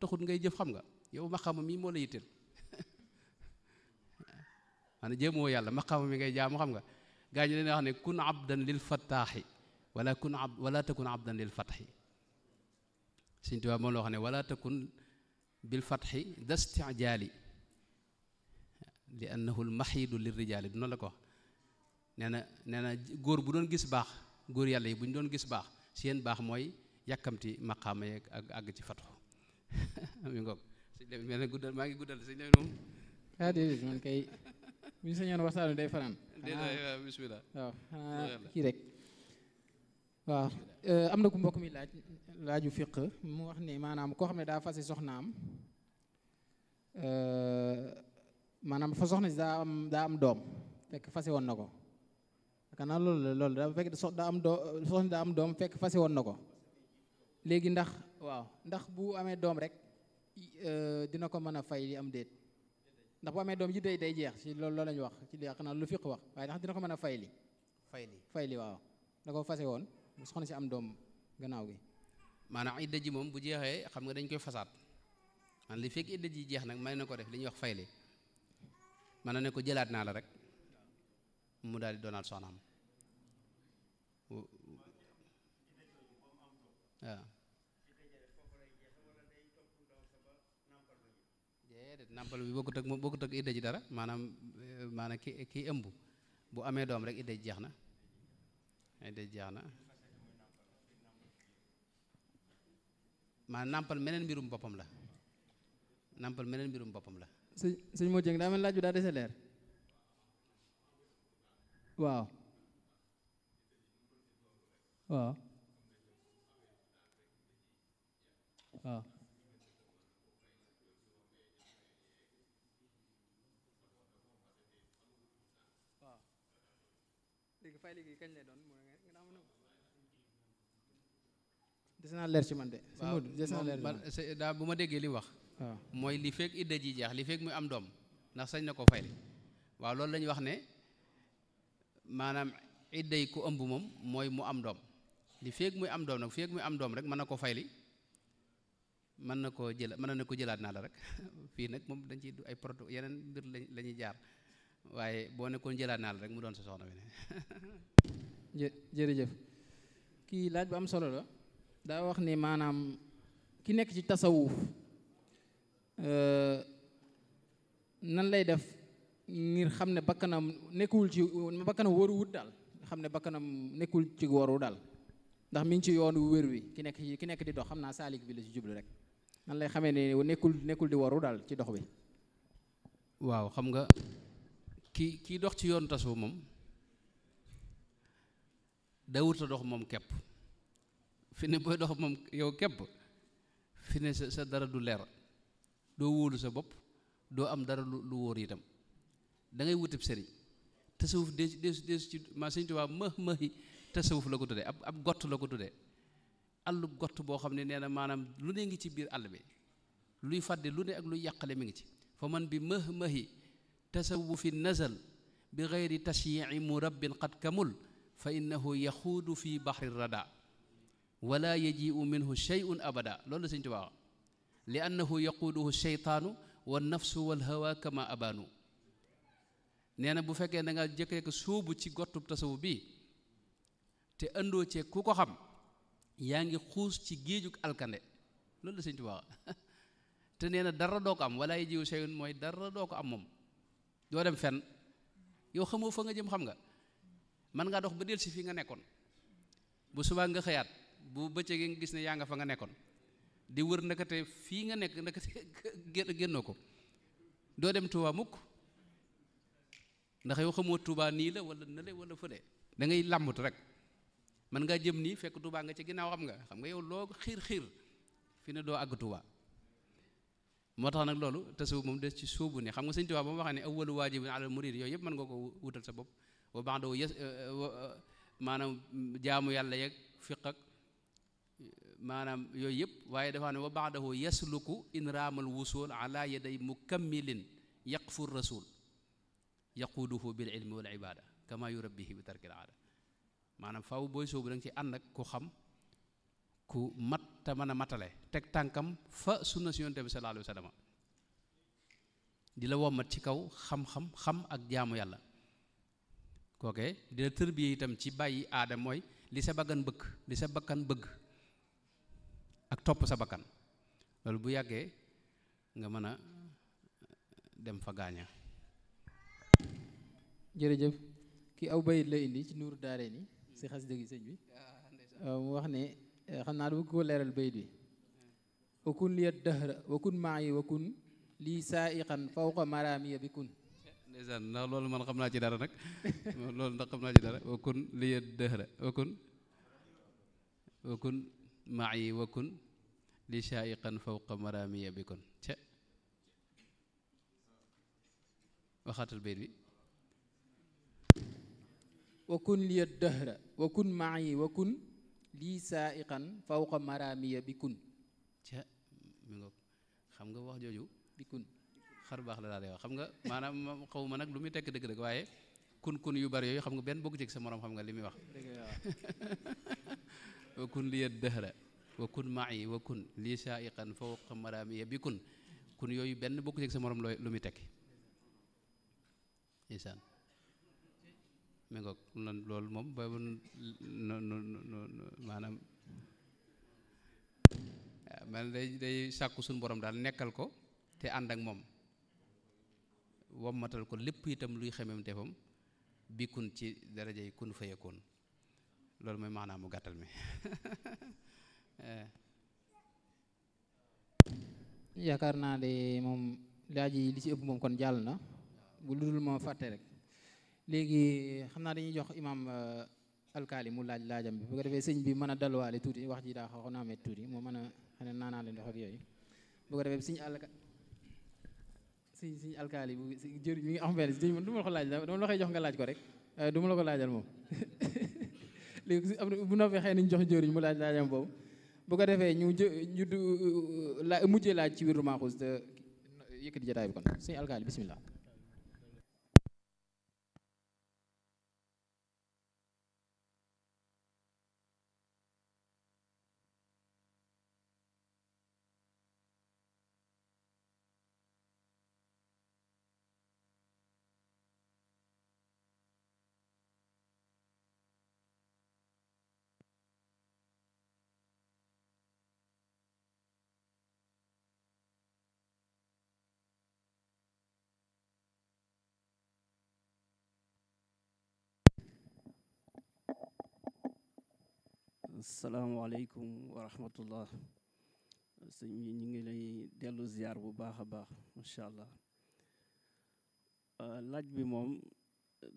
taxul ngay jëf xam nga yow maqaamam yi moo la yitteel maanaam jéemoo yàlla maqaamam mi ngay jaamu xam nga gaa ñu leen wax ne kun abdan lil fattaaxi wala kun ab wala takun abdan lil fattaxi Sëñ Tuubaa moom la wax ne wala takun bil fattaxi dastijaali li annahu lmaxiidu lirrijaali bi noonu la ko wax nee na nee na góor bu doon gis baax góor yàlla yi bu ñu doon gis baax seen baax mooy yàkkamti maqaama yeeg ak àgg ci fatu ami ngoog sëñ Lamin mel na guddal ah, fanaan déedéet eh, am na ku mbokk mi laaj laaju fiq mu wax ne maanaam koo xam ne daa fase soxnaam eh, maanaam fa soxna si daa am daa am doom fekk fase woon na ko xanaa loolu la loolu daa fekk daa am doom soxna si daa am doom fekk fase woon na ko léegi ndax waaw ndax bu amee doom rek e, dina ko mën a fay li am déet ndax bu amee doom ji day day jeex si loolu loolu la wax ci li xanaa lu fiq wax waaye ndax dina ko mën a fay li fay li fay waaw da ko fase woon soxna si am doom gannaaw gi maanaam idda ji moom bu jeexee xam nga dañ koy fasaat man li fekk idda ji jeex nag may na ko def li ñuy wax fay li man na ne ko jëlaat naa la rek mu daal di doonaat soxnaam waaw déedéet nàmpal bi bokkut ak bokkut ak idda ji dara maanaam eh, maanaam ki kii ëmb bu amee doom rek idda ji jeex na idda ji jeex na maanaam nàmpal meneen mbirum boppam la nàmpal meneen mbirum boppam la sëñ sëñ moo jëng daa mel laaj bi daal dese leer waaw waaw waaw léegi fay léegi kañ lay doon des naa leer ci man de. des bu ma déggee li wax. mooy li fekk idda ji jeex li fekk muy am doom ndax sañ na ko fay waaw loolu lañuy wax ne maanaam idday ku ëmb moom mooy mu am doom li fekk muy am doom nag fekk muy am doom rek mën na ko fayli mën na koo jëla mën na ko jëlaat naa rek fii nag moom dañ ciy ay proto yeneen mbir la ñuy jaar waaye boo nekkoon jëlaat naa rek mu doon sa soxna bi ne ki nekk ci tasawuf Euh, nan lay def ngir xam ne bakkanam nekkuwul ci bakkanam waru wut daal xam ne bakkanam nekkul ci waru daal ndax mi ngi ci yoon wu wér wi ki nekk ki nekk di dox xam naa saalik bi la ci jublu rek nan lay xamee ne nekkul nekkul di waru daal ci dox bi waaw xam nga ki kii dox ci yoonu tasoo moom dawuta dox moom kepp fi ne booy dox moom yow kepp fi ne sa sa dara du leer doo wóolu sa bopp doo am dara lu wóor itam dangay ngay wutib sëriñ tasawuf des des des ci ma sëñ Tuubaa mëx mëxi tasawuf la ko tuddee ab ab la ko tuddee àllub gott boo xam ne nee na maanaam lu ne ngi ci biir àll bi luy fàdde lu ne ak luy yàqale mi ngi ci fa man bi mëx mëxi tasawufi nazal bi geyri tashyii murabbin qad kamul fa innahu yaxuudu fi baxri rada wala yajiu minhu sheyun abada loolu la sëñ li annahu yaquuduhu seytaanu wa nafsu wal hawa kama abaanu nee na bu fekkee da nga jëkk rek ci gottu tasawu bi te andoo cee ku ko xam yaa ngi xuus ci géejug alkande loolu la sëñ Tuubaa te nee na dara doo ko am wala yi jiw seyun mooy dara doo ko am moom doo dem fenn yow xamoo fa nga jëm xam nga mën ngaa dox ba del si fii nga nekkoon bu subaa nga xëyaat bu bëccëgee nga gis ne yaa nga fa nga nekkoon di wër ndekete fii nga nekk ndekete génnoo ko doo dem tubaa mukk ndax yow xamoo tubaa nii la wala na le wala fële da ngay làmbut rek man ngaa jëm nii fekk tubaa nga ci ginnaaw xam nga xam nga yow loo xiir xiir fi ne doo àgg Touba moo tax nag loolu tasawuf moom des ci sóobu ne xam nga sëñ Touba ba mu waxee ne awwalu waajibin alal murid yooyu yëpp man nga ko wutal sa bopp wa maanaam jaamu yàlla yeeg fiq maanaam yooyu yëpp waaye dafa ne wa baadahu yasluku in raamal wusul ala yaday mukammilin yaqfu rasul yaquuduhu bil ilmi wal ibada kama yurabbihi bi tarkil aada maanaam faw booy soobu da nga ci ànd ak ku xam ku mat te mën a matale teg tànkam fa sunna si yonte bi sallallahu alayhi wa sallam di la wommat ci kaw xam-xam xam ak jaamu yàlla kooke dina tërbiye itam ci bàyyi aada mooy li sa baggan bëgg li sa bakkan bëgg ak topp sa bakkan loolu bu yàggee nga mën a dem fa gaaña jërëjëf ki aw bayit la indi ci nuuru daare ni si xas dëgg sëñ bi ah, mu wax ne eh, xam naa du ko leeral bayit bi wakun liya dahra wakun maayi wakun lii saaiqan naa ci dara nag ndax xam mayi wakun li shaiqan fawqa maramiya bi kon ca waxaatal bayt bi wakun liya dahra wakun mayi wakun lii saaiqan fawqa maramiya bi kun ca mi ngoog xam nga wax jooju bi kun xar baax la daal wax xam nga maanaam xaw ma nag lu muy tekk dëgg-dëgg waaye kun kun yu bari yooyu xam nga benn bokk ci sa moroom xam nga li muy wax wa kun liya dëhra wa kun ma'i wa kun lii shaaiqan fawqa maramiya bi kun kun yooyu benn bokku ci sa morom looy lu muy tekki isaan mi ngoog loolu moom ba no no no maanaam man day day sàkku suñu borom daal nekkal ko te ànd ak moom wommatal ko lépp itam luy xemem defam bi kun ci daraja yi kun fayakoon loolu mooy maanaam mu gàttal mi eh. yaakaar naa de moom laaj yi li ci ëpp moom kon jàll na bu ludul ma fàtte rek léegi xam naa dañuy jox imam eh, alkaali mu laaj laajam bi bu ko defee sëñ bi mën a dalwaale tuuti wax ji daa xaw tuuti moo mën a xam naanaa leen yooyu bu ko defee sëñ alka sëñ sëñ alkaali bu jër mi ngi am benn sëñ man ko laaj dama la koy jox nga laaj ko rek eh, du ma la ko laajal moom léegi bu noppee xëy nañ jox jëriñ mu laaj laajam boobu bu ko defee ñu jë ñu la mujjee laaj ci wiru maaxuus te yëkkati jotaay bi kon sëñ alkaali bisimilah. asalaamualeykum wa rahmatullah sëñ bi ñu ngi lay dellu ziar bu baax a baax macha allah euh, laaj bi moom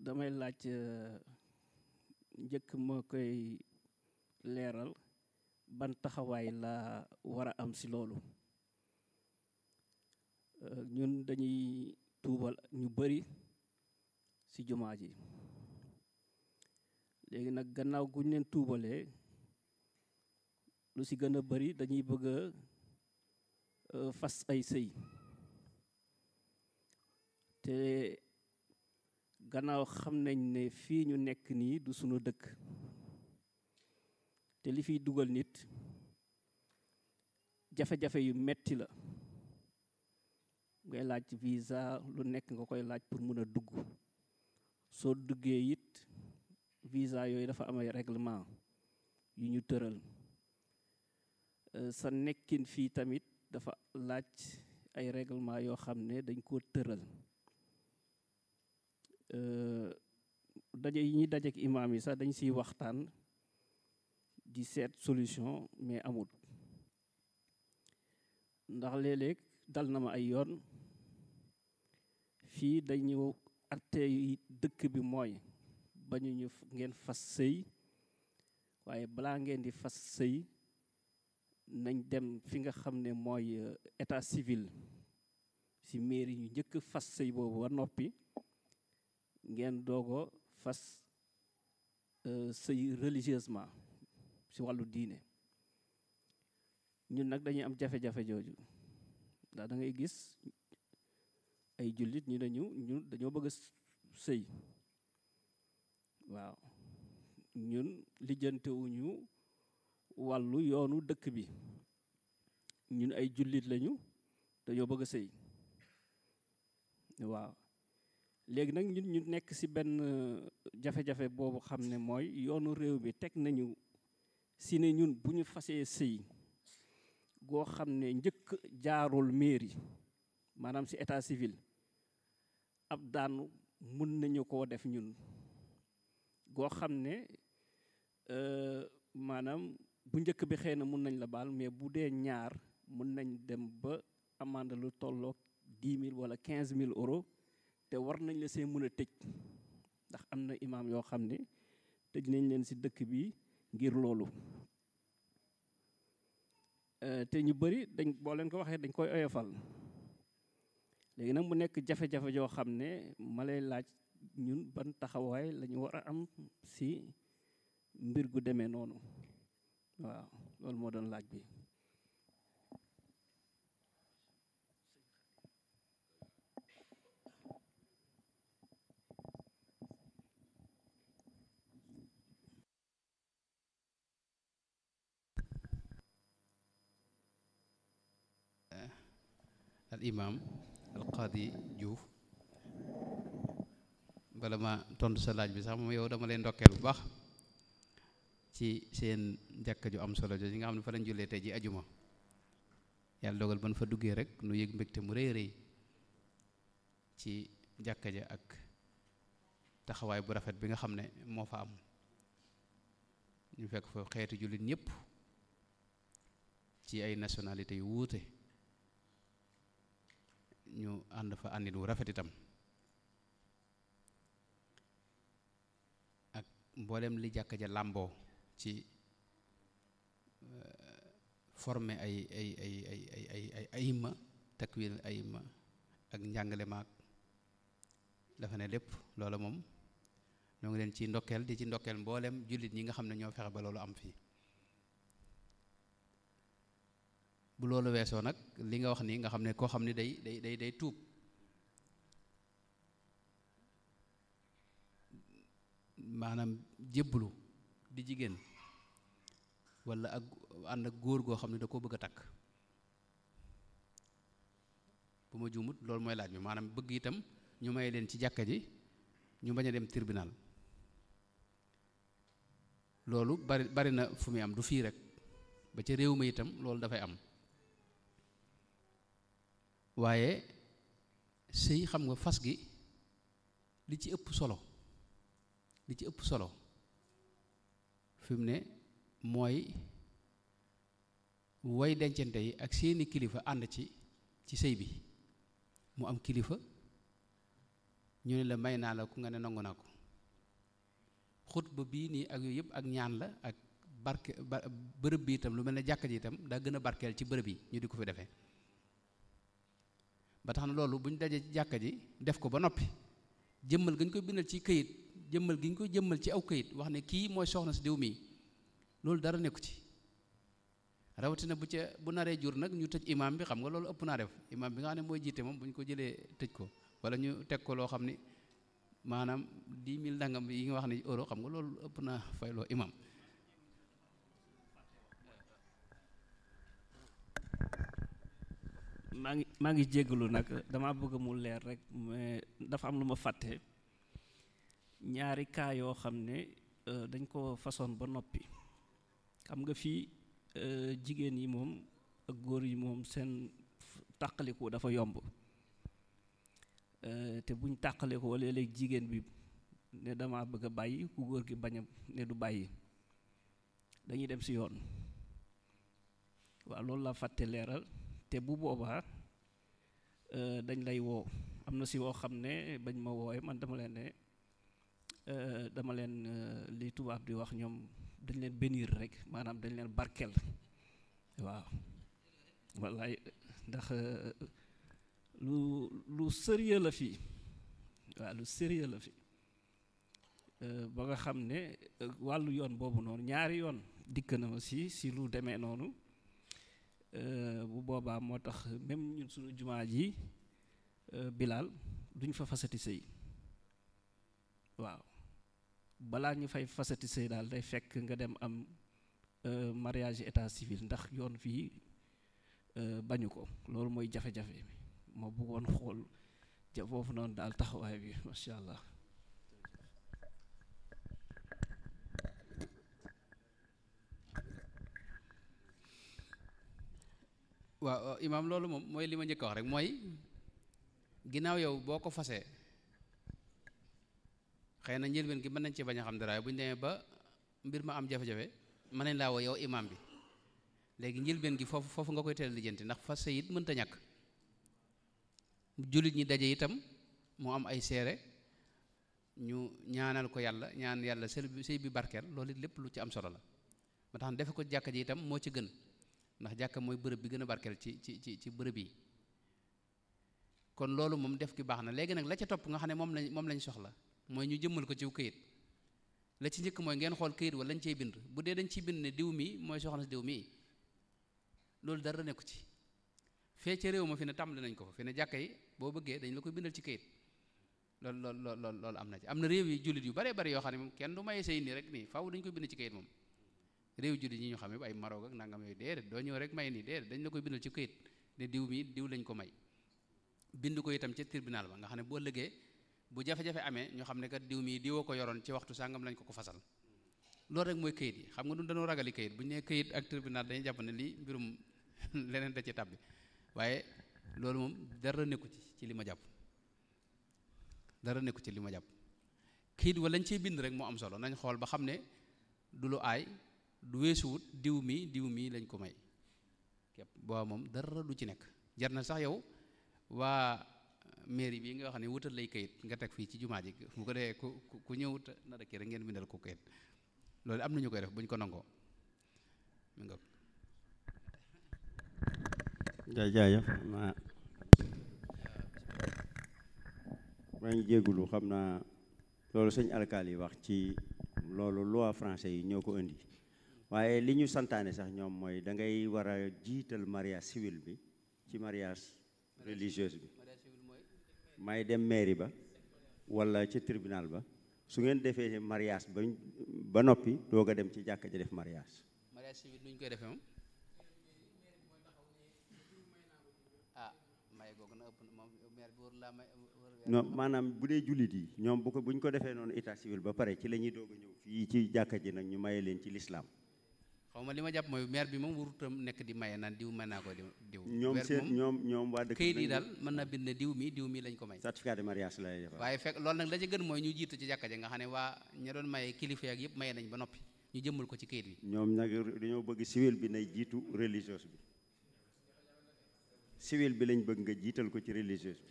damay laaj euh, njëkk ma koy leeral ban taxawaay la war a am si loolu euh, ñun dañuy tuubal ñu bari si jumaa ji léegi nag gannaaw guñ leen tuubalee lu si gën a bari dañuy bëgg a euh, fas ay sëy te gannaaw xam nañ ne fii ñu nekk nii du sunu dëkk te li fiy dugal nit jafe-jafe yu metti la ngay laaj visa lu nekk nga koy laaj pour mun a dugg soo duggee it visa yooyu dafa am ay yu ñu tëral Euh, sa nekkin fii tamit dafa laaj ay réglement yoo xam ne dañ koo tëral euh, daje yi ñuy dajeek imaam yi sax dañ siy waxtaan di seet solution mais amul ndax léeg-léeg dal na ma ay yoon fii dañu atte yi dëkk bi mooy bañu ñu ngeen fas sëy waaye balaa ngeen di fas sëy nañ dem fi nga xam ne mooy euh, état civil si mairie ñu njëkk fas sëy boobu ba noppi ngeen doogo fas euh, sëy religieusement si wàllu diine ñun nag dañuy am jafe-jafe jooju ndax dangay gis ay jullit ñu ne ñu ñun dañoo bëgg sëy waaw ñun lijjantewuñu wàllu yoonu dëkk bi ñun ay jullit lañu dañoo bëgg a sëy waaw léegi nag ñun ñu nekk ci benn euh, jafe-jafe boobu xam ne mooy yoonu réew bi teg nañu si ne ñun bu ñu fasee sëy goo xam ne njëkk jaarul mairie maanaam ci état civil ab daanu mun nañu koo def ñun goo xam ne euh, maanaam bu njëkk bi xëy na mun nañ la baal mais bu dee ñaar mun nañ dem ba amande lu tolloog dix mille wala quinze mille euro te war nañ la see mën a tëj ndax am na imaam yoo xam ne tëj nañ leen si dëkk bi ngir loolu euh, te ñu bëri dañ boo leen ko waxee dañ koy oyofal léegi nag mu nekk jafe-jafe yoo xam ne ma laaj ñun ban taxawaay lañu war a am si mbir gu demee noonu waaw loolu moo doon laaj bi al imaam al qaadi Diouf bala ma tontu sa laaj bi sax moom yow dama lay ndokkeel bu baax ci seen jàkka ju am solo yi nga xam ne fa lañ jullee tey ji ajuma yàlla dogal ban fa duggee rek nu yëg mbégte mu rëy rëy ci jàkka ja ak taxawaay bu rafet bi nga xam ne moo fa am ñu fekk fa xeetu jullit ñëpp ci ay nationalité yu wuute ñu ànd fa àndit wu rafet itam ak mboolem li jàkka ja làmboo ci euh, former ay ay ay ay ay ay ay ayima takwin ayima ak njàngale maag dafa ne lépp loola moom ñoo ngi leen ci ndokkeel di ci ndokkeel mboolem jullit ñi nga xam ne ñoo fexe ba loolu am fii bu loolu weesoo nag li nga wax nii nga xam ne koo xam ne day day day day tuub maanaam jébbalu di jigéen wala ak ànd ak góor goo xam ne da koo bëgg a takk bu ma juumut loolu mooy laaj bi maanaam bëgg itam ñu may leen ci jàkka ji ñu bañ a dem tribunal loolu bari bari na fu muy am du fii rek ba ca réew ma itam loolu dafay am waaye sëy xam nga fas gi li ci ëpp solo li ci ëpp solo fi mu ne mooy woy dencante yi ak seeni kilifa ànd ci ci sëy bi mu am kilifa ñu ne la may naa la ku nga ne nangu naa ko ba bii nii ak yooyu yëpp ak ñaan la ak barke bërëb bi itam lu mel ne jàkka ji itam daa gën a barkeel ci bërëb yi ñu di ko fi defee ba tax na loolu bu ñu dajee ci jàkka ji def ko ba noppi jëmmal gañ ko bindal ci këyit jëmmal gi ñu koy jëmmal ci aw kayit wax ne kii mooy soxna si diw mii loolu dara nekku ci rawatina bu ca bu naree jur nag ñu tëj imaam bi xam nga loolu ëpp naa def imaam bi nga xam ne mooy jiite moom bu ñu ko jëlee tëj ko wala ñu teg ko loo xam ni maanaam dix mille ndangam yi nga wax ne euro xam nga loolu ëpp naa fay loo maa ngi maa ngi jéggalu nag dama bëgg mu leer rek dafa am lu ma fàtte ñaari cas yoo xam ne euh, dañ ko façon ba noppi xam nga fii euh, jigéen yi moom ak góor yi moom seen tàqaliku dafa yomb euh, te buñ tàqalikoo léeg-léeg jigéen bi ne dama bëgg a bàyyi ku góor gi bañ a ne du bàyyi dañuy dem si yoon waa loolu la fàtte leeral te bu boobaa dañ lay woo am na si woo xam ne bañ ma woowee man dama leen ne Euh, dama leen euh, li tubaab di wax ñoom dañ leen bénir rek maanaam dañ leen barkel waaw wallaay ndax euh, lu lu sérieux la fii waaw lu sérieux la fi ba nga xam ne wàllu yoon boobu noonu ñaari yoon dikk na ma si si lu demee noonu bu boobaa moo tax même ñun suñu jumaa ji bilaal duñ fa fasati sëy waaw balaa ñu fay fasati daal day fekk nga dem am euh, mariage état civil ndax yoon fii euh, bañu ko loolu mooy jafe-jafe bi ma bëggoon xool ja foofu noonu daal taxawaay bi macha allah. waaw euh, imaam loolu moom mooy li ma njëkk a wax rek mooy ginnaaw yow boo ko fasee xëy na njëlbeen gi mën nañ ci bañ a xam dara bu ñu demee ba mbir ma am jafe-jafe mën nañ laa woo yow imaam bi léegi njëlbeen gi foofu foofu nga koy teel lijjanti ndax fa sayit mënta ñàkk jullit ñi daje itam mu am ay seere ñu ñaanal ko yàlla ñaan yàlla sëy bi bi barkeel loolu lépp lu ci am solo la ma tax defe ko jàkka ji itam moo ci gën ndax jàkka mooy bërëb bi gën a barkeel ci ci ci ci bërëb yi kon loolu moom def ki baax na léegi nag la ca topp nga xam ne moom lañ moom lañ soxla mooy ñu jëmmal ko ci këyit la ci njëkk mooy ngeen xool këyit wala lañ cey bind bu dee dañ ciy bind ne diw mii mooy soxna si diw mii loolu dara nekku ci fee ca réew ma fi ne tàmbali nañ ko fa fi ne jàkka yi boo bëggee dañ la ko bindal ci këyit loolu loolu loolu loolu na ci am na réew yi jullit yu bare bare yoo xam ne moom kenn du maye say nii rek nii faaw dañ bind ci këyit moom réew jullit yi ñu xam ne ay Maroc ak nangam yooyu déedéet doo ñëw rek may nii déedéet dañ la koy bindal ci këyit ne diw mii diw lañ ko may bind ko itam ca tribunal ba nga xam ne boo ëllëgee bu jafe-jafe amee ñu xam ne kat diw mii diwoo ko yoroon ci waxtu sàngam lañ ko ko fasal loolu rek mooy kayit yi xam nga kayit bu ñu nee kayit ak tribunal dañuy jàpp ne lii mbirum leneen da ci tàbbi waaye loolu moom dara nekku ci ci li ma jàpp dara ci li ma jàpp kayit wala lañ ciy bind rek moo am solo nañ xool ba xam ne du lu aay du diw mii diw mii lañ ko may képp boo moom dara du ci nekk jar na sax yow waa mairie bi nga wax ne wutal lay kayit nga teg fii ci jumaa ji mu ko dee ku ku ñëw na dëkk rek ngeen bindal ko kayit loolu am na ñu koy def bu ñu ko nangoo mi nga ma maa ngi jéggulu xam naa loolu sëñ alkaal yi wax ci loolu loi français yi ñoo ko indi waaye li ñu santaane sax ñoom mooy da ngay war a jiital mariage civil bi ci mariage religieuse bi may dem mairie ba wala ci tribunal ba su ngeen defee mariage ba ba noppi doog a dem ci jàkka ji def mariage. mariage civil koy defee moom. ah may googu na ëpp moom maire bi war laa may. non maanaam bu dee jullit yi ñoom bu ko bu ñu ko defee noonu état civil ba pare ci la ñuy doog a ñëw fii ci jàkka ji nag ñu maye leen ci lislaam xaw ma li ma jàpp mooy maire bi moom warutam nekk di maye naan diw man naa ko diw. ñoom seen ñoom waa dëkk kayit daal mën naa bind diw mi diw mi lañ ko may. certificat de mariage lay defar. waaye fekk loolu nag la ci gën mooy ñu jiitu ci jàkka ja ne waa ña doon maye kilifa yëpp maye nañ ba noppi ñu jëmmal ko ci kayit bi. ñoom nag dañoo bëgg civil bi nay jiitu religieuse bi bi lañ bëgg nga jiital ko ci religieuse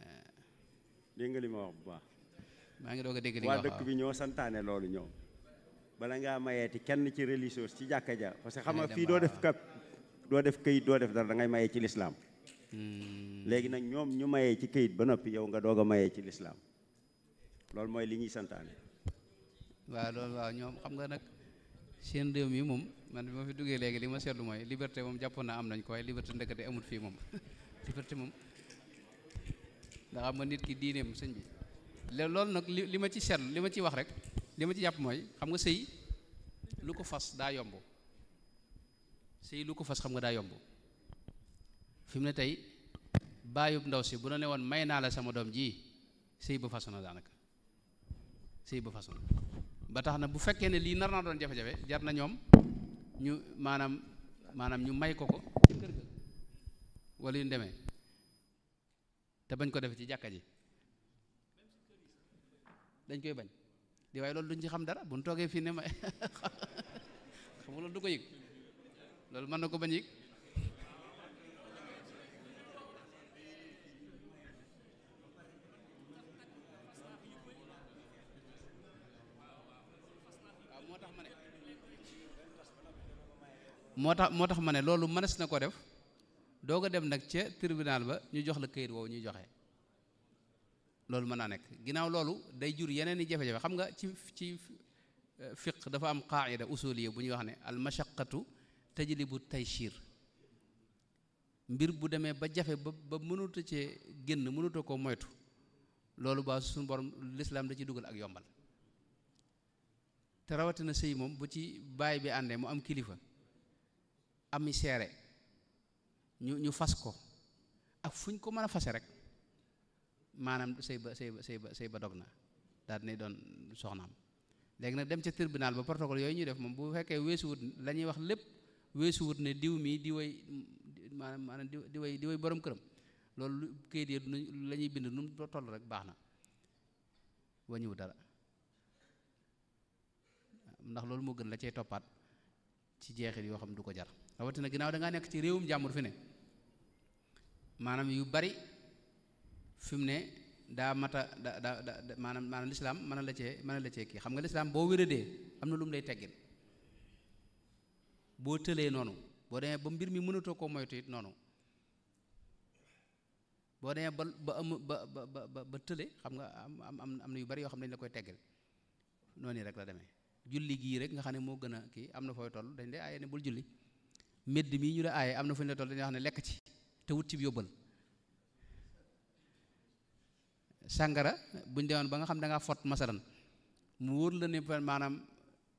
eh. nga li ma ngi doog a dégg li waa dëkk bi ñoo santaane loolu ñoom bala ngaa mayee mayeeti kenn ci religieux ci jàkka ja parce que xam nga fii doo def kap doo def këyit doo def dara da ngay mayee ci lislaam hmm. léegi nag ñoom ñu mayee ci kayit ba noppi yow nga doog a mayee ci lislaam loolu mooy li ñuy santaane waaw loolu waaw ñoom xam nga nag seen réew mi moom man bi ma fi duggee léegi li ma seetlu mooy liberté moom jàppoon naa am nañ ko waaye liberté ndekete amut fii moom liberté moom ndax xam nit ki diineem sëñ bi loolu nag li ma ci seetlu li ma ci wax rek li ma ci jàpp mooy xam nga sëy lu ko fas daa yomb sëy lu ko fas xam nga daa yomb fi mu ne tey baayub ndaw si bu na ne woon may naa la sama doom ji sëy ba façon na daanaka sëy ba façon ba tax na bu fekkee ne lii nar naa doon jafe-jafe jar na ñoom ñu maanaam maanaam ñu may ko ko ci kër ga wala yu demee te bañ ko defe ci jàkka ji dañ koy bañ di waaye loolu duñ ci xam dara bu buñ toogee fii ne ma xam du ko yëg loolu mën na ko bañ yëg moo tax moo tax ma ne loolu mënees na ko def doo ko dem nag ca tribunal ba ñu jox la kayit woowu ñuy joxe loolu mën naa nekk ginnaaw loolu day jur yeneen i jafe-jafe xam nga ci ci euh, fiq dafa am qaida usuliya bu ñuy wax ne al bu tajlibu tayshiir mbir bu demee ba jafe ba ba mënuta cee génn mënuta koo moytu loolu ba suñu borom lislaam da ci dugal ak yombal te rawatina sëy moom bu ci baay bi àndee mu am kilifa ami seere ñu ñu fas ko ak fu ñu ko mën a fase rek maanaam sëy ba sëy ba sëy ba dog na daal dinay doon soxnaam léegi nag dem ca tribunal ba protocole yooyu ñuy def moom bu fekkee weesuwut la ñuy wax lépp weesuwut ne diw mii di way maanaam maanaam di way di way borom këram loolu kayit yi la ñuy bind nu mu toll rek baax na wañuwu dara ndax loolu moo gën la cee toppaat ci jeexit yoo xam du ko jar rawatina ginnaaw da nekk ci réewum jàmbur fi ne maanaam yu bari fi mu ne daa mata da da da maanaam maanaam lislaam mën a la cee mën a la cee kii xam nga lislaam boo wéradee am na lu mu day teggin boo tëlee noonu boo demee ba mbir mi mënatoo koo moytu noonu boo demee ba ba am ba ba ba tële xam nga am am am na yu bari yoo xam ne dañ la koy teggal noonu rek la demee julli gii rek nga xam ne moo gën a kii am na fooy toll dañ lay aaye ne bul julli mbedd mii ñu la aaye am na fu ñu la toll dañuy wax ne lekk ci te wut ci yóbbal sàngara buñ demoon ba nga xam da ngaa fot masalan mu wóor la ne maanaam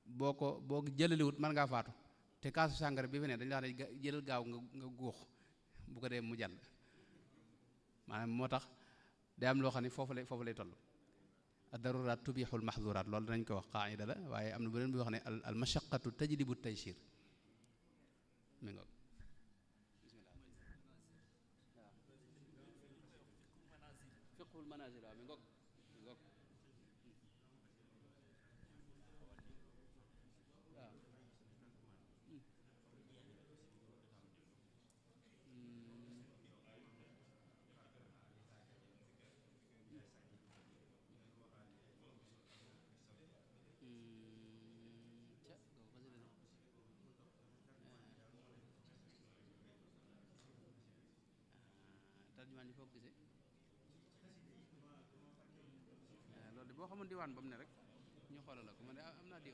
boo ko boo ko jëlaliwut mën ngaa faatu te kaasu sàngara bi fi ne dañ la wax ne jëlal gaaw nga nga góox bu ko dee mu jàll maanaam moo tax day am loo xam ne foofu lay foofu lay toll ad-daruraat tubixul maxduraat loolu danañ ko wax qaida la waaye am na beneen bi wax ne al mashaqatu tajlibu taysir mi ngoog xamul diwaan ba mu rek ñu xoolal la ko man de am ma xëy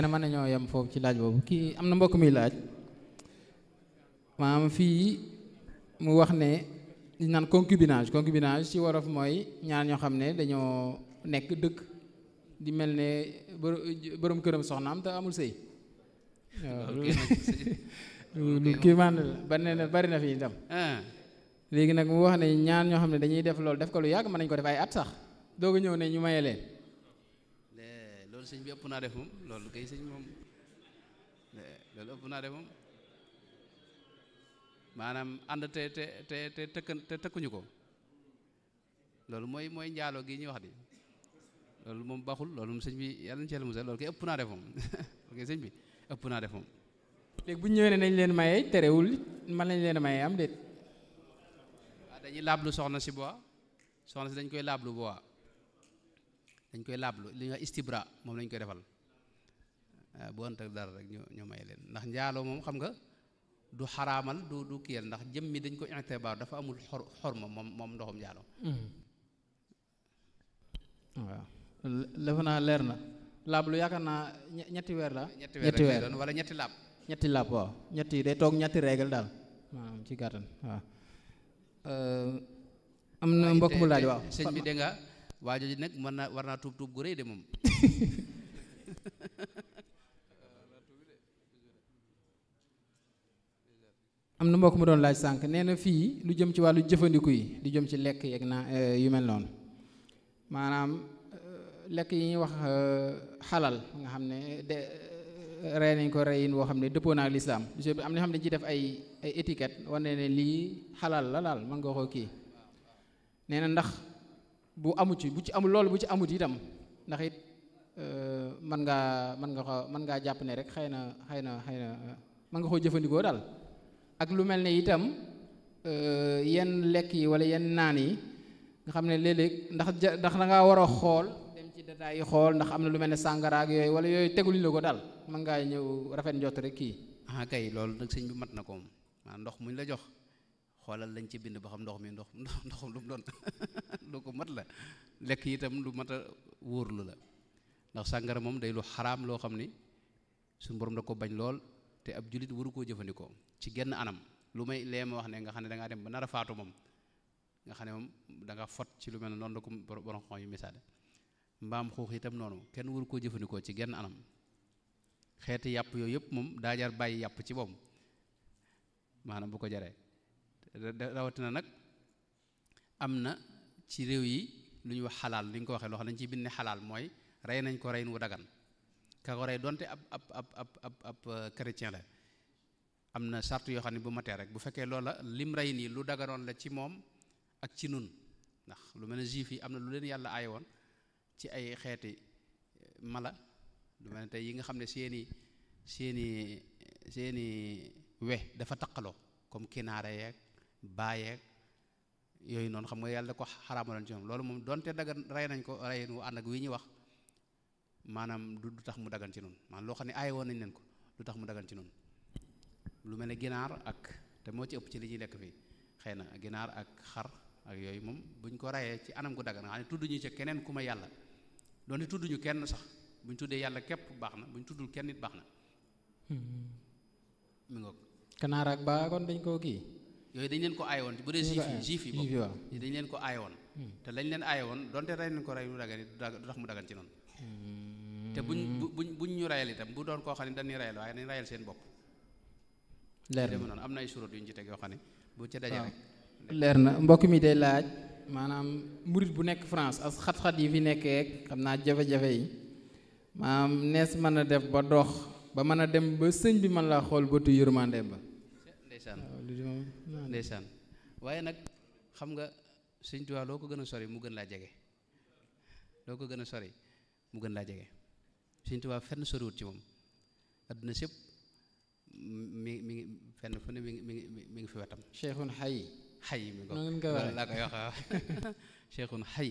na mën nañoo yem foofu ci laaj boobu kii am na mbokk muy laaj maam fii mu wax ne di naan concubinage concubinage ci wolof mooy ñaar ñoo xam ne dañoo nekk dëkk di mel ne borom këram soxnaam te amul sëy lu kii maanaam la ba nee na bari na fii itam. Ah. léegi nag mu wax nañ ñaan ñoo xam ne dañuy def loolu def ko lu yàgg ma nañu ko def at sax doo a ñëw ne ñu maye leen. loolu sëñ bi ëpp naa def moom loolu kay sëñ moom loolu naa def maanaam ànd te te te te tëkkuñu ko loolu mooy mooy njaaloo gi ñuy wax di loolu moom baxul loolu moom sëñ bi yàlla na ci yàlla musal loolu kay ëpp naa def moom ok sëñ bi. ëpp naa def moom léegi bu ñu ñëwee ne nañ leen maye terewul man lañ leen maye am de waaw dañuy laablu soxna si bois soxna si dañ koy laablu bois dañ koy laablu li nga moom lañ koy defal eh, bu ënt ak dara may leen ndax njaaloo moom xam nga du xaraamal du du kiyal ndax jëm mi dañ ko intibaar dafa amul xor xorma moom ndoxum njaaloo hmm. waaw dafa naa leer na laab lu yaakaar naa ñetti weer la. ñetti weer doon wala ñetti laab. ñetti laab waaw ñetti day toog ñetti règle daal maanaam ci gàttan waaw. am na mbokk laaj waaw. sëñ nga waa jooju nag mën na war naa tuub tuub gu am na mbokk mu doon laaj sànq nee na fii lu jëm ci wàllu jëfandiku yi di jëm ci lekk yeeg naa yu mel noonu maanaam. lekk yi ñuy wax euh, xalal nga xam ne de euh, rey nañ ko reyin woo xam ne dëppoon naa lislaam bi am na xam ne dañu def ay ay wane ne lii xalal la daal mën nga koo kii nee na ndax bu amu ci bu ci amul loolu bu ci amut itam ndax it euh, mën ngaa mën nga ko mën ngaa jàpp ne rek xëy na xëy na xay na mën nga koo jëfandikoo daal ak lu mel ne itam yenn lekk yi wala yenn naan yi nga xam ne léeg-léeg ndax ndax da ngaa war a xool détails yi xool ndax am na lu mel ne sàngara yooyu wala yooyu teguñu la ko daal mën ngaa ñëw rafet njott rek kii. ah kay loolu nag sëñ bi mat na ko moom maanaam ah, ndox muñ la jox xoolal lañ ci bind ba xam ndox mi ndox ndox lu mu doon lu ko mat la lekk itam lu mat a wóorlu la ndax sàngara moom day lu xaraam loo xam ni suñu borom da ko bañ lool te ab julit waru koo jëfandikoo ci genn anam lu may lee ma wax ne nga xam ne da dem ba nar a faatu moom nga xam ne moom da nga fot ci lu mel ne noonu la ko borom xon yi misaale mbaam xuux itam noonu kenn waru koo jëfandikoo ci genn anam xeeti yàpp yooyu yëpp moom daa bàyyi yàpp ci boom maanaam bu ko jaree rawatina nag am na ci réew yi lu ñuy wax xalaal li ko waxee loo xam ne dañ ciy bind ne xalaal mooy rey nañ ko reyin wu dagan ka ko rey donte ab ab ab ab ab euh, chrétien la am na sart yoo xam ne bu matee rek bu fekkee loola lim rey nii lu daganoon la ci moom ak ci nun ndax lu mel ne juif yi am na lu leen yàlla aaye woon ci ay xeeti eh, mala lu mel ne tey yi nga xam ne seeni seeni seeni we dafa taqaloo comme kinaara yeeg baayeeg yooyu noonu xam nga yàlla ko xaraamaloon ci ñoom loolu moom donte dagan rey nañ ko reyin wu ànd ak wi ñuy wax maanaam du tax mu dagan ci noonu maanaam loo xam ne aay woon nañ leen ko lu tax mu dagan ci noonu lu mel ne ginaar ak te moo ci ëpp ci li ñuy lekk fii xëy na ginaar ak xar ak yooyu moom buñ ko rayee ci anam gu dagan nga xam ne tudd ñu ca keneen ku yàlla doone tudduñu kenn sax bu ñu tuddee yàlla képp baax na bu ñu tuddul kenn nit baax na mu hmm. ngoog kanaar baa kon dañ koo kii yooyu dañ leen ko aay woon bu dee juif yi juif yi boobu dañ leen ko aay woon hmm. te lañ leen aay woon donte rey nañ ko rey mu dagan du tax mu dagan ci noonu hmm. te buñ buñ buñ ñu rayal tam bu doon koo xam ne dañuy rayal waaye dañ rayal seen bopp leer mu noonu am na ay suróot yu ñu ci teg yoo xam ne bu ca daje leer na mbokk mi day laaj maanaam murit bu nekk France as xat-xat yi fi nekkee xam naa jafe-jafe yi maanaam nees mën a def ba dox ba mën a dem ba sëñ bi mën laa xool bëtu yërmande ba ndeysaan ndeysaan waaye nag xam nga sëñ Tuubaa loo ko gën a sore mu gën laa jege loo ko gën a sori mu gën laa jege sëñ Tuubaa fenn soriwut ci moom adduna sépp mi mi ngi fenn fu ne mi ngi mi ngi fi wetam cheikhun xay xay mi ko loolu laa koy waxa cheikhun xay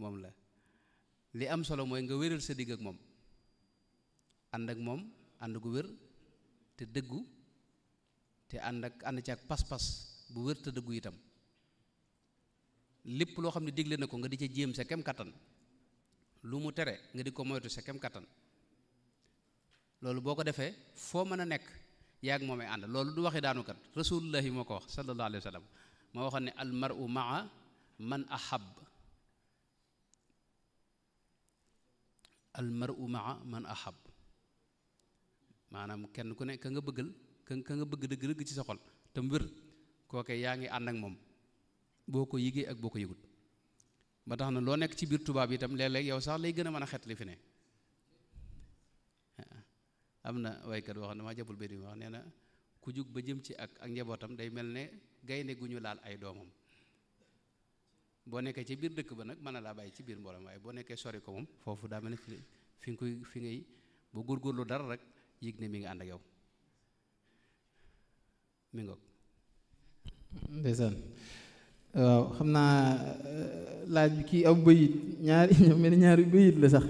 moom la li am solo mooy nga wéral sa digg ak moom ànd ak moom ànd gu wér te dëggu te ànd ak ànd ci ak pas-pas bu wér te dëggu itam lépp loo xam ne digle na ko nga di ca jéem sa kem kattan lu mu tere nga di ko moytu sa kem kattan loolu boo ko defee foo mën a nekk yaag moomay ànd loolu du waxee daanu kat rasulullahi moo ko wax sallallahu alayhi wa sallam moo waxoon ne al mar'u maa man a al mar'u ma man a xab maanaam kenn ku ne ka nga bëggal ka nga bëgg dëgg-dëgg ci sa xol te mu wér yaa ngi ànd ak moom boo ko yëgee ak boo ko yëgut ba tax na loo nekk ci biir tubaab yi tam léeg-léeg yow sax lay gën a mën a xetli fi ne am na waykat boo xam ne maa jàppul benn bi wax nee na ku jug ba jëm ci ak ak njabootam day mel ne gaynde gu ñu laal ay doomam boo nekkee ci biir dëkk ba nag mën na laa bàyyi ci biir mboolem waaye boo nekkee sori moom foofu daa mel ne fi koy fi ngay ba góorgóorlu dara rek yëg mi ngi ànd ak yow laaj bi kii aw bëyit ñaari mel ni ñaari bëyit la sax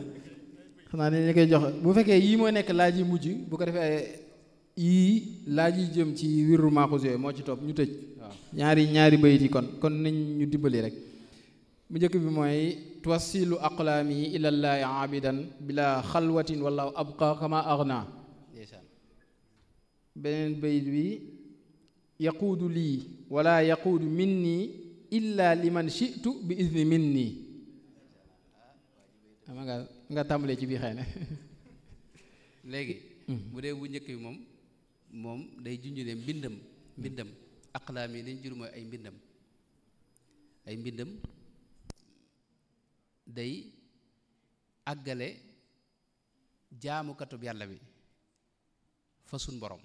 xanaa dañ la koy jox bu fekkee yii moo nekk laaj yi mujj bu ko defee yii laaj yi jëm ci wirru maaxus moo ci topp ñu tëj ñaari ñaari bayit yi kon kon nañ ñu dibbali rek mu njëkk bi mooy tuwassilu aqlaami ilallaahi aabidan bila xalwatin wallahu abqa kama agna beneen bayit bi yaquudu lii wala yaquudu minni illa liman shitu bi izni minni ama nga nga tàmbalee ci bii xëy na léegi hmm. bu dee bu njëkk bi moom moom day junj ne mbindam hmm. mbindam aqlaam yi dañ jur ay mbindam ay mbindam day àggale jaamukatub yàlla bi fa sun borom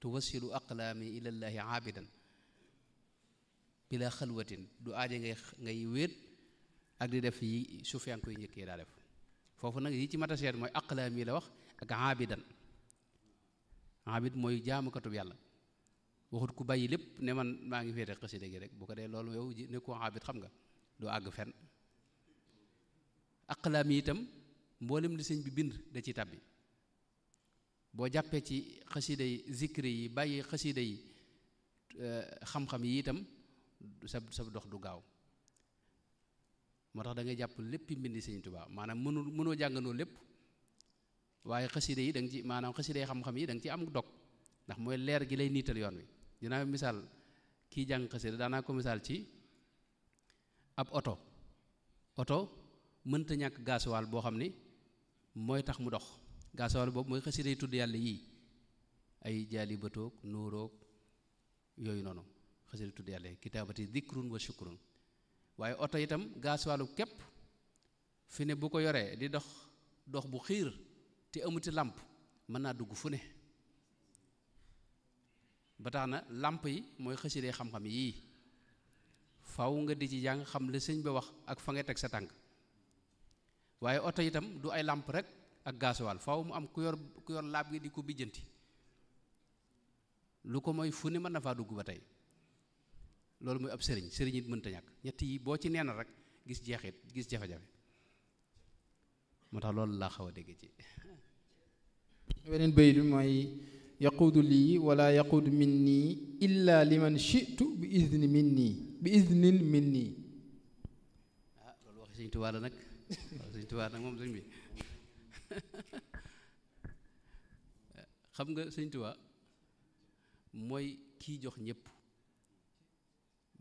tuwasilu aqlaami ilallaahi aabidan bila xalwatin du aaje ngay ngay wéet ak di def yi sufiyaan koy njëkkee daa def foofu nag yi ci mata seet mooy aqlaam yi la wax ak aabidan aabid mooy jaamukatu yàlla waxut ku bàyyi lépp ne man maa ngi féete xasida gi rek bu ko dee loolu yow ne ko aabid xam nga du àgg fenn aqlaam yi itam mboolem li sëñ bi bind da ci tàbbi boo jàppee ci xasida yi zikri yi bàyyi xasida yi euh, xam-xam yi itam sab sab dox du gaaw moo tax dangay ngay jàpp lépp mbindi Sëriñ Tuubaa maanaam mënu mënoo jàngandoo lépp waaye xasida yi da ci maanaam xasida yi xam-xam yi da ci am dog ndax mooy leer gi lay niital yoon wi dinaa misaal kii jàng xasida daanaa ko misaal ci ab oto oto mënta ñàkk gaasuwaal boo xam ni mooy tax mu dox gaasuwaal boobu mooy xasida yi tudd yàlla yii ay jaali batoog nóoroog yooyu noonu xasida tudd yàlla yi kitaabati dikrun wa shukrun waaye oto itam gaasuwaalu képp fi ne bu ko yoree di dox dox bu xiir te amuti làmp mën naa dugg fu ne ba tax na làmp yi mooy xësidee xam-xam yii faw nga di ci jàng xam la sëñ ba wax ak fa nga teg sa tànk waaye oto yitam du ay làmp rek ak gaasuwaal faw mu am ku yor ku laab gi di ko bijjanti lu ko mooy fu ne mën na faa dugg ba tey loolu mooy ab sëriñ sëriñ it mënta ñàkk ñett yi boo ci neena rek gis jeexit gis jafe-jafe moo tax loolu laa xaw a dégg ci weneen bay bi mooy yaquudu lii wala yaquudu min nii illa liman shitu bi nii bi idnin min nii ah loolu waxi sëñ Tuubaa la nag wax sëñ nag moom sëñ bi eh, xam nga sëñ Tuubaa mooy kii jox ñëpp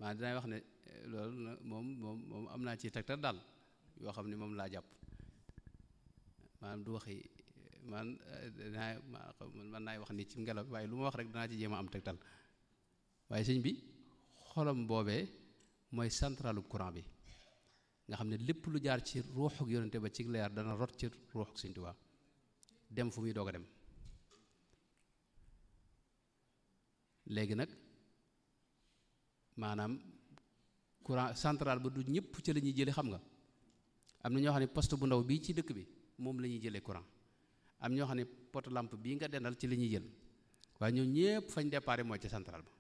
maa dinaay wax ne eh, loolu moom moom moom am naa ci tegtal daal yoo xam ne moom laa jàpp maanaam du waxi eh, man eh, man naay wax ni ci ngelaw waaye lu ma wax rek danaa ci jéem a am tegtal waaye sëñ bi xolam boobee mooy centralu courant bi nga xam ne lépp lu jaar ci ruuxuk yonente ba ci leer dana rot ci ruuxuk Sëñ Tuubaa dem fu muy doog dem léegi nag maanaam courant central ba du ñëpp ci la ñuy jëlee xam nga am na ñoo xam ne poste bu ndaw bii ci dëkk bi moom la ñuy jëlee courant am ñoo xam ne pot làmp bii nga dendal ci la ñuy jël waaye ñoom ñëpp fañ déparé mooy ci central ba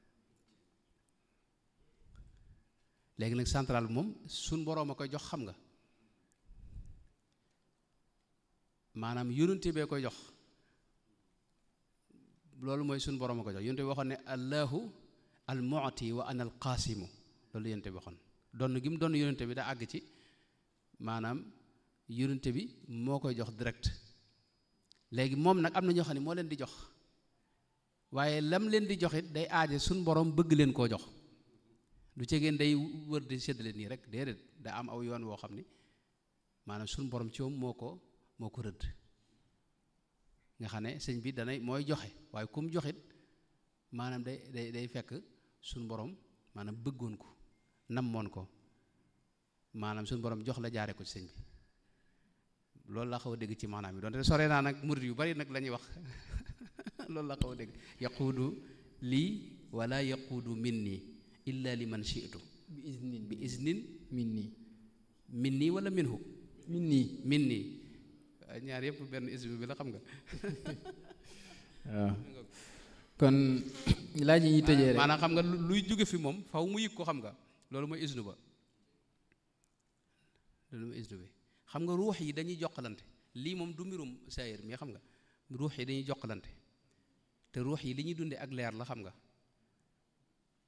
léegi nag central bi moom suñ boroom a koy jox xam nga maanaam yónente bee koy jox loolu mooy suñ boroom a koy jox yónente bi waxoon ne allahu al mu'ti wa ana al qaasimu loolu yonente bi waxoon donn gi mu donn yonente bi daa àgg ci maanaam yonente bi moo koy jox direct léegi moom nag am na ñoo xam ne moo leen di jox waaye lam leen di joxit day aaje suñ borom bëgg leen koo jox du ci ngeen day wër di séddale nii rek déedéet da am aw yoon woo xam ni maanaam suñ borom ci moom moo ko moo ko rëdd nga xam ne sëñ bi danay mooy joxe waaye kum joxit maanaam day day day fekk suñ boroom maanaam bëggoon ko nammoon ko maanaam suñ borom jox la jaare ko ci sëñ bi loolu la xaw a dégg ci maanaam yi doonte sore naa nag murid yu bari nag la ñuy wax loolu la xaw a dégg yaquudu lii wala yaquudu minni illa li man shi'tu bi iznin bi min minni minni wala minhu minni minni ñaar yëpp benn ism bi la xam nga waaw ah. kon laaj yi ñuy tëjee rek maanaam xam nga luy jóge fi moom faw mu yëg ko xam nga loolu mooy isnu ba loolu mooy xam nga ruux yi dañuy jokkalante lii moom du mbirum xam nga ruux yi dañuy jokkalante te ruux yi li ñuy dundee ak leer la xam nga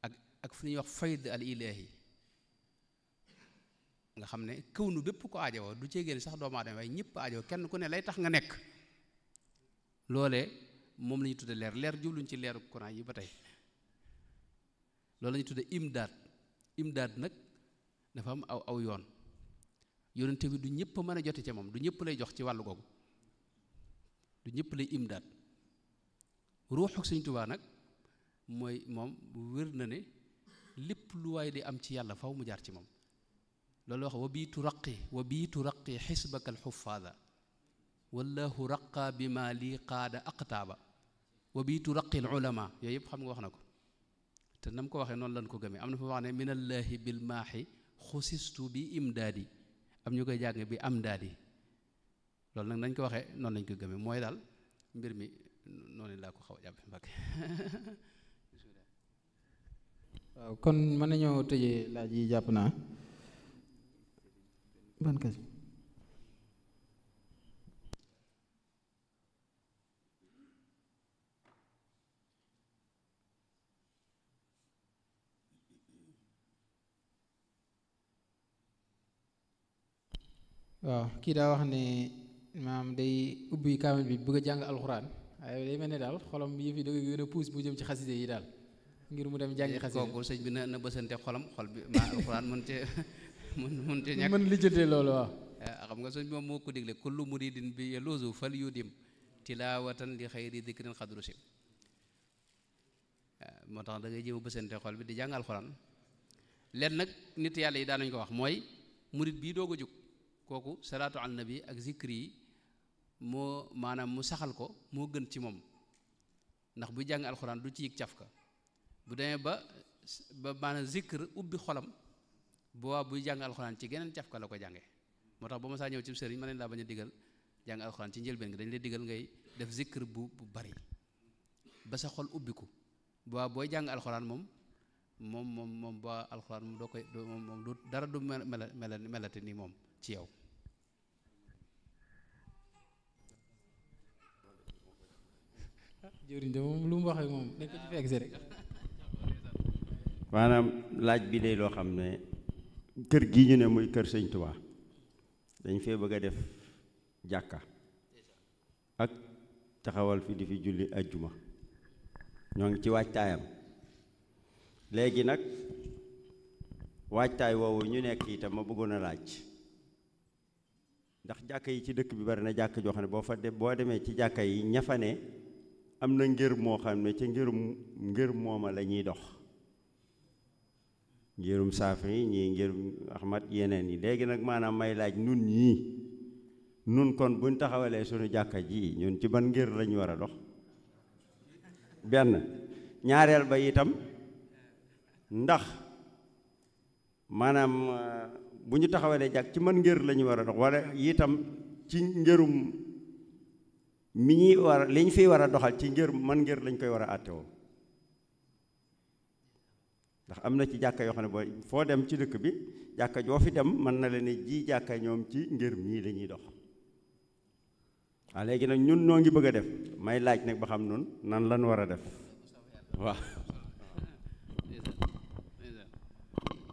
ak ak fu ñuy wax fayd al ilaahi nga xam ne kaw nu bépp ko aajowoo du cee génn sax doomu aadama waaye ñëpp aajowoo kenn ku ne lay tax nga nekk loolee moom la ñu leer leer jubluñ ci leeru Quran yi ba tey loolu la ñu tudde imdaad nag dafa am aw yoon yonente bi du ñëpp mën a jot ci moom du ñëpp lay jox ci wàllu googu du ñëpp lay imdaad ruuxu Sëñ Tuubaa nag mooy moom wér na ne lépp lu waay di am ci yàlla faw mu jaar ci moom loolu wax wa bii turaqi wa bii turaqi xisbaka alxufaada wallahu raqa bi ma lii qaada aqtaaba wa biitu raqil ulama yooy yëpp xam nga wax na ko te nam ko waxee noonu lañ ko gëmee am na fa wax ne minallaahi bil maaxi xusistu bi imdaadi am ñu koy jàng bi amdaadi loolu nag nañ ko waxee noonu lañ ko gëmee mooy daal mbir mi noonu laa ko xaw a jàppe mbàkke waaw kon mën nañoo tëjee laaj yi jàpp naa waaw kii daa wax ne maam day ubbi kaamil bi bëgg jàng alxuraan waaye day mel ne daal xolam yëf yi da koy gën a puus jëm ci xaside yi daal ngir mu dem jàngi eh, xaside kooku sëñ bi na na bësante xolam xol bi maa alxuraan mën cee mën mën cee ñàkk mën lijjatee loolu waaw eh, xam nga sëñ bi moom moo ko digle kullu muridin bi yaluusu fal yudim tilawatan li xayri dikrin xadru sim eh, moo tax da ngay jéem a bësante xol bi di jàng alxuraan leen nag nit yàlla yi daanañ ko wax mooy murid bii doo ko jóg kooku salaatu al nabi ak zikri yi moo maanaam mu saxal ko moo gën ci moom ndax buy jàng alxuraan du ci yëg caf bu demee ba ba maanaam zikr ubbi xolam boobaa buy jàng alxuraan ci geneen caf la ko jànge moo tax ba ma saa ci sëriñ ma leen laa bañ digal jàng alxuraan ci njëlbeen gi dañ lay digal ngay def zikr bu bu bari ba sa xol ubbiku boobaa booy jàng alxuraan moom moom moom moom ba alxuraan doo koy moom moom du dara du mel melati ni moom ci yow jëriñ de moom lu mu waxee moom dañ ci fekk si rek maanaam laaj bi day loo xam ne kër gi ñu ne muy kër sëñ Tuubaa dañ fee bëgg a def jàkka ak taxawal fi di fi julli ajjuma ñoo ngi ci waajtaayam léegi nag waajtaay woowu ñu nekk itam ma bëggoon a laaj ndax jàkka yi ci dëkk bi bari na jàkk joo xam ne boo fa de boo demee ci jàkka yi ñafane am na ngir moo xam ne ci ngirum ngir mooma la ñuy dox ngirum saafi yi ñii ngirum ahmad yeneen yi léegi nag maanaam may laaj nun ñii nun kon buñ taxawalee suñu jàkka ji ñun ci ban ngir lañ war a dox benn ñaareel ba itam ndax maanaam bu ñu taxawee ne jàkk ci man ngër lañuy ñu war a dox wala itam ci ngërum mi ñuy war a li ñu fiy war a doxal ci ngër man ngër lañ koy war a àtte woo ndax am na ci jàkka yoo xam ne booy foo dem ci dëkk bi jàkka joo fi dem mën na leen ne ji jàkka ñoom ci ngër mii la dox waaw léegi nag ñun noo ngi bëgg a def may laaj nag ba xam noonu nan lan war a def waaw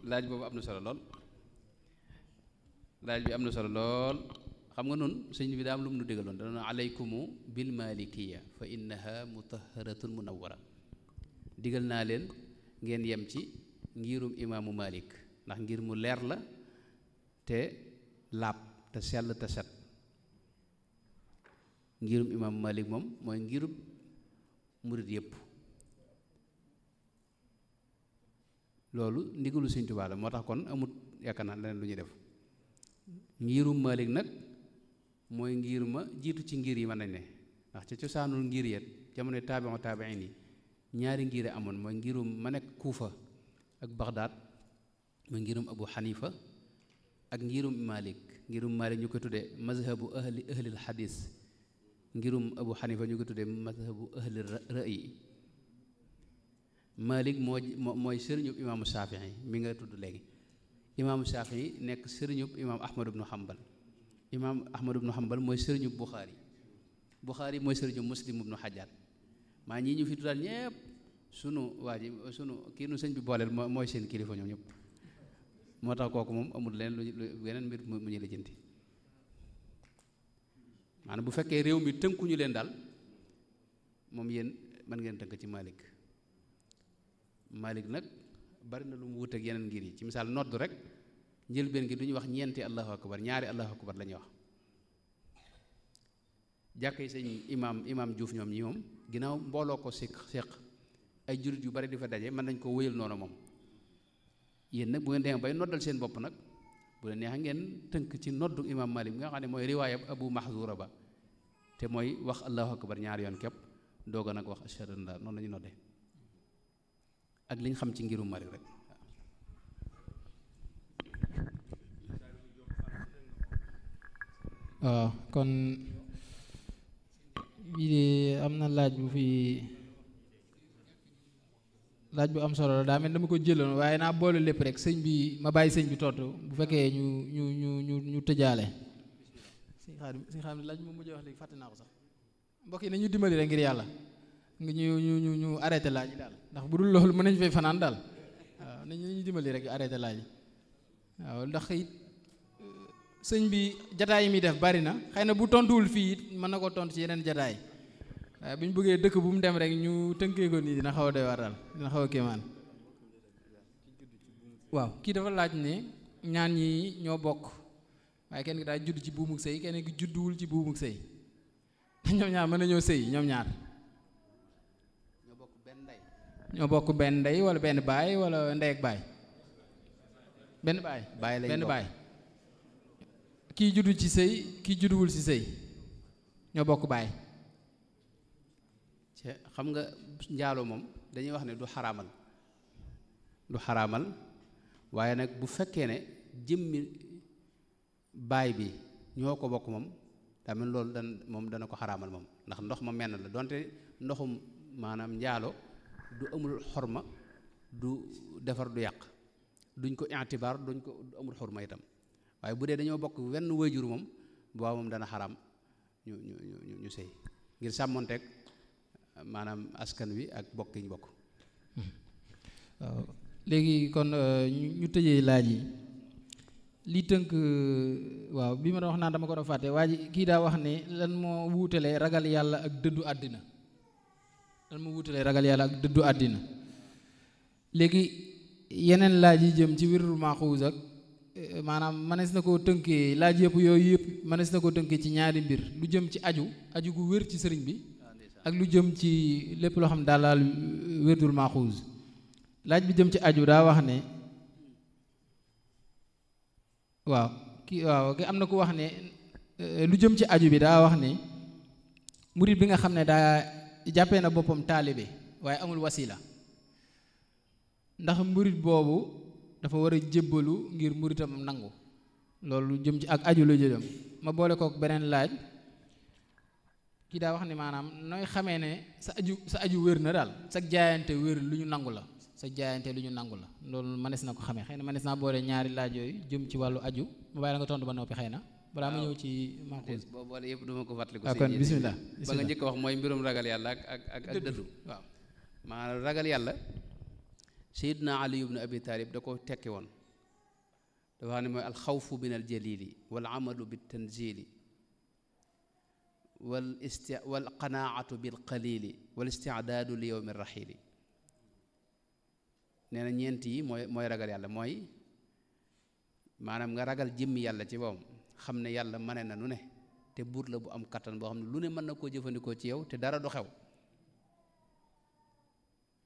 laaj boobu am na solo lool laaj bi am na solo lool xam nga noonu sëñ bi daam lu mu nu digaloon dana alaykumu bil malikiya fa innaha mutaharatun munawwara digal naa leen ngeen yem ci ngirum imaamu malik ndax ngir mu leer la te laab te sell te set ngirum imaamu malik moom mooy ngirum murit yépp loolu ndigalu sëñ Tuubaa moo tax kon amut yaakaar naa leneen lu ñuy def ngirum Maalik nag mooy ngir ma jiitu ci ngir yi mën nañ ne ndax ca cosaanul ngir yet jamono taabi'u taabi'in yi ñaari ngir amoon mooy ngirum ma nekk Kuufa ak Baxdaad mooy ngirum Abu Xanifa ak ngirum Malik ngirum Malik ñu ko tuddee mazhabu ahli ahlil xadis ngirum Abu Xanifa ñu ko tuddee mazhabu ahli ra'yi Malik moo mooy sëriñu imaamu Shaafi'i mi nga tudd léegi imaamu Shaafi nekk sëriñub imaam Ahmad ibnu Hanbal imaam Ahmad ibnu Hanbal mooy sëriñub Buxaari Buxaari mooy sëriñub Muslim ibnu Hajjaaj maa ñii ñu fi tuddaat ñépp sunu waa ji sunu kii nu sëñ bi booleel mooy seen kilifa ñoom ñëpp moo tax kooku moom amul leen lu yeneen mbir mu ñu lijjanti maanaam bu fekkee réew mi tënkuñu leen daal moom yéen man ngeen tënk ci Malik Malik nag bari na lu mu ak yeneen ngir yi ci misaal nodd rek njëlbeen gi du ñu wax ñeenti allahu akbar ñaari allahu akbar la ñuy wax jàkk yi sëñ imaam imaam Juuf ñoom ñi moom ginnaaw mbooloo ko séq séq ay jullit yu bari di fa daje mën nañ ko wéyal noonu moom yéen nag bu ngeen demee bay noddal seen bopp nag bu leen neex ngeen tënk ci noddu imaam Maalik bi nga xam ne mooy riwaayab Abu Mahzura ba te mooy wax allahu akbar ñaari yoon képp doog a nag wax ashhadu an la noonu la ñu noddee ak li xam ci ngiru mari rek waaw kon bii de am na laaj bu fi laaj bu am solo la daa mel dama ko jëloon waaye naa boole lépp rek sëñ bi ma bàyyi sëñ bi tontu bu fekkee ñu ñu ñu ñu ñu tëjaale sëñ xaadim sëñ xaadim laaj mu mujj wax léegi fàtte naa ko sax mbokk yi nañu dimbali rek ngir yàlla nga ñu ñu ñu ñu arrêté laaj yi daal ndax bu dul loolu mën nañ fay fanaan daal waaw nañu ñu dimbali rek arrêté laaj yi waaw ndax it euh, sëñ bi jataay yi muy def bari na xëy na bu tontuwul fii it mën na ko tontu ci yeneen jataay waaye bu dëkk bu mu dem rek ñu tënkee ko nii dina xaw a doy dina xaw a kéemaan waaw kii dafa laaj ne ñaan ñi ñoo bokk waaye kenn ki daa judd ci buumug sëy kenn ki judduwul ci buumug sëy ñoom ñaar mën nañoo sëy ñoom ñaar ñoo bokk benn ndey wala benn baay wala ndey ak baay benn baay baay lañ benn baay kii juddu ci sëy kii judduwul ci sëy ñoo bokk baay xam nga njaaloo moom dañuy wax ne du xaraamal du xaraamal waaye nag bu fekkee ne jëmmi baay bi ñoo ko bokk moom tamit loolu dan moom dana ko xaraamal moom ndax ndox ma menn la donte ndoxum maanaam njaalo du amul xorma du defar du yàq duñ ko intibaar duñ ko du amul xorma itam waaye bu dee dañoo bokk wenn wayjur moom booba moom dana xaram ñu ñu ñu ñu sëy ngir sàmmonteeg maanaam askan wi ak bokk yi bokk. waaw hmm. euh, léegi kon euh, ñu tëjee laaj yi li tënk euh, waaw bi ma doon wax naa dama ko doon fàtte waa ji kii daa wax ne lan moo wuutale ragal yàlla ak dëddu àddina. lan mu wutalee ragal yàlla ak dëddu àddina léegi yeneen laaj yi jëm ci wirru maaxuus ak eh, maanaam mënees na koo tënkee laaj yëpp yooyu yëpp manees na koo tënkee ci ñaari mbir lu jëm ci aju aju gu wér ci sëriñ bi ak lu jëm ci lépp loo xam daal daal wérdul maaxuus laaj bi jëm ci aju daa wax ne waaw ki waaw ki am na ku wax ne eh, lu jëm ci aju bi daa wax ne murit bi nga xam ne daa jàppee na boppam taalibe waaye amul wasila ndax mburit boobu dafa war a jébbalu ngir muritam nangu loolu jëm ci ak aju la jëlam ma boole kook beneen laaj kii daa wax ni maanaam nooy xamee ne sa aju sa aju wér na daal sa jaayante wér lu ñu nangu la sa jaayante lu ñu nangu la loolu mënees na ko xame xëy na mënees naa boole ñaari laaj yooyu jëm ci wàllu aju mu bàyyi la nga tontu ba noppi xëy na balaa ma ñëw ci maaxuus boo boole yëpp duma ko fàttaliku ah, kon bismillah ba nga njëkk wax mooy mbirum ragal yàlla ak ak ak ak dëddu waaw maanaam ragal yàlla sayidna ali ibnu abi taalib da ko tekki woon dafa xam ne mooy alxawfu min aljalili wal amalu bitanzili wal isti wal qanaatu bil qalili wal istidaadu li yowmi raxili nee na ñeent yi mooy mooy ragal yàlla mooy maanaam nga ragal jëmmi yàlla ci boppam xam ne yàlla mane na nu ne te buur la bu am kattan boo xam ne lu ne mën na koo jëfandikoo ci yow te dara du xew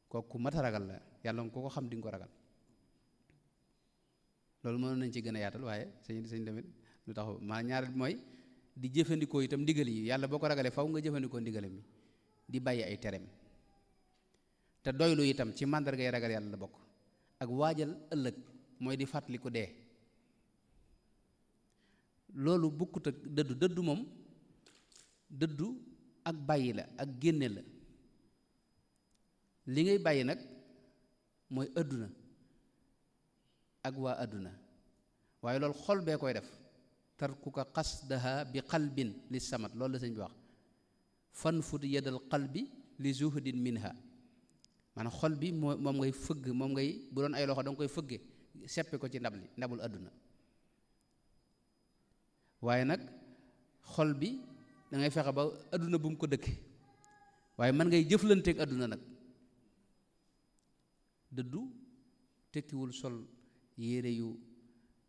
kooku mat a ragal la yàlla nga ko xam di ko ragal loolu mënoon nañ ci gën a yaatal waaye sëñ sëñ tamit lu taxu maa ñaareel mooy di jëfandikoo itam ndigal yi yàlla boo ko ragalee faw nga jëfandikoo ndigalam mi di bàyyi ay terem te doylu itam ci màndargay ragal yàlla la bokk ak waajal ëllëg mooy di fàttaliku dee loolu bukkut ak dëddu dëddu moom dëddu ak bàyyi la ak génne la li ngay bàyyi nag mooy àdduna ak waa àdduna waaye lool xol bee koy def tar tarkuka qasdaha bi qalbin li samat lool la sëñ bi wax fan fut yadal qalbi li zuhdin minha maanaam xol bi moo moom ngay fëgg moom ngay bu doon ay loxo danga koy fëgge seppi ko ci ndab li ndabul àdduna waaye nag xol bi da fexe ba àdduna bu mu ko dëkke waaye man ngay jëflanteeg àdduna nag dëddu tekkiwul sol yére yu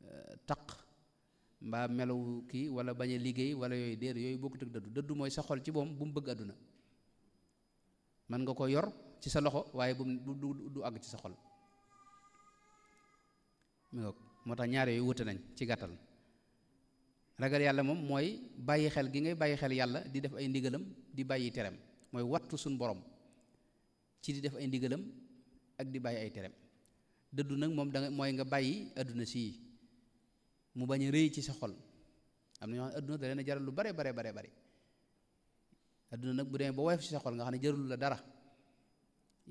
eh, taq mbaa melaw kii wala bañ liggéey wala yooyu déer yooyu bokkut ak dëddu dëddu mooy sa xol ci moom bu mu bëgg adduna man nga ko yor ci sa loxo waaye bu du àgg ci sa xol moo tax ñaar yooyu wute nañ ci gàttal ragal yàlla moom mooy bàyyi xel gi ngay bàyyi xel yàlla di def ay ndigalam di bàyyi teram mooy wattu suñ borom ci di def ay ndigalam ak di bàyyi ay teram dëddu nag moom danga mooy nga bàyyi àdduna sii mu bañ a rëy ci sa xol am na ñoo xam ne àdduna da leen jaral lu bare bare bare bare àdduna nag bu demee ba woyof ci sa xol nga xam ne jarul la dara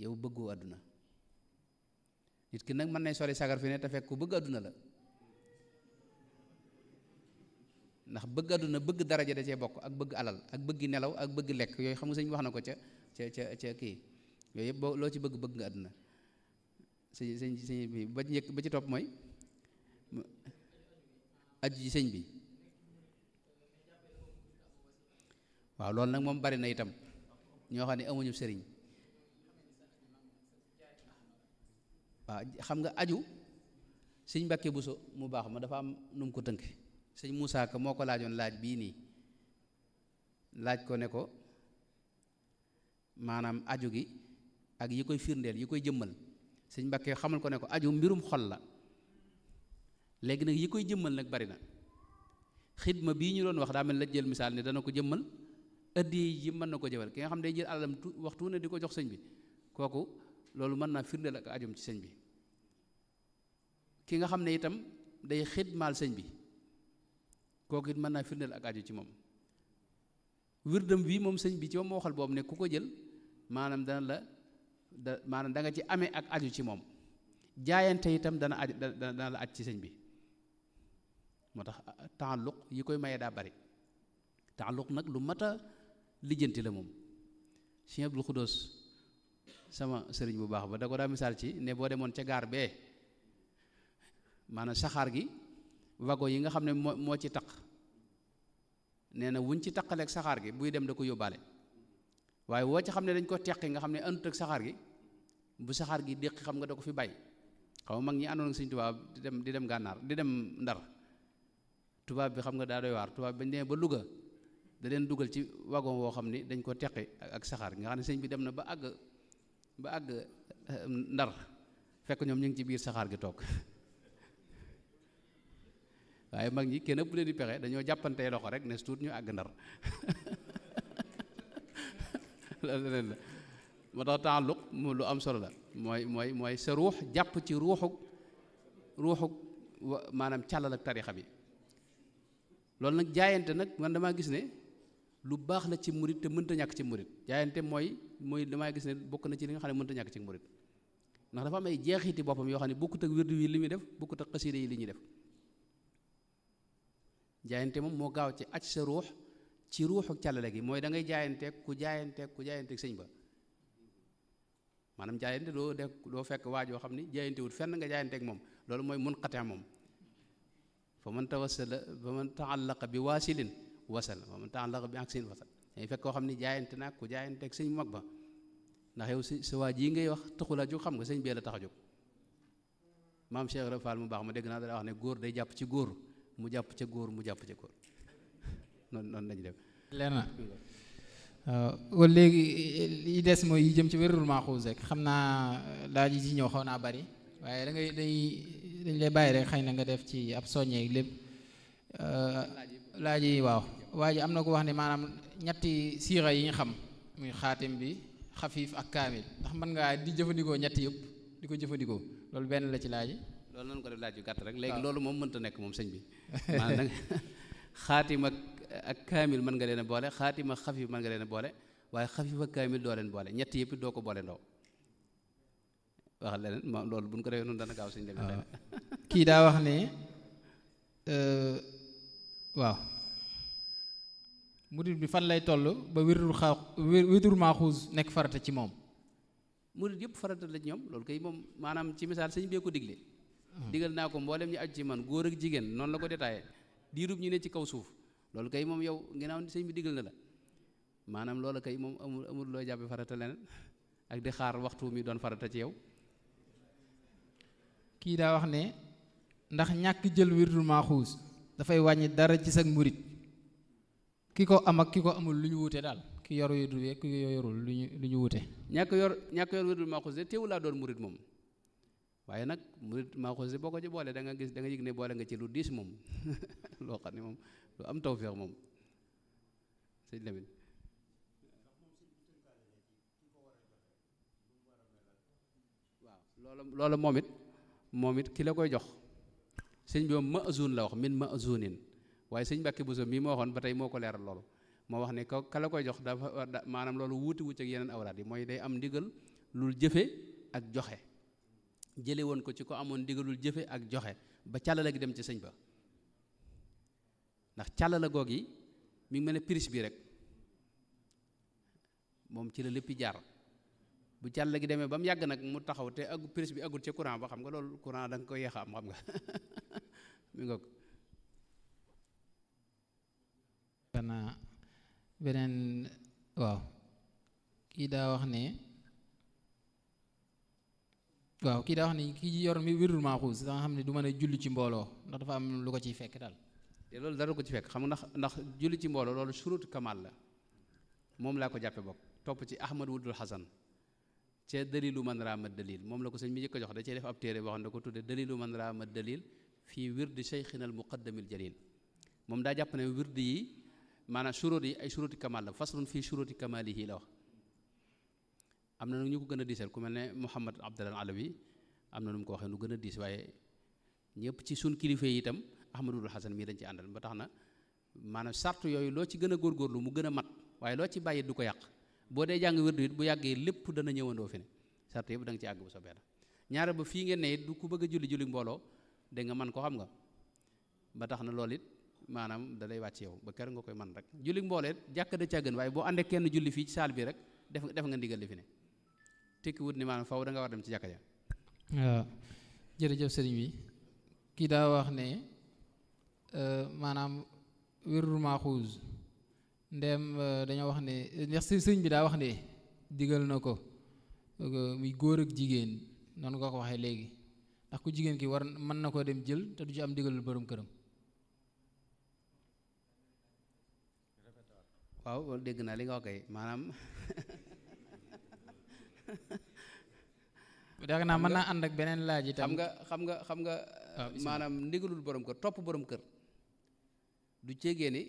yow bëggoo àdduna nit ki nag mën nay sori sagar fi ne te fekk ku bëgg àdduna la ndax bëgg àdduna bëgg daraja da cee bokk ak bëgg alal ak bëgg nelaw ak bëgg lekk yooyu xam nga sëñ wax na ko ca ca ca ca kii yooyu yëpp loo ci bëgg bëgg nga àdduna sëñ sëñ sëñ bi ba njëkk ba ci topp mooy aju ji sëñ bi waaw loolu nag moom bari na itam ñoo xam ne amuñu sëriñ waaw xam nga aju sëñ bu so mu baax ma dafa am nu ko tënk sëñ Moussa ko moo ko laajoon laaj bii nii laaj ko ne ko maanaam aju gi ak yi koy firndeel yi koy jëmmal sëñ Mbàkke xamal ko ne ko aju mbirum xol la léegi nag yi koy jëmmal nag bari na xidma bii ñu doon wax daa mel la jël misaal ne dana ko jëmmal ëddi yi mën na ko jëmal ki nga xam ne day jël alalam tu waxtu ne di ko jox sëñ bi kooku loolu mën naa firndeel ak ajum ci sëñ bi ki nga xam ne itam day xidmaal sëñ bi kooku it mën naa firndeel ak aju ci moom wirdam bii moom sëñ bi ci moom waxal boobu ne ku ko jël maanaam dana la da maanaam danga ci amee ak aju ci moom jaayante itam dana aj dana la aj ci sëñ bi moo tax ah, taalluq yi koy maye daa bari taalluq nag lu mat a lijjanti la moom Cheikh Abdul Xudoos sama sëriñ bu baax ba da ko daa misaal ci ne boo demoon ca gaar bee maanaam saxaar gi wago yi nga xam ne moo moo ci taq nee na wuñ ci taqaleeg saxaar gi buy dem da ko yóbbaale waaye woo ci xam ne dañ ko teqi nga xam ne àndut ak saxaar gi bu saxaar gi déqi xam nga da ko fi bay xaw mag ñi àndoon ak di dem di dem gànnaar di dem ndar tubaab bi xam nga daa doy waar tubaab bi bañ demee ba Louga da leen dugal ci wago woo xam ne dañ ko teqi ak saxaar gi nga xam ne sëñ bi dem na ba àgg ba àgg eh, ndar fekk ñoom ñu ngi ci biir saxaar gi toog waaye mag ñi kenn bu leen di pexe dañoo jàppantee loxo rek nes tuut ñu àgg ndar moo tax taalluq mu lu am solo la mooy mooy mooy sa ruux jàpp ci ruuxuk ruuxuk maanaam càllal ak tarixa bi loolu nag jaayante nag man damaa gis ne lu baax la ci murit te mënta ñàkk ci murit jaayante mooy mooy damaa gis ne bokk na ci li nga xam ne mënta ñàkk ci murit ndax dafa am ay jeexiti boppam yoo xam ne bokkut ak wérdu li muy def bokkut ak xasiida yi li ñu def jaayante moom moo gaaw ci aj sa ruux ci ruuxu càllale gi mooy dangay ngay jaayanteeg ku jaayanteek ku jaayanteeg sëñ ba maanaam jaayante doo def doo fekk waa joo xam ni jaayante fenn nga jaayanteeg moom loolu mooy munqati moom fa man tawassala fa man taallaqa bi waasilin wasal fa man taallaqa bi seen wasal dañuy fekk koo xam ni jaayante naag ku jaayanteeg sëñ mag ba ndax yow si sa waa jii ngay wax taxul a jóg xam nga sëñ bee la tax a jóg maam Cheikh Ibra mu baax ma dégg naa dara wax ne góor day jàpp ci góor mu jàpp ca góor mu jàpp ca góor noonu noonu lañu def leer na euh, wala léegi li des mooy yi jëm ci wérul maaxuus rek xam naa euh, laaj yi ci ñëw xaw naa bari waaye da ngay dañ lay bàyyi rek xëy na nga def ci ab soññee lépp euh, laaj yi waaw waa am na ko wax ne maanaam ñetti siira yi ñu xam muy xaatim bi xafiif ak kaamil ndax mën ngaa di jëfandikoo ñett yëpp di ko jëfandikoo loolu benn la ci laaj loolu nañ ko def laaj yu gàtt rek léegi loolu moom mënta nekk moom sëñ bi maanaam xaatim ak ak mën nga leen a boole xaatim ak xafif mën nga leen a boole waaye xafif ak kaamil boole ñett yëpp ko boole ndoo wax leneen buñ ko defee noonu dana gaaw kii daa wax ne euh, bi fan lay toll ba wirul xaa wirul maaxuus nekk farata ci moom murit yëpp farata la ñoom loolu maanaam ci misaal sëñ bee ko digle Mm. digal naa ko mboolem ñu aju ci man góor ak jigéen noonu la ko détaillé diirub ñu ne ci kaw suuf loolu kay moom yow ginnaaw sëñ bi digal na la maanaam loolu kay moom amul amul loo jàppe farata leneen ak di xaar waxtu mi doon farata ci yow. kii daa wax ne ndax ñàkk jël wirdul maaxuus dafay wàññi dara ci sag murit ki ko am ak ki ko amul lu ñu wuute daal ki yor wirdul ki yorul lu ñu lu ñu wute ñàkk yor ñàkk yor wirdul maaxuus de teewul laa doon muri moom. waaye nag murit maa xuus si boo ko ci boole da nga gis da nga yëg ne boole nga ci lu diis moom xam ne moom am tawféex moom waaw loolu loolu moom it moom it ki la koy jox sëñ bi moom maazun la wax ma maazunin waaye sëñ Mbàkke Buso mii moo waxoon ba tey moo ko leeral loolu moo wax ne ka ka koy jox dafa maanaam loolu wuuti wucc ak yeneen awraat yi mooy day am ndigal lu jëfe ak joxe jële woon ko ci ko amoon ndigalul jëfe ak joxe ba càllale gi dem ca sëñ ba ndax càllale goog yi mi ngi mel ne prise bi rek moom ci la léppi jaar bu càllale gi demee ba mu yàgg nag mu taxaw te aggu prise bi agul ci courant ba xam nga loolu courant da nga ko yeexa am xam nga mi ngoog beneen waaw kii daa wax ne waaw kii daa wax ni kii yor mi wérul maaxuus da nga xam ne du mën a julli ci mbooloo ndax dafa am lu ko ciy fekk daal te loolu dara ko ci fekk xam ndax ndax julli ci mbooloo loolu surut kamal la moom laa ko jàppe bokk topp ci ahmad wudul hasan cee dalilu man raama dalil moom la ko sëñ mi jëkk jox da cee def ab téere boo xam ne ko tudde dalilu man raama dalil fii wirdi cheikhina al muqaddamil jalil moom daa jàpp ne wirdi yi maanaam suróot ay suróoti kamal la faslun fii suróoti kamalihi la am na nu ñu ko gën a diisal ku mel ne Mouhamad Abdalan Alawi am na nu mu ko waxee nu gën a diis waaye ñëpp ci sun kilifa yi itam Ahmadul Hasan mii dañ ci àndal ba tax na maanaam sart yooyu loo ci gën a góor góor lu mu gën a mat waaye loo ci bàyyi du ko yàq boo dee jàng wérdu wit bu yàggee lépp dana ñëwandoo fi ne sart yëpp da ci àgg bu soobee la ñaare ba fii ngeen ne it du ku bëgg julli julli mbooloo da nga man ko xam nga ba tax na loolu it maanaam da lay wàcc yow ba kër nga koy man rek julli mboolee jàkk da càggan waaye boo àndee kenn julli fii ci saal bi rek def def nga ndigal li ne tekki wut ni maanaam faw danga nga war dem ci jàkka ja waaw ah, jërëjëf sëriñ bi kii daa wax ne euh, maanaam wérul maaxuus ndeem euh, dañoo wax ne ndax sëriñ bi daa wax ne digal na ko euh, muy góor ak jigéen noonu nga ko waxee léegi ndax ku jigéen ki war mën na koo dem jël te du ci am digalul borom këram waaw dégg naa li nga wax maanaam yaakaar naa man naa ànd ak beneen laaj itam xam nga xam nga xam nga ah, maanaam ndigalul borom kër topp borom kër du cégee ni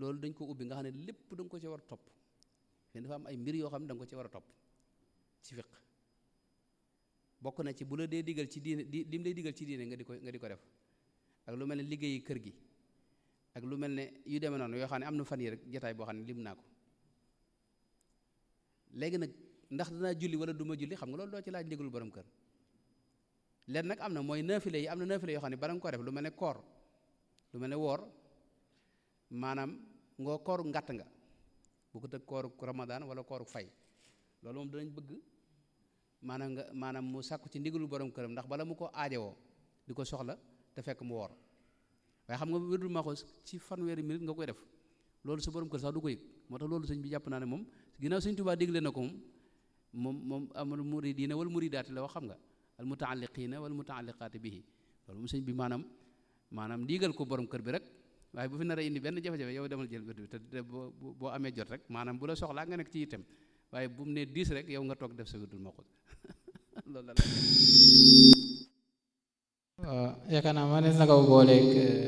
loolu dañ ko ubbi nga xam ne lépp da ko ci war a topp fen dafa ay mbir yoo xam ne ci war a topp ci fiq bokk na ci bu la dee digal ci diine di lim lay digal ci diine nga di ko nga di ko def ak lu mel ne liggéeyi kër gi ak lu mel ne yu demee noonu yoo xam ne am na fan yi rek jataay boo xam ne lim naa ko léegi nag ndax danaa julli wala duma ma julli xam nga loolu doo ci laaj ndigalul borom kër leen nag am na mooy naafile am na naafile yoo xam ne bala ko def lu mel koor lu mel ne woor maanaam ngoo kooru ngatt nga bu ko tëg kooru ramadaan wala kooru fay loolu moom danañ bëgg maanaam nga maanaam mu sàkku ci ndigalul borom këram ndax bala mu ko woo di ko soxla te fekk mu woor waaye xam nga wérdul maxoos ci fanweeri minute nga koy def loolu sa borom kër sax du ko yëg moo tax loolu sëñ bi jàpp naa ne moom ginnaaw sëñ Tuubaa digle na ko moom moom amul muridina wal muridaati la wax xam nga al mutaalliqiina wal mutaalliqaati bihi loolu mu sëñ bi maanaam maanaam diigal ko borom kër bi rek waaye bu fi indi benn jafe yow demal jël wird bi te boo amee jot rek maanaam bu la soxlaa nga nekk ci itam waaye bu mu ne diis rek yow nga toog def sa wirdul maxut loolu la yaakaar naa ma nees na euh,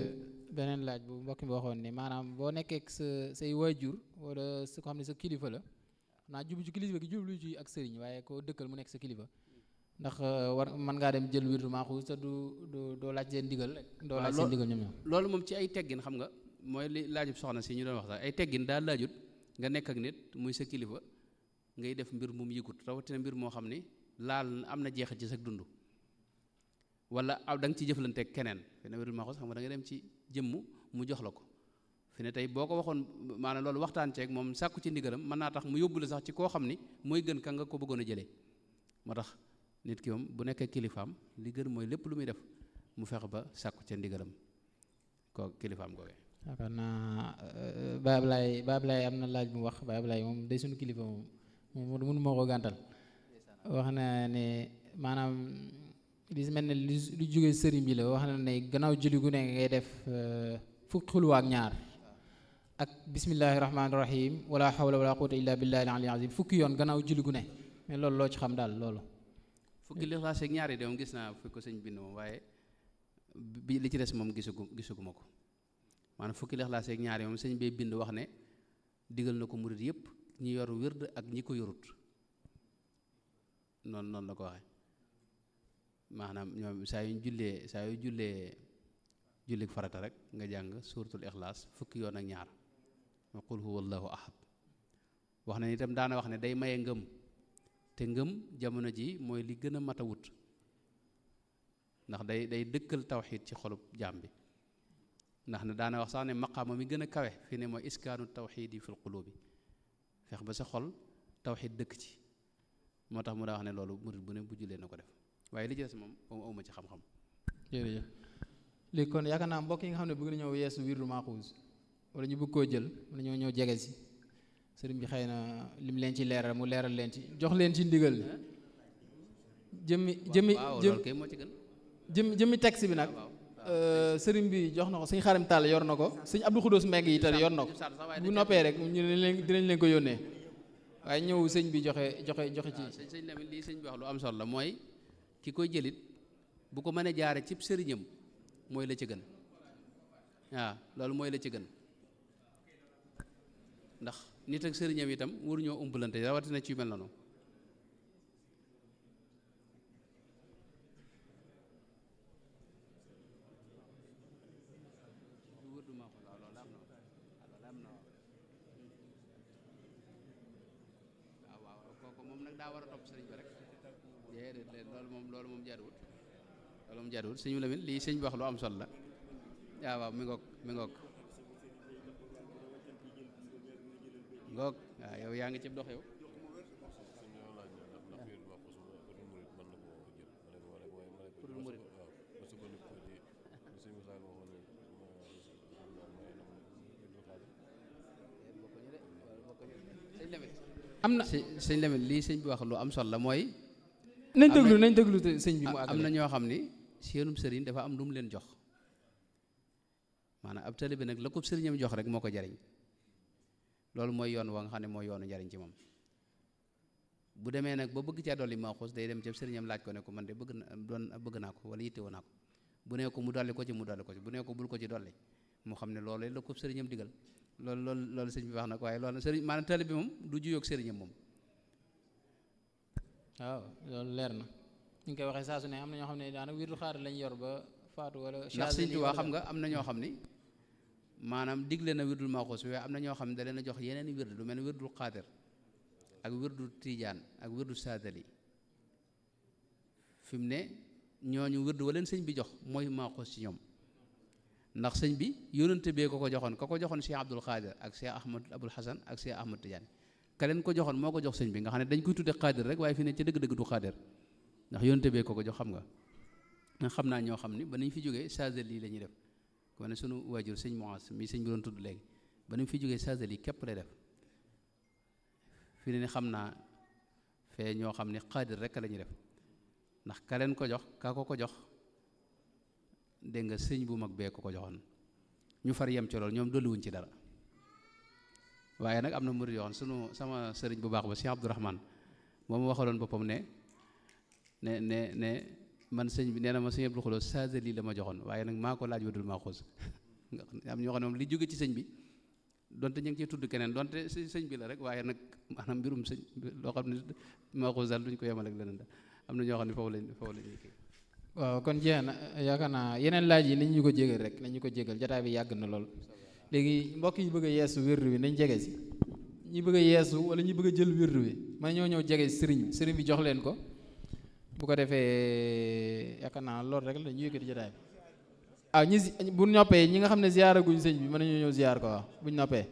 beneen laaj bu mbokk mi waxoon ni maanaam boo nekkee sa say waajur wala su xam ne sa kilifa la naa jubu ci kilifa gi jublu ci ak sëriñ waaye koo dëkkal mu nekk sa kilifa ndax euh, war mën ngaa dem jël wirdu maaxu sa du doo laaj seen digal doo laaj seen digal ñoom ñoom loolu moom ci ay teggin xam nga mooy li laajub soxna si ñu doon wax sax ay teggin daal laajut nga nekk ak nit muy sa kilifa ngay def mbir mu mu yëgut rawatina mbir moo xam ni laal am na jeexal ci sa dund walla aw danga nga ci jëflanteeg keneen fenn wirdu maaxu sax xam nga da dem ci jëmm mu jox la ko fi ne tey boo ko waxoon maanaam loolu waxtaan ceeg moom sàkku ci ndigalam mën naa tax mu yóbbu la sax ci koo xam ni mooy gën ka nga ko bëggoon a jëlee moo tax nit ki moom bu nekkee kilifaam li gën mooy lépp lu muy def mu fexe ba sàkku ca ndigalam koo kilifaam googee yaakaar naa euh, Baye am na laaj mu wax Baye Ablaye moom day suñu kilifa moom moom mënu moo ko gàntal wax na ne maanaam li mel ne lu jóge sëriñ bi la wax na ne gannaaw julli ku ne ngay def euh, fukk xulwa ñaar ak bismillahi rahmaani rahim wala hawla wala quwwata illa i al aliyyil azim fukki yoon gannaaw julli gu ne mais lool loo ci xam daal loolu fukki lixlaas ak ñaari doom gis naa fukk ko sëñ bind moom waaye bi li ci des moom gisugu gisuguma ko maanaam fukki lixlaas ak ñaari moom sëñ bee bind wax ne digal na ko murit yëpp ñi yor wird ak ñi ko yorut noon noonu la ko waxe maanaam saa yu jullee saa yu jullee jullik farata rek nga jàng suuratul ixlaas fukki yoon ak ñaar ma qul huwa allahu ahad wax na itam daana wax ne day maye ngëm te ngëm jamono ji mooy li gën a mat wut ndax day day dëkkal tawxiid ci xolub jaam bi ndax ne daana wax sax ne maqaama mi gën a kawe fi ne mooy iskaanu tawxiid yi fil bi fex ba sa xol tawxiid dëkk ci moo tax mu daa wax ne loolu murit bu ne bu jullee na ko def waaye li ci moom moom awma ci xam-xam jërëjëf léegi kon yaakaar xam ne wala ñu bëgg koo jël wala ñoo ñëw jege si sëriñ bi xëy na lim leen ci leeral mu leeral leen ci jox leen ci ndigal jëmmi jëmmi jëmmi jëmmi texte bi nag euh, sëriñ bi jox na ko suñ xarim tàll yor na ko suñ abdu xudóos megg yi tal yor na ko bu noppee rek ñu leen dinañ leen ko yónnee waaye ñëw sëñ bi joxe joxe joxe ci sëñ Lamin lii sëñ bi wax lu am solo la mooy ki koy jëlit bu ko mënee jaare cib sëriñam mooy la ci gën waaw loolu mooy la ci gën ndax nit ak sëriñam itam waruñoo umpalante rawatina ci yu mel noonu loolu moom jaaduwul sëñ Lamine lii sëñ bi wax lu am solo la waaw waaw mi ngoog mi ngoog ngoog yow yaa ngi ci dox yow. am na sëñ Lamine lii sëñ bi wax lu am solo la mooy. nañ déglu nañ déglu sëñ bi mu am na ñoo xam ni seenum sëriñ dafa am lu mu leen jox maanaam ab taalibe bi nag la ko sëriñam jox rek moo ko jariñ loolu mooy yoon wa nga xam ne mooy yoonu njariñ ci moom bu demee nag ba bëgg caa dolli maaxuus day dem ca sëriñam laaj ko ne ko man de bëgg na doon bëgg naa ko wala yittewoo naa ko bu nee ko mu ko ci mu dolli bu nee ko bul ko ci dolli mu xam ne loolu la ko sëriñam digal lool loolu loolu sëriñ bi wax na ko waaye loolu sëriñ maanaam tali bi moom du juyoog leer na ñu koy waxee saa ne am na ñoo xam ne daanaka wirdu xaar lañ yor ba faatu wala ndax sëriñ xam nga am na ñoo xam ni maanaam digle na wirdul maxuus yooyu am na ñoo xam ne da leen jox yeneen i wird lu mel ne wirdul xaadir ak wirdul tiijaan ak wirdu saadali fi mu ne ñoo ñu wa leen sëñ bi jox mooy maxuus ci ñoom ndax sëñ bi yónnante bee ko ko joxoon ko ko joxoon Cheikh Abdul Xaadir ak Cheikh Ahmad Abul Hasan ak Cheikh Ahmad Tidiane ka ko joxoon moo ko jox sëñ bi nga xam ne dañ koy tudde xaadir rek waaye fi ne ca dëgg-dëgg du xaadir ndax yónnante bee ko ko jox xam nga nga xam naa ñoo xam ni ba nañ fi jógee saadali la ñuy def kon sunu waajur sëñ Muas mi sëñ bi doon tudd léegi ba ni fi jógee saasal yi képp lay def fi ni xam naa fee ñoo xam ne xaadir rekk la def ndax ka ko jox kaa ko ko jox dégg nga sëñ bu mag bee ko ko joxoon ñu far yem ci loolu ñoom dolliwuñ ci dara waaye nag am na murid yoo xam sunu sama sëriñ bu baax ba Cheikh Abdourahman moo ma waxaloon boppam ne ne ne man sëñ bi neena na ma sëñ Abdou Khoudous sage lii la ma joxoon waaye nag maa ko laaj wadul maa xuus am ñoo xam ne moom li jóge ci sëñ bi donte ñu ngi ciy tudd keneen donte sëñ bi la rek waaye nag maanaam mbirum sëñ loo xam ne maa xuus daal duñ ko yemal ak leneen daal am na ñoo xam ne foofu lañ foofu lañ kii waaw kon jeex na yaakaar naa yeneen laaj yi nañ ñu ko jégal rek nañ ñu ko jégal jotaay bi yàgg na lool léegi mbokk yi bëgg a yeesu wérdu wi nañ jege si ñi bëgg a yeesu wala ñi bëgg a jël wérdu wi man ñoo ñëw jege si seriñ sëriñ bi jox leen ko bu ko defee yaakaar naa loolu rek la ñuy yëkkati jotaay bi ah ñi bu noppee ñi nga xam ne ziyaara guñ sëñ bi mën nañu ñëw ziyaar ko bu buñ noppee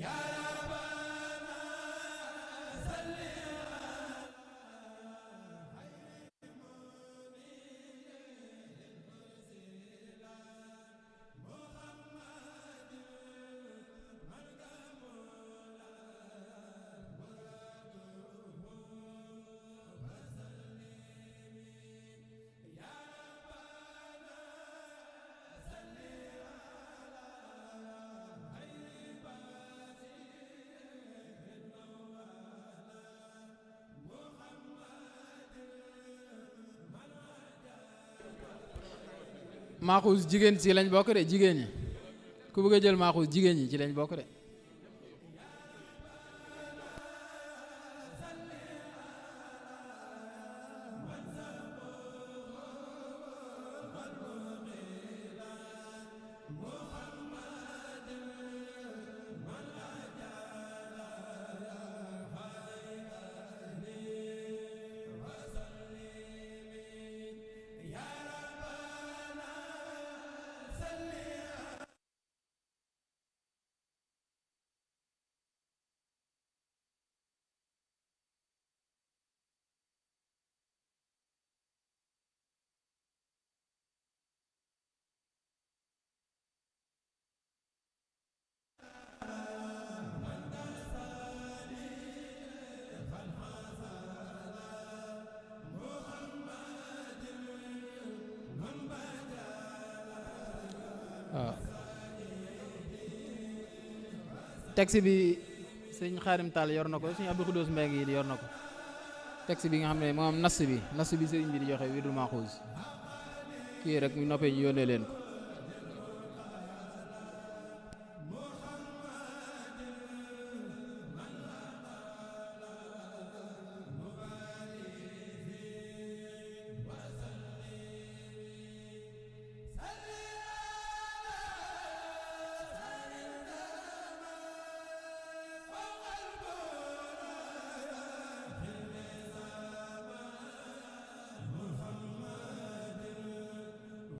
yaa maaxuus jigéen si lañ bokk de jigéen ñi ku bëgg a jël maaxuus jigéen ñi ci lañ bokk de texte bi sëñ Xaarim Tall yor na ko sëñ Abdou Khoudous Mbengue yi yor na ko texte bi nga xam ne moom nas bi nas bi sëriñ bi di joxe wirdul Maxuus kii rek ñu noppee ñu yónnee leen ko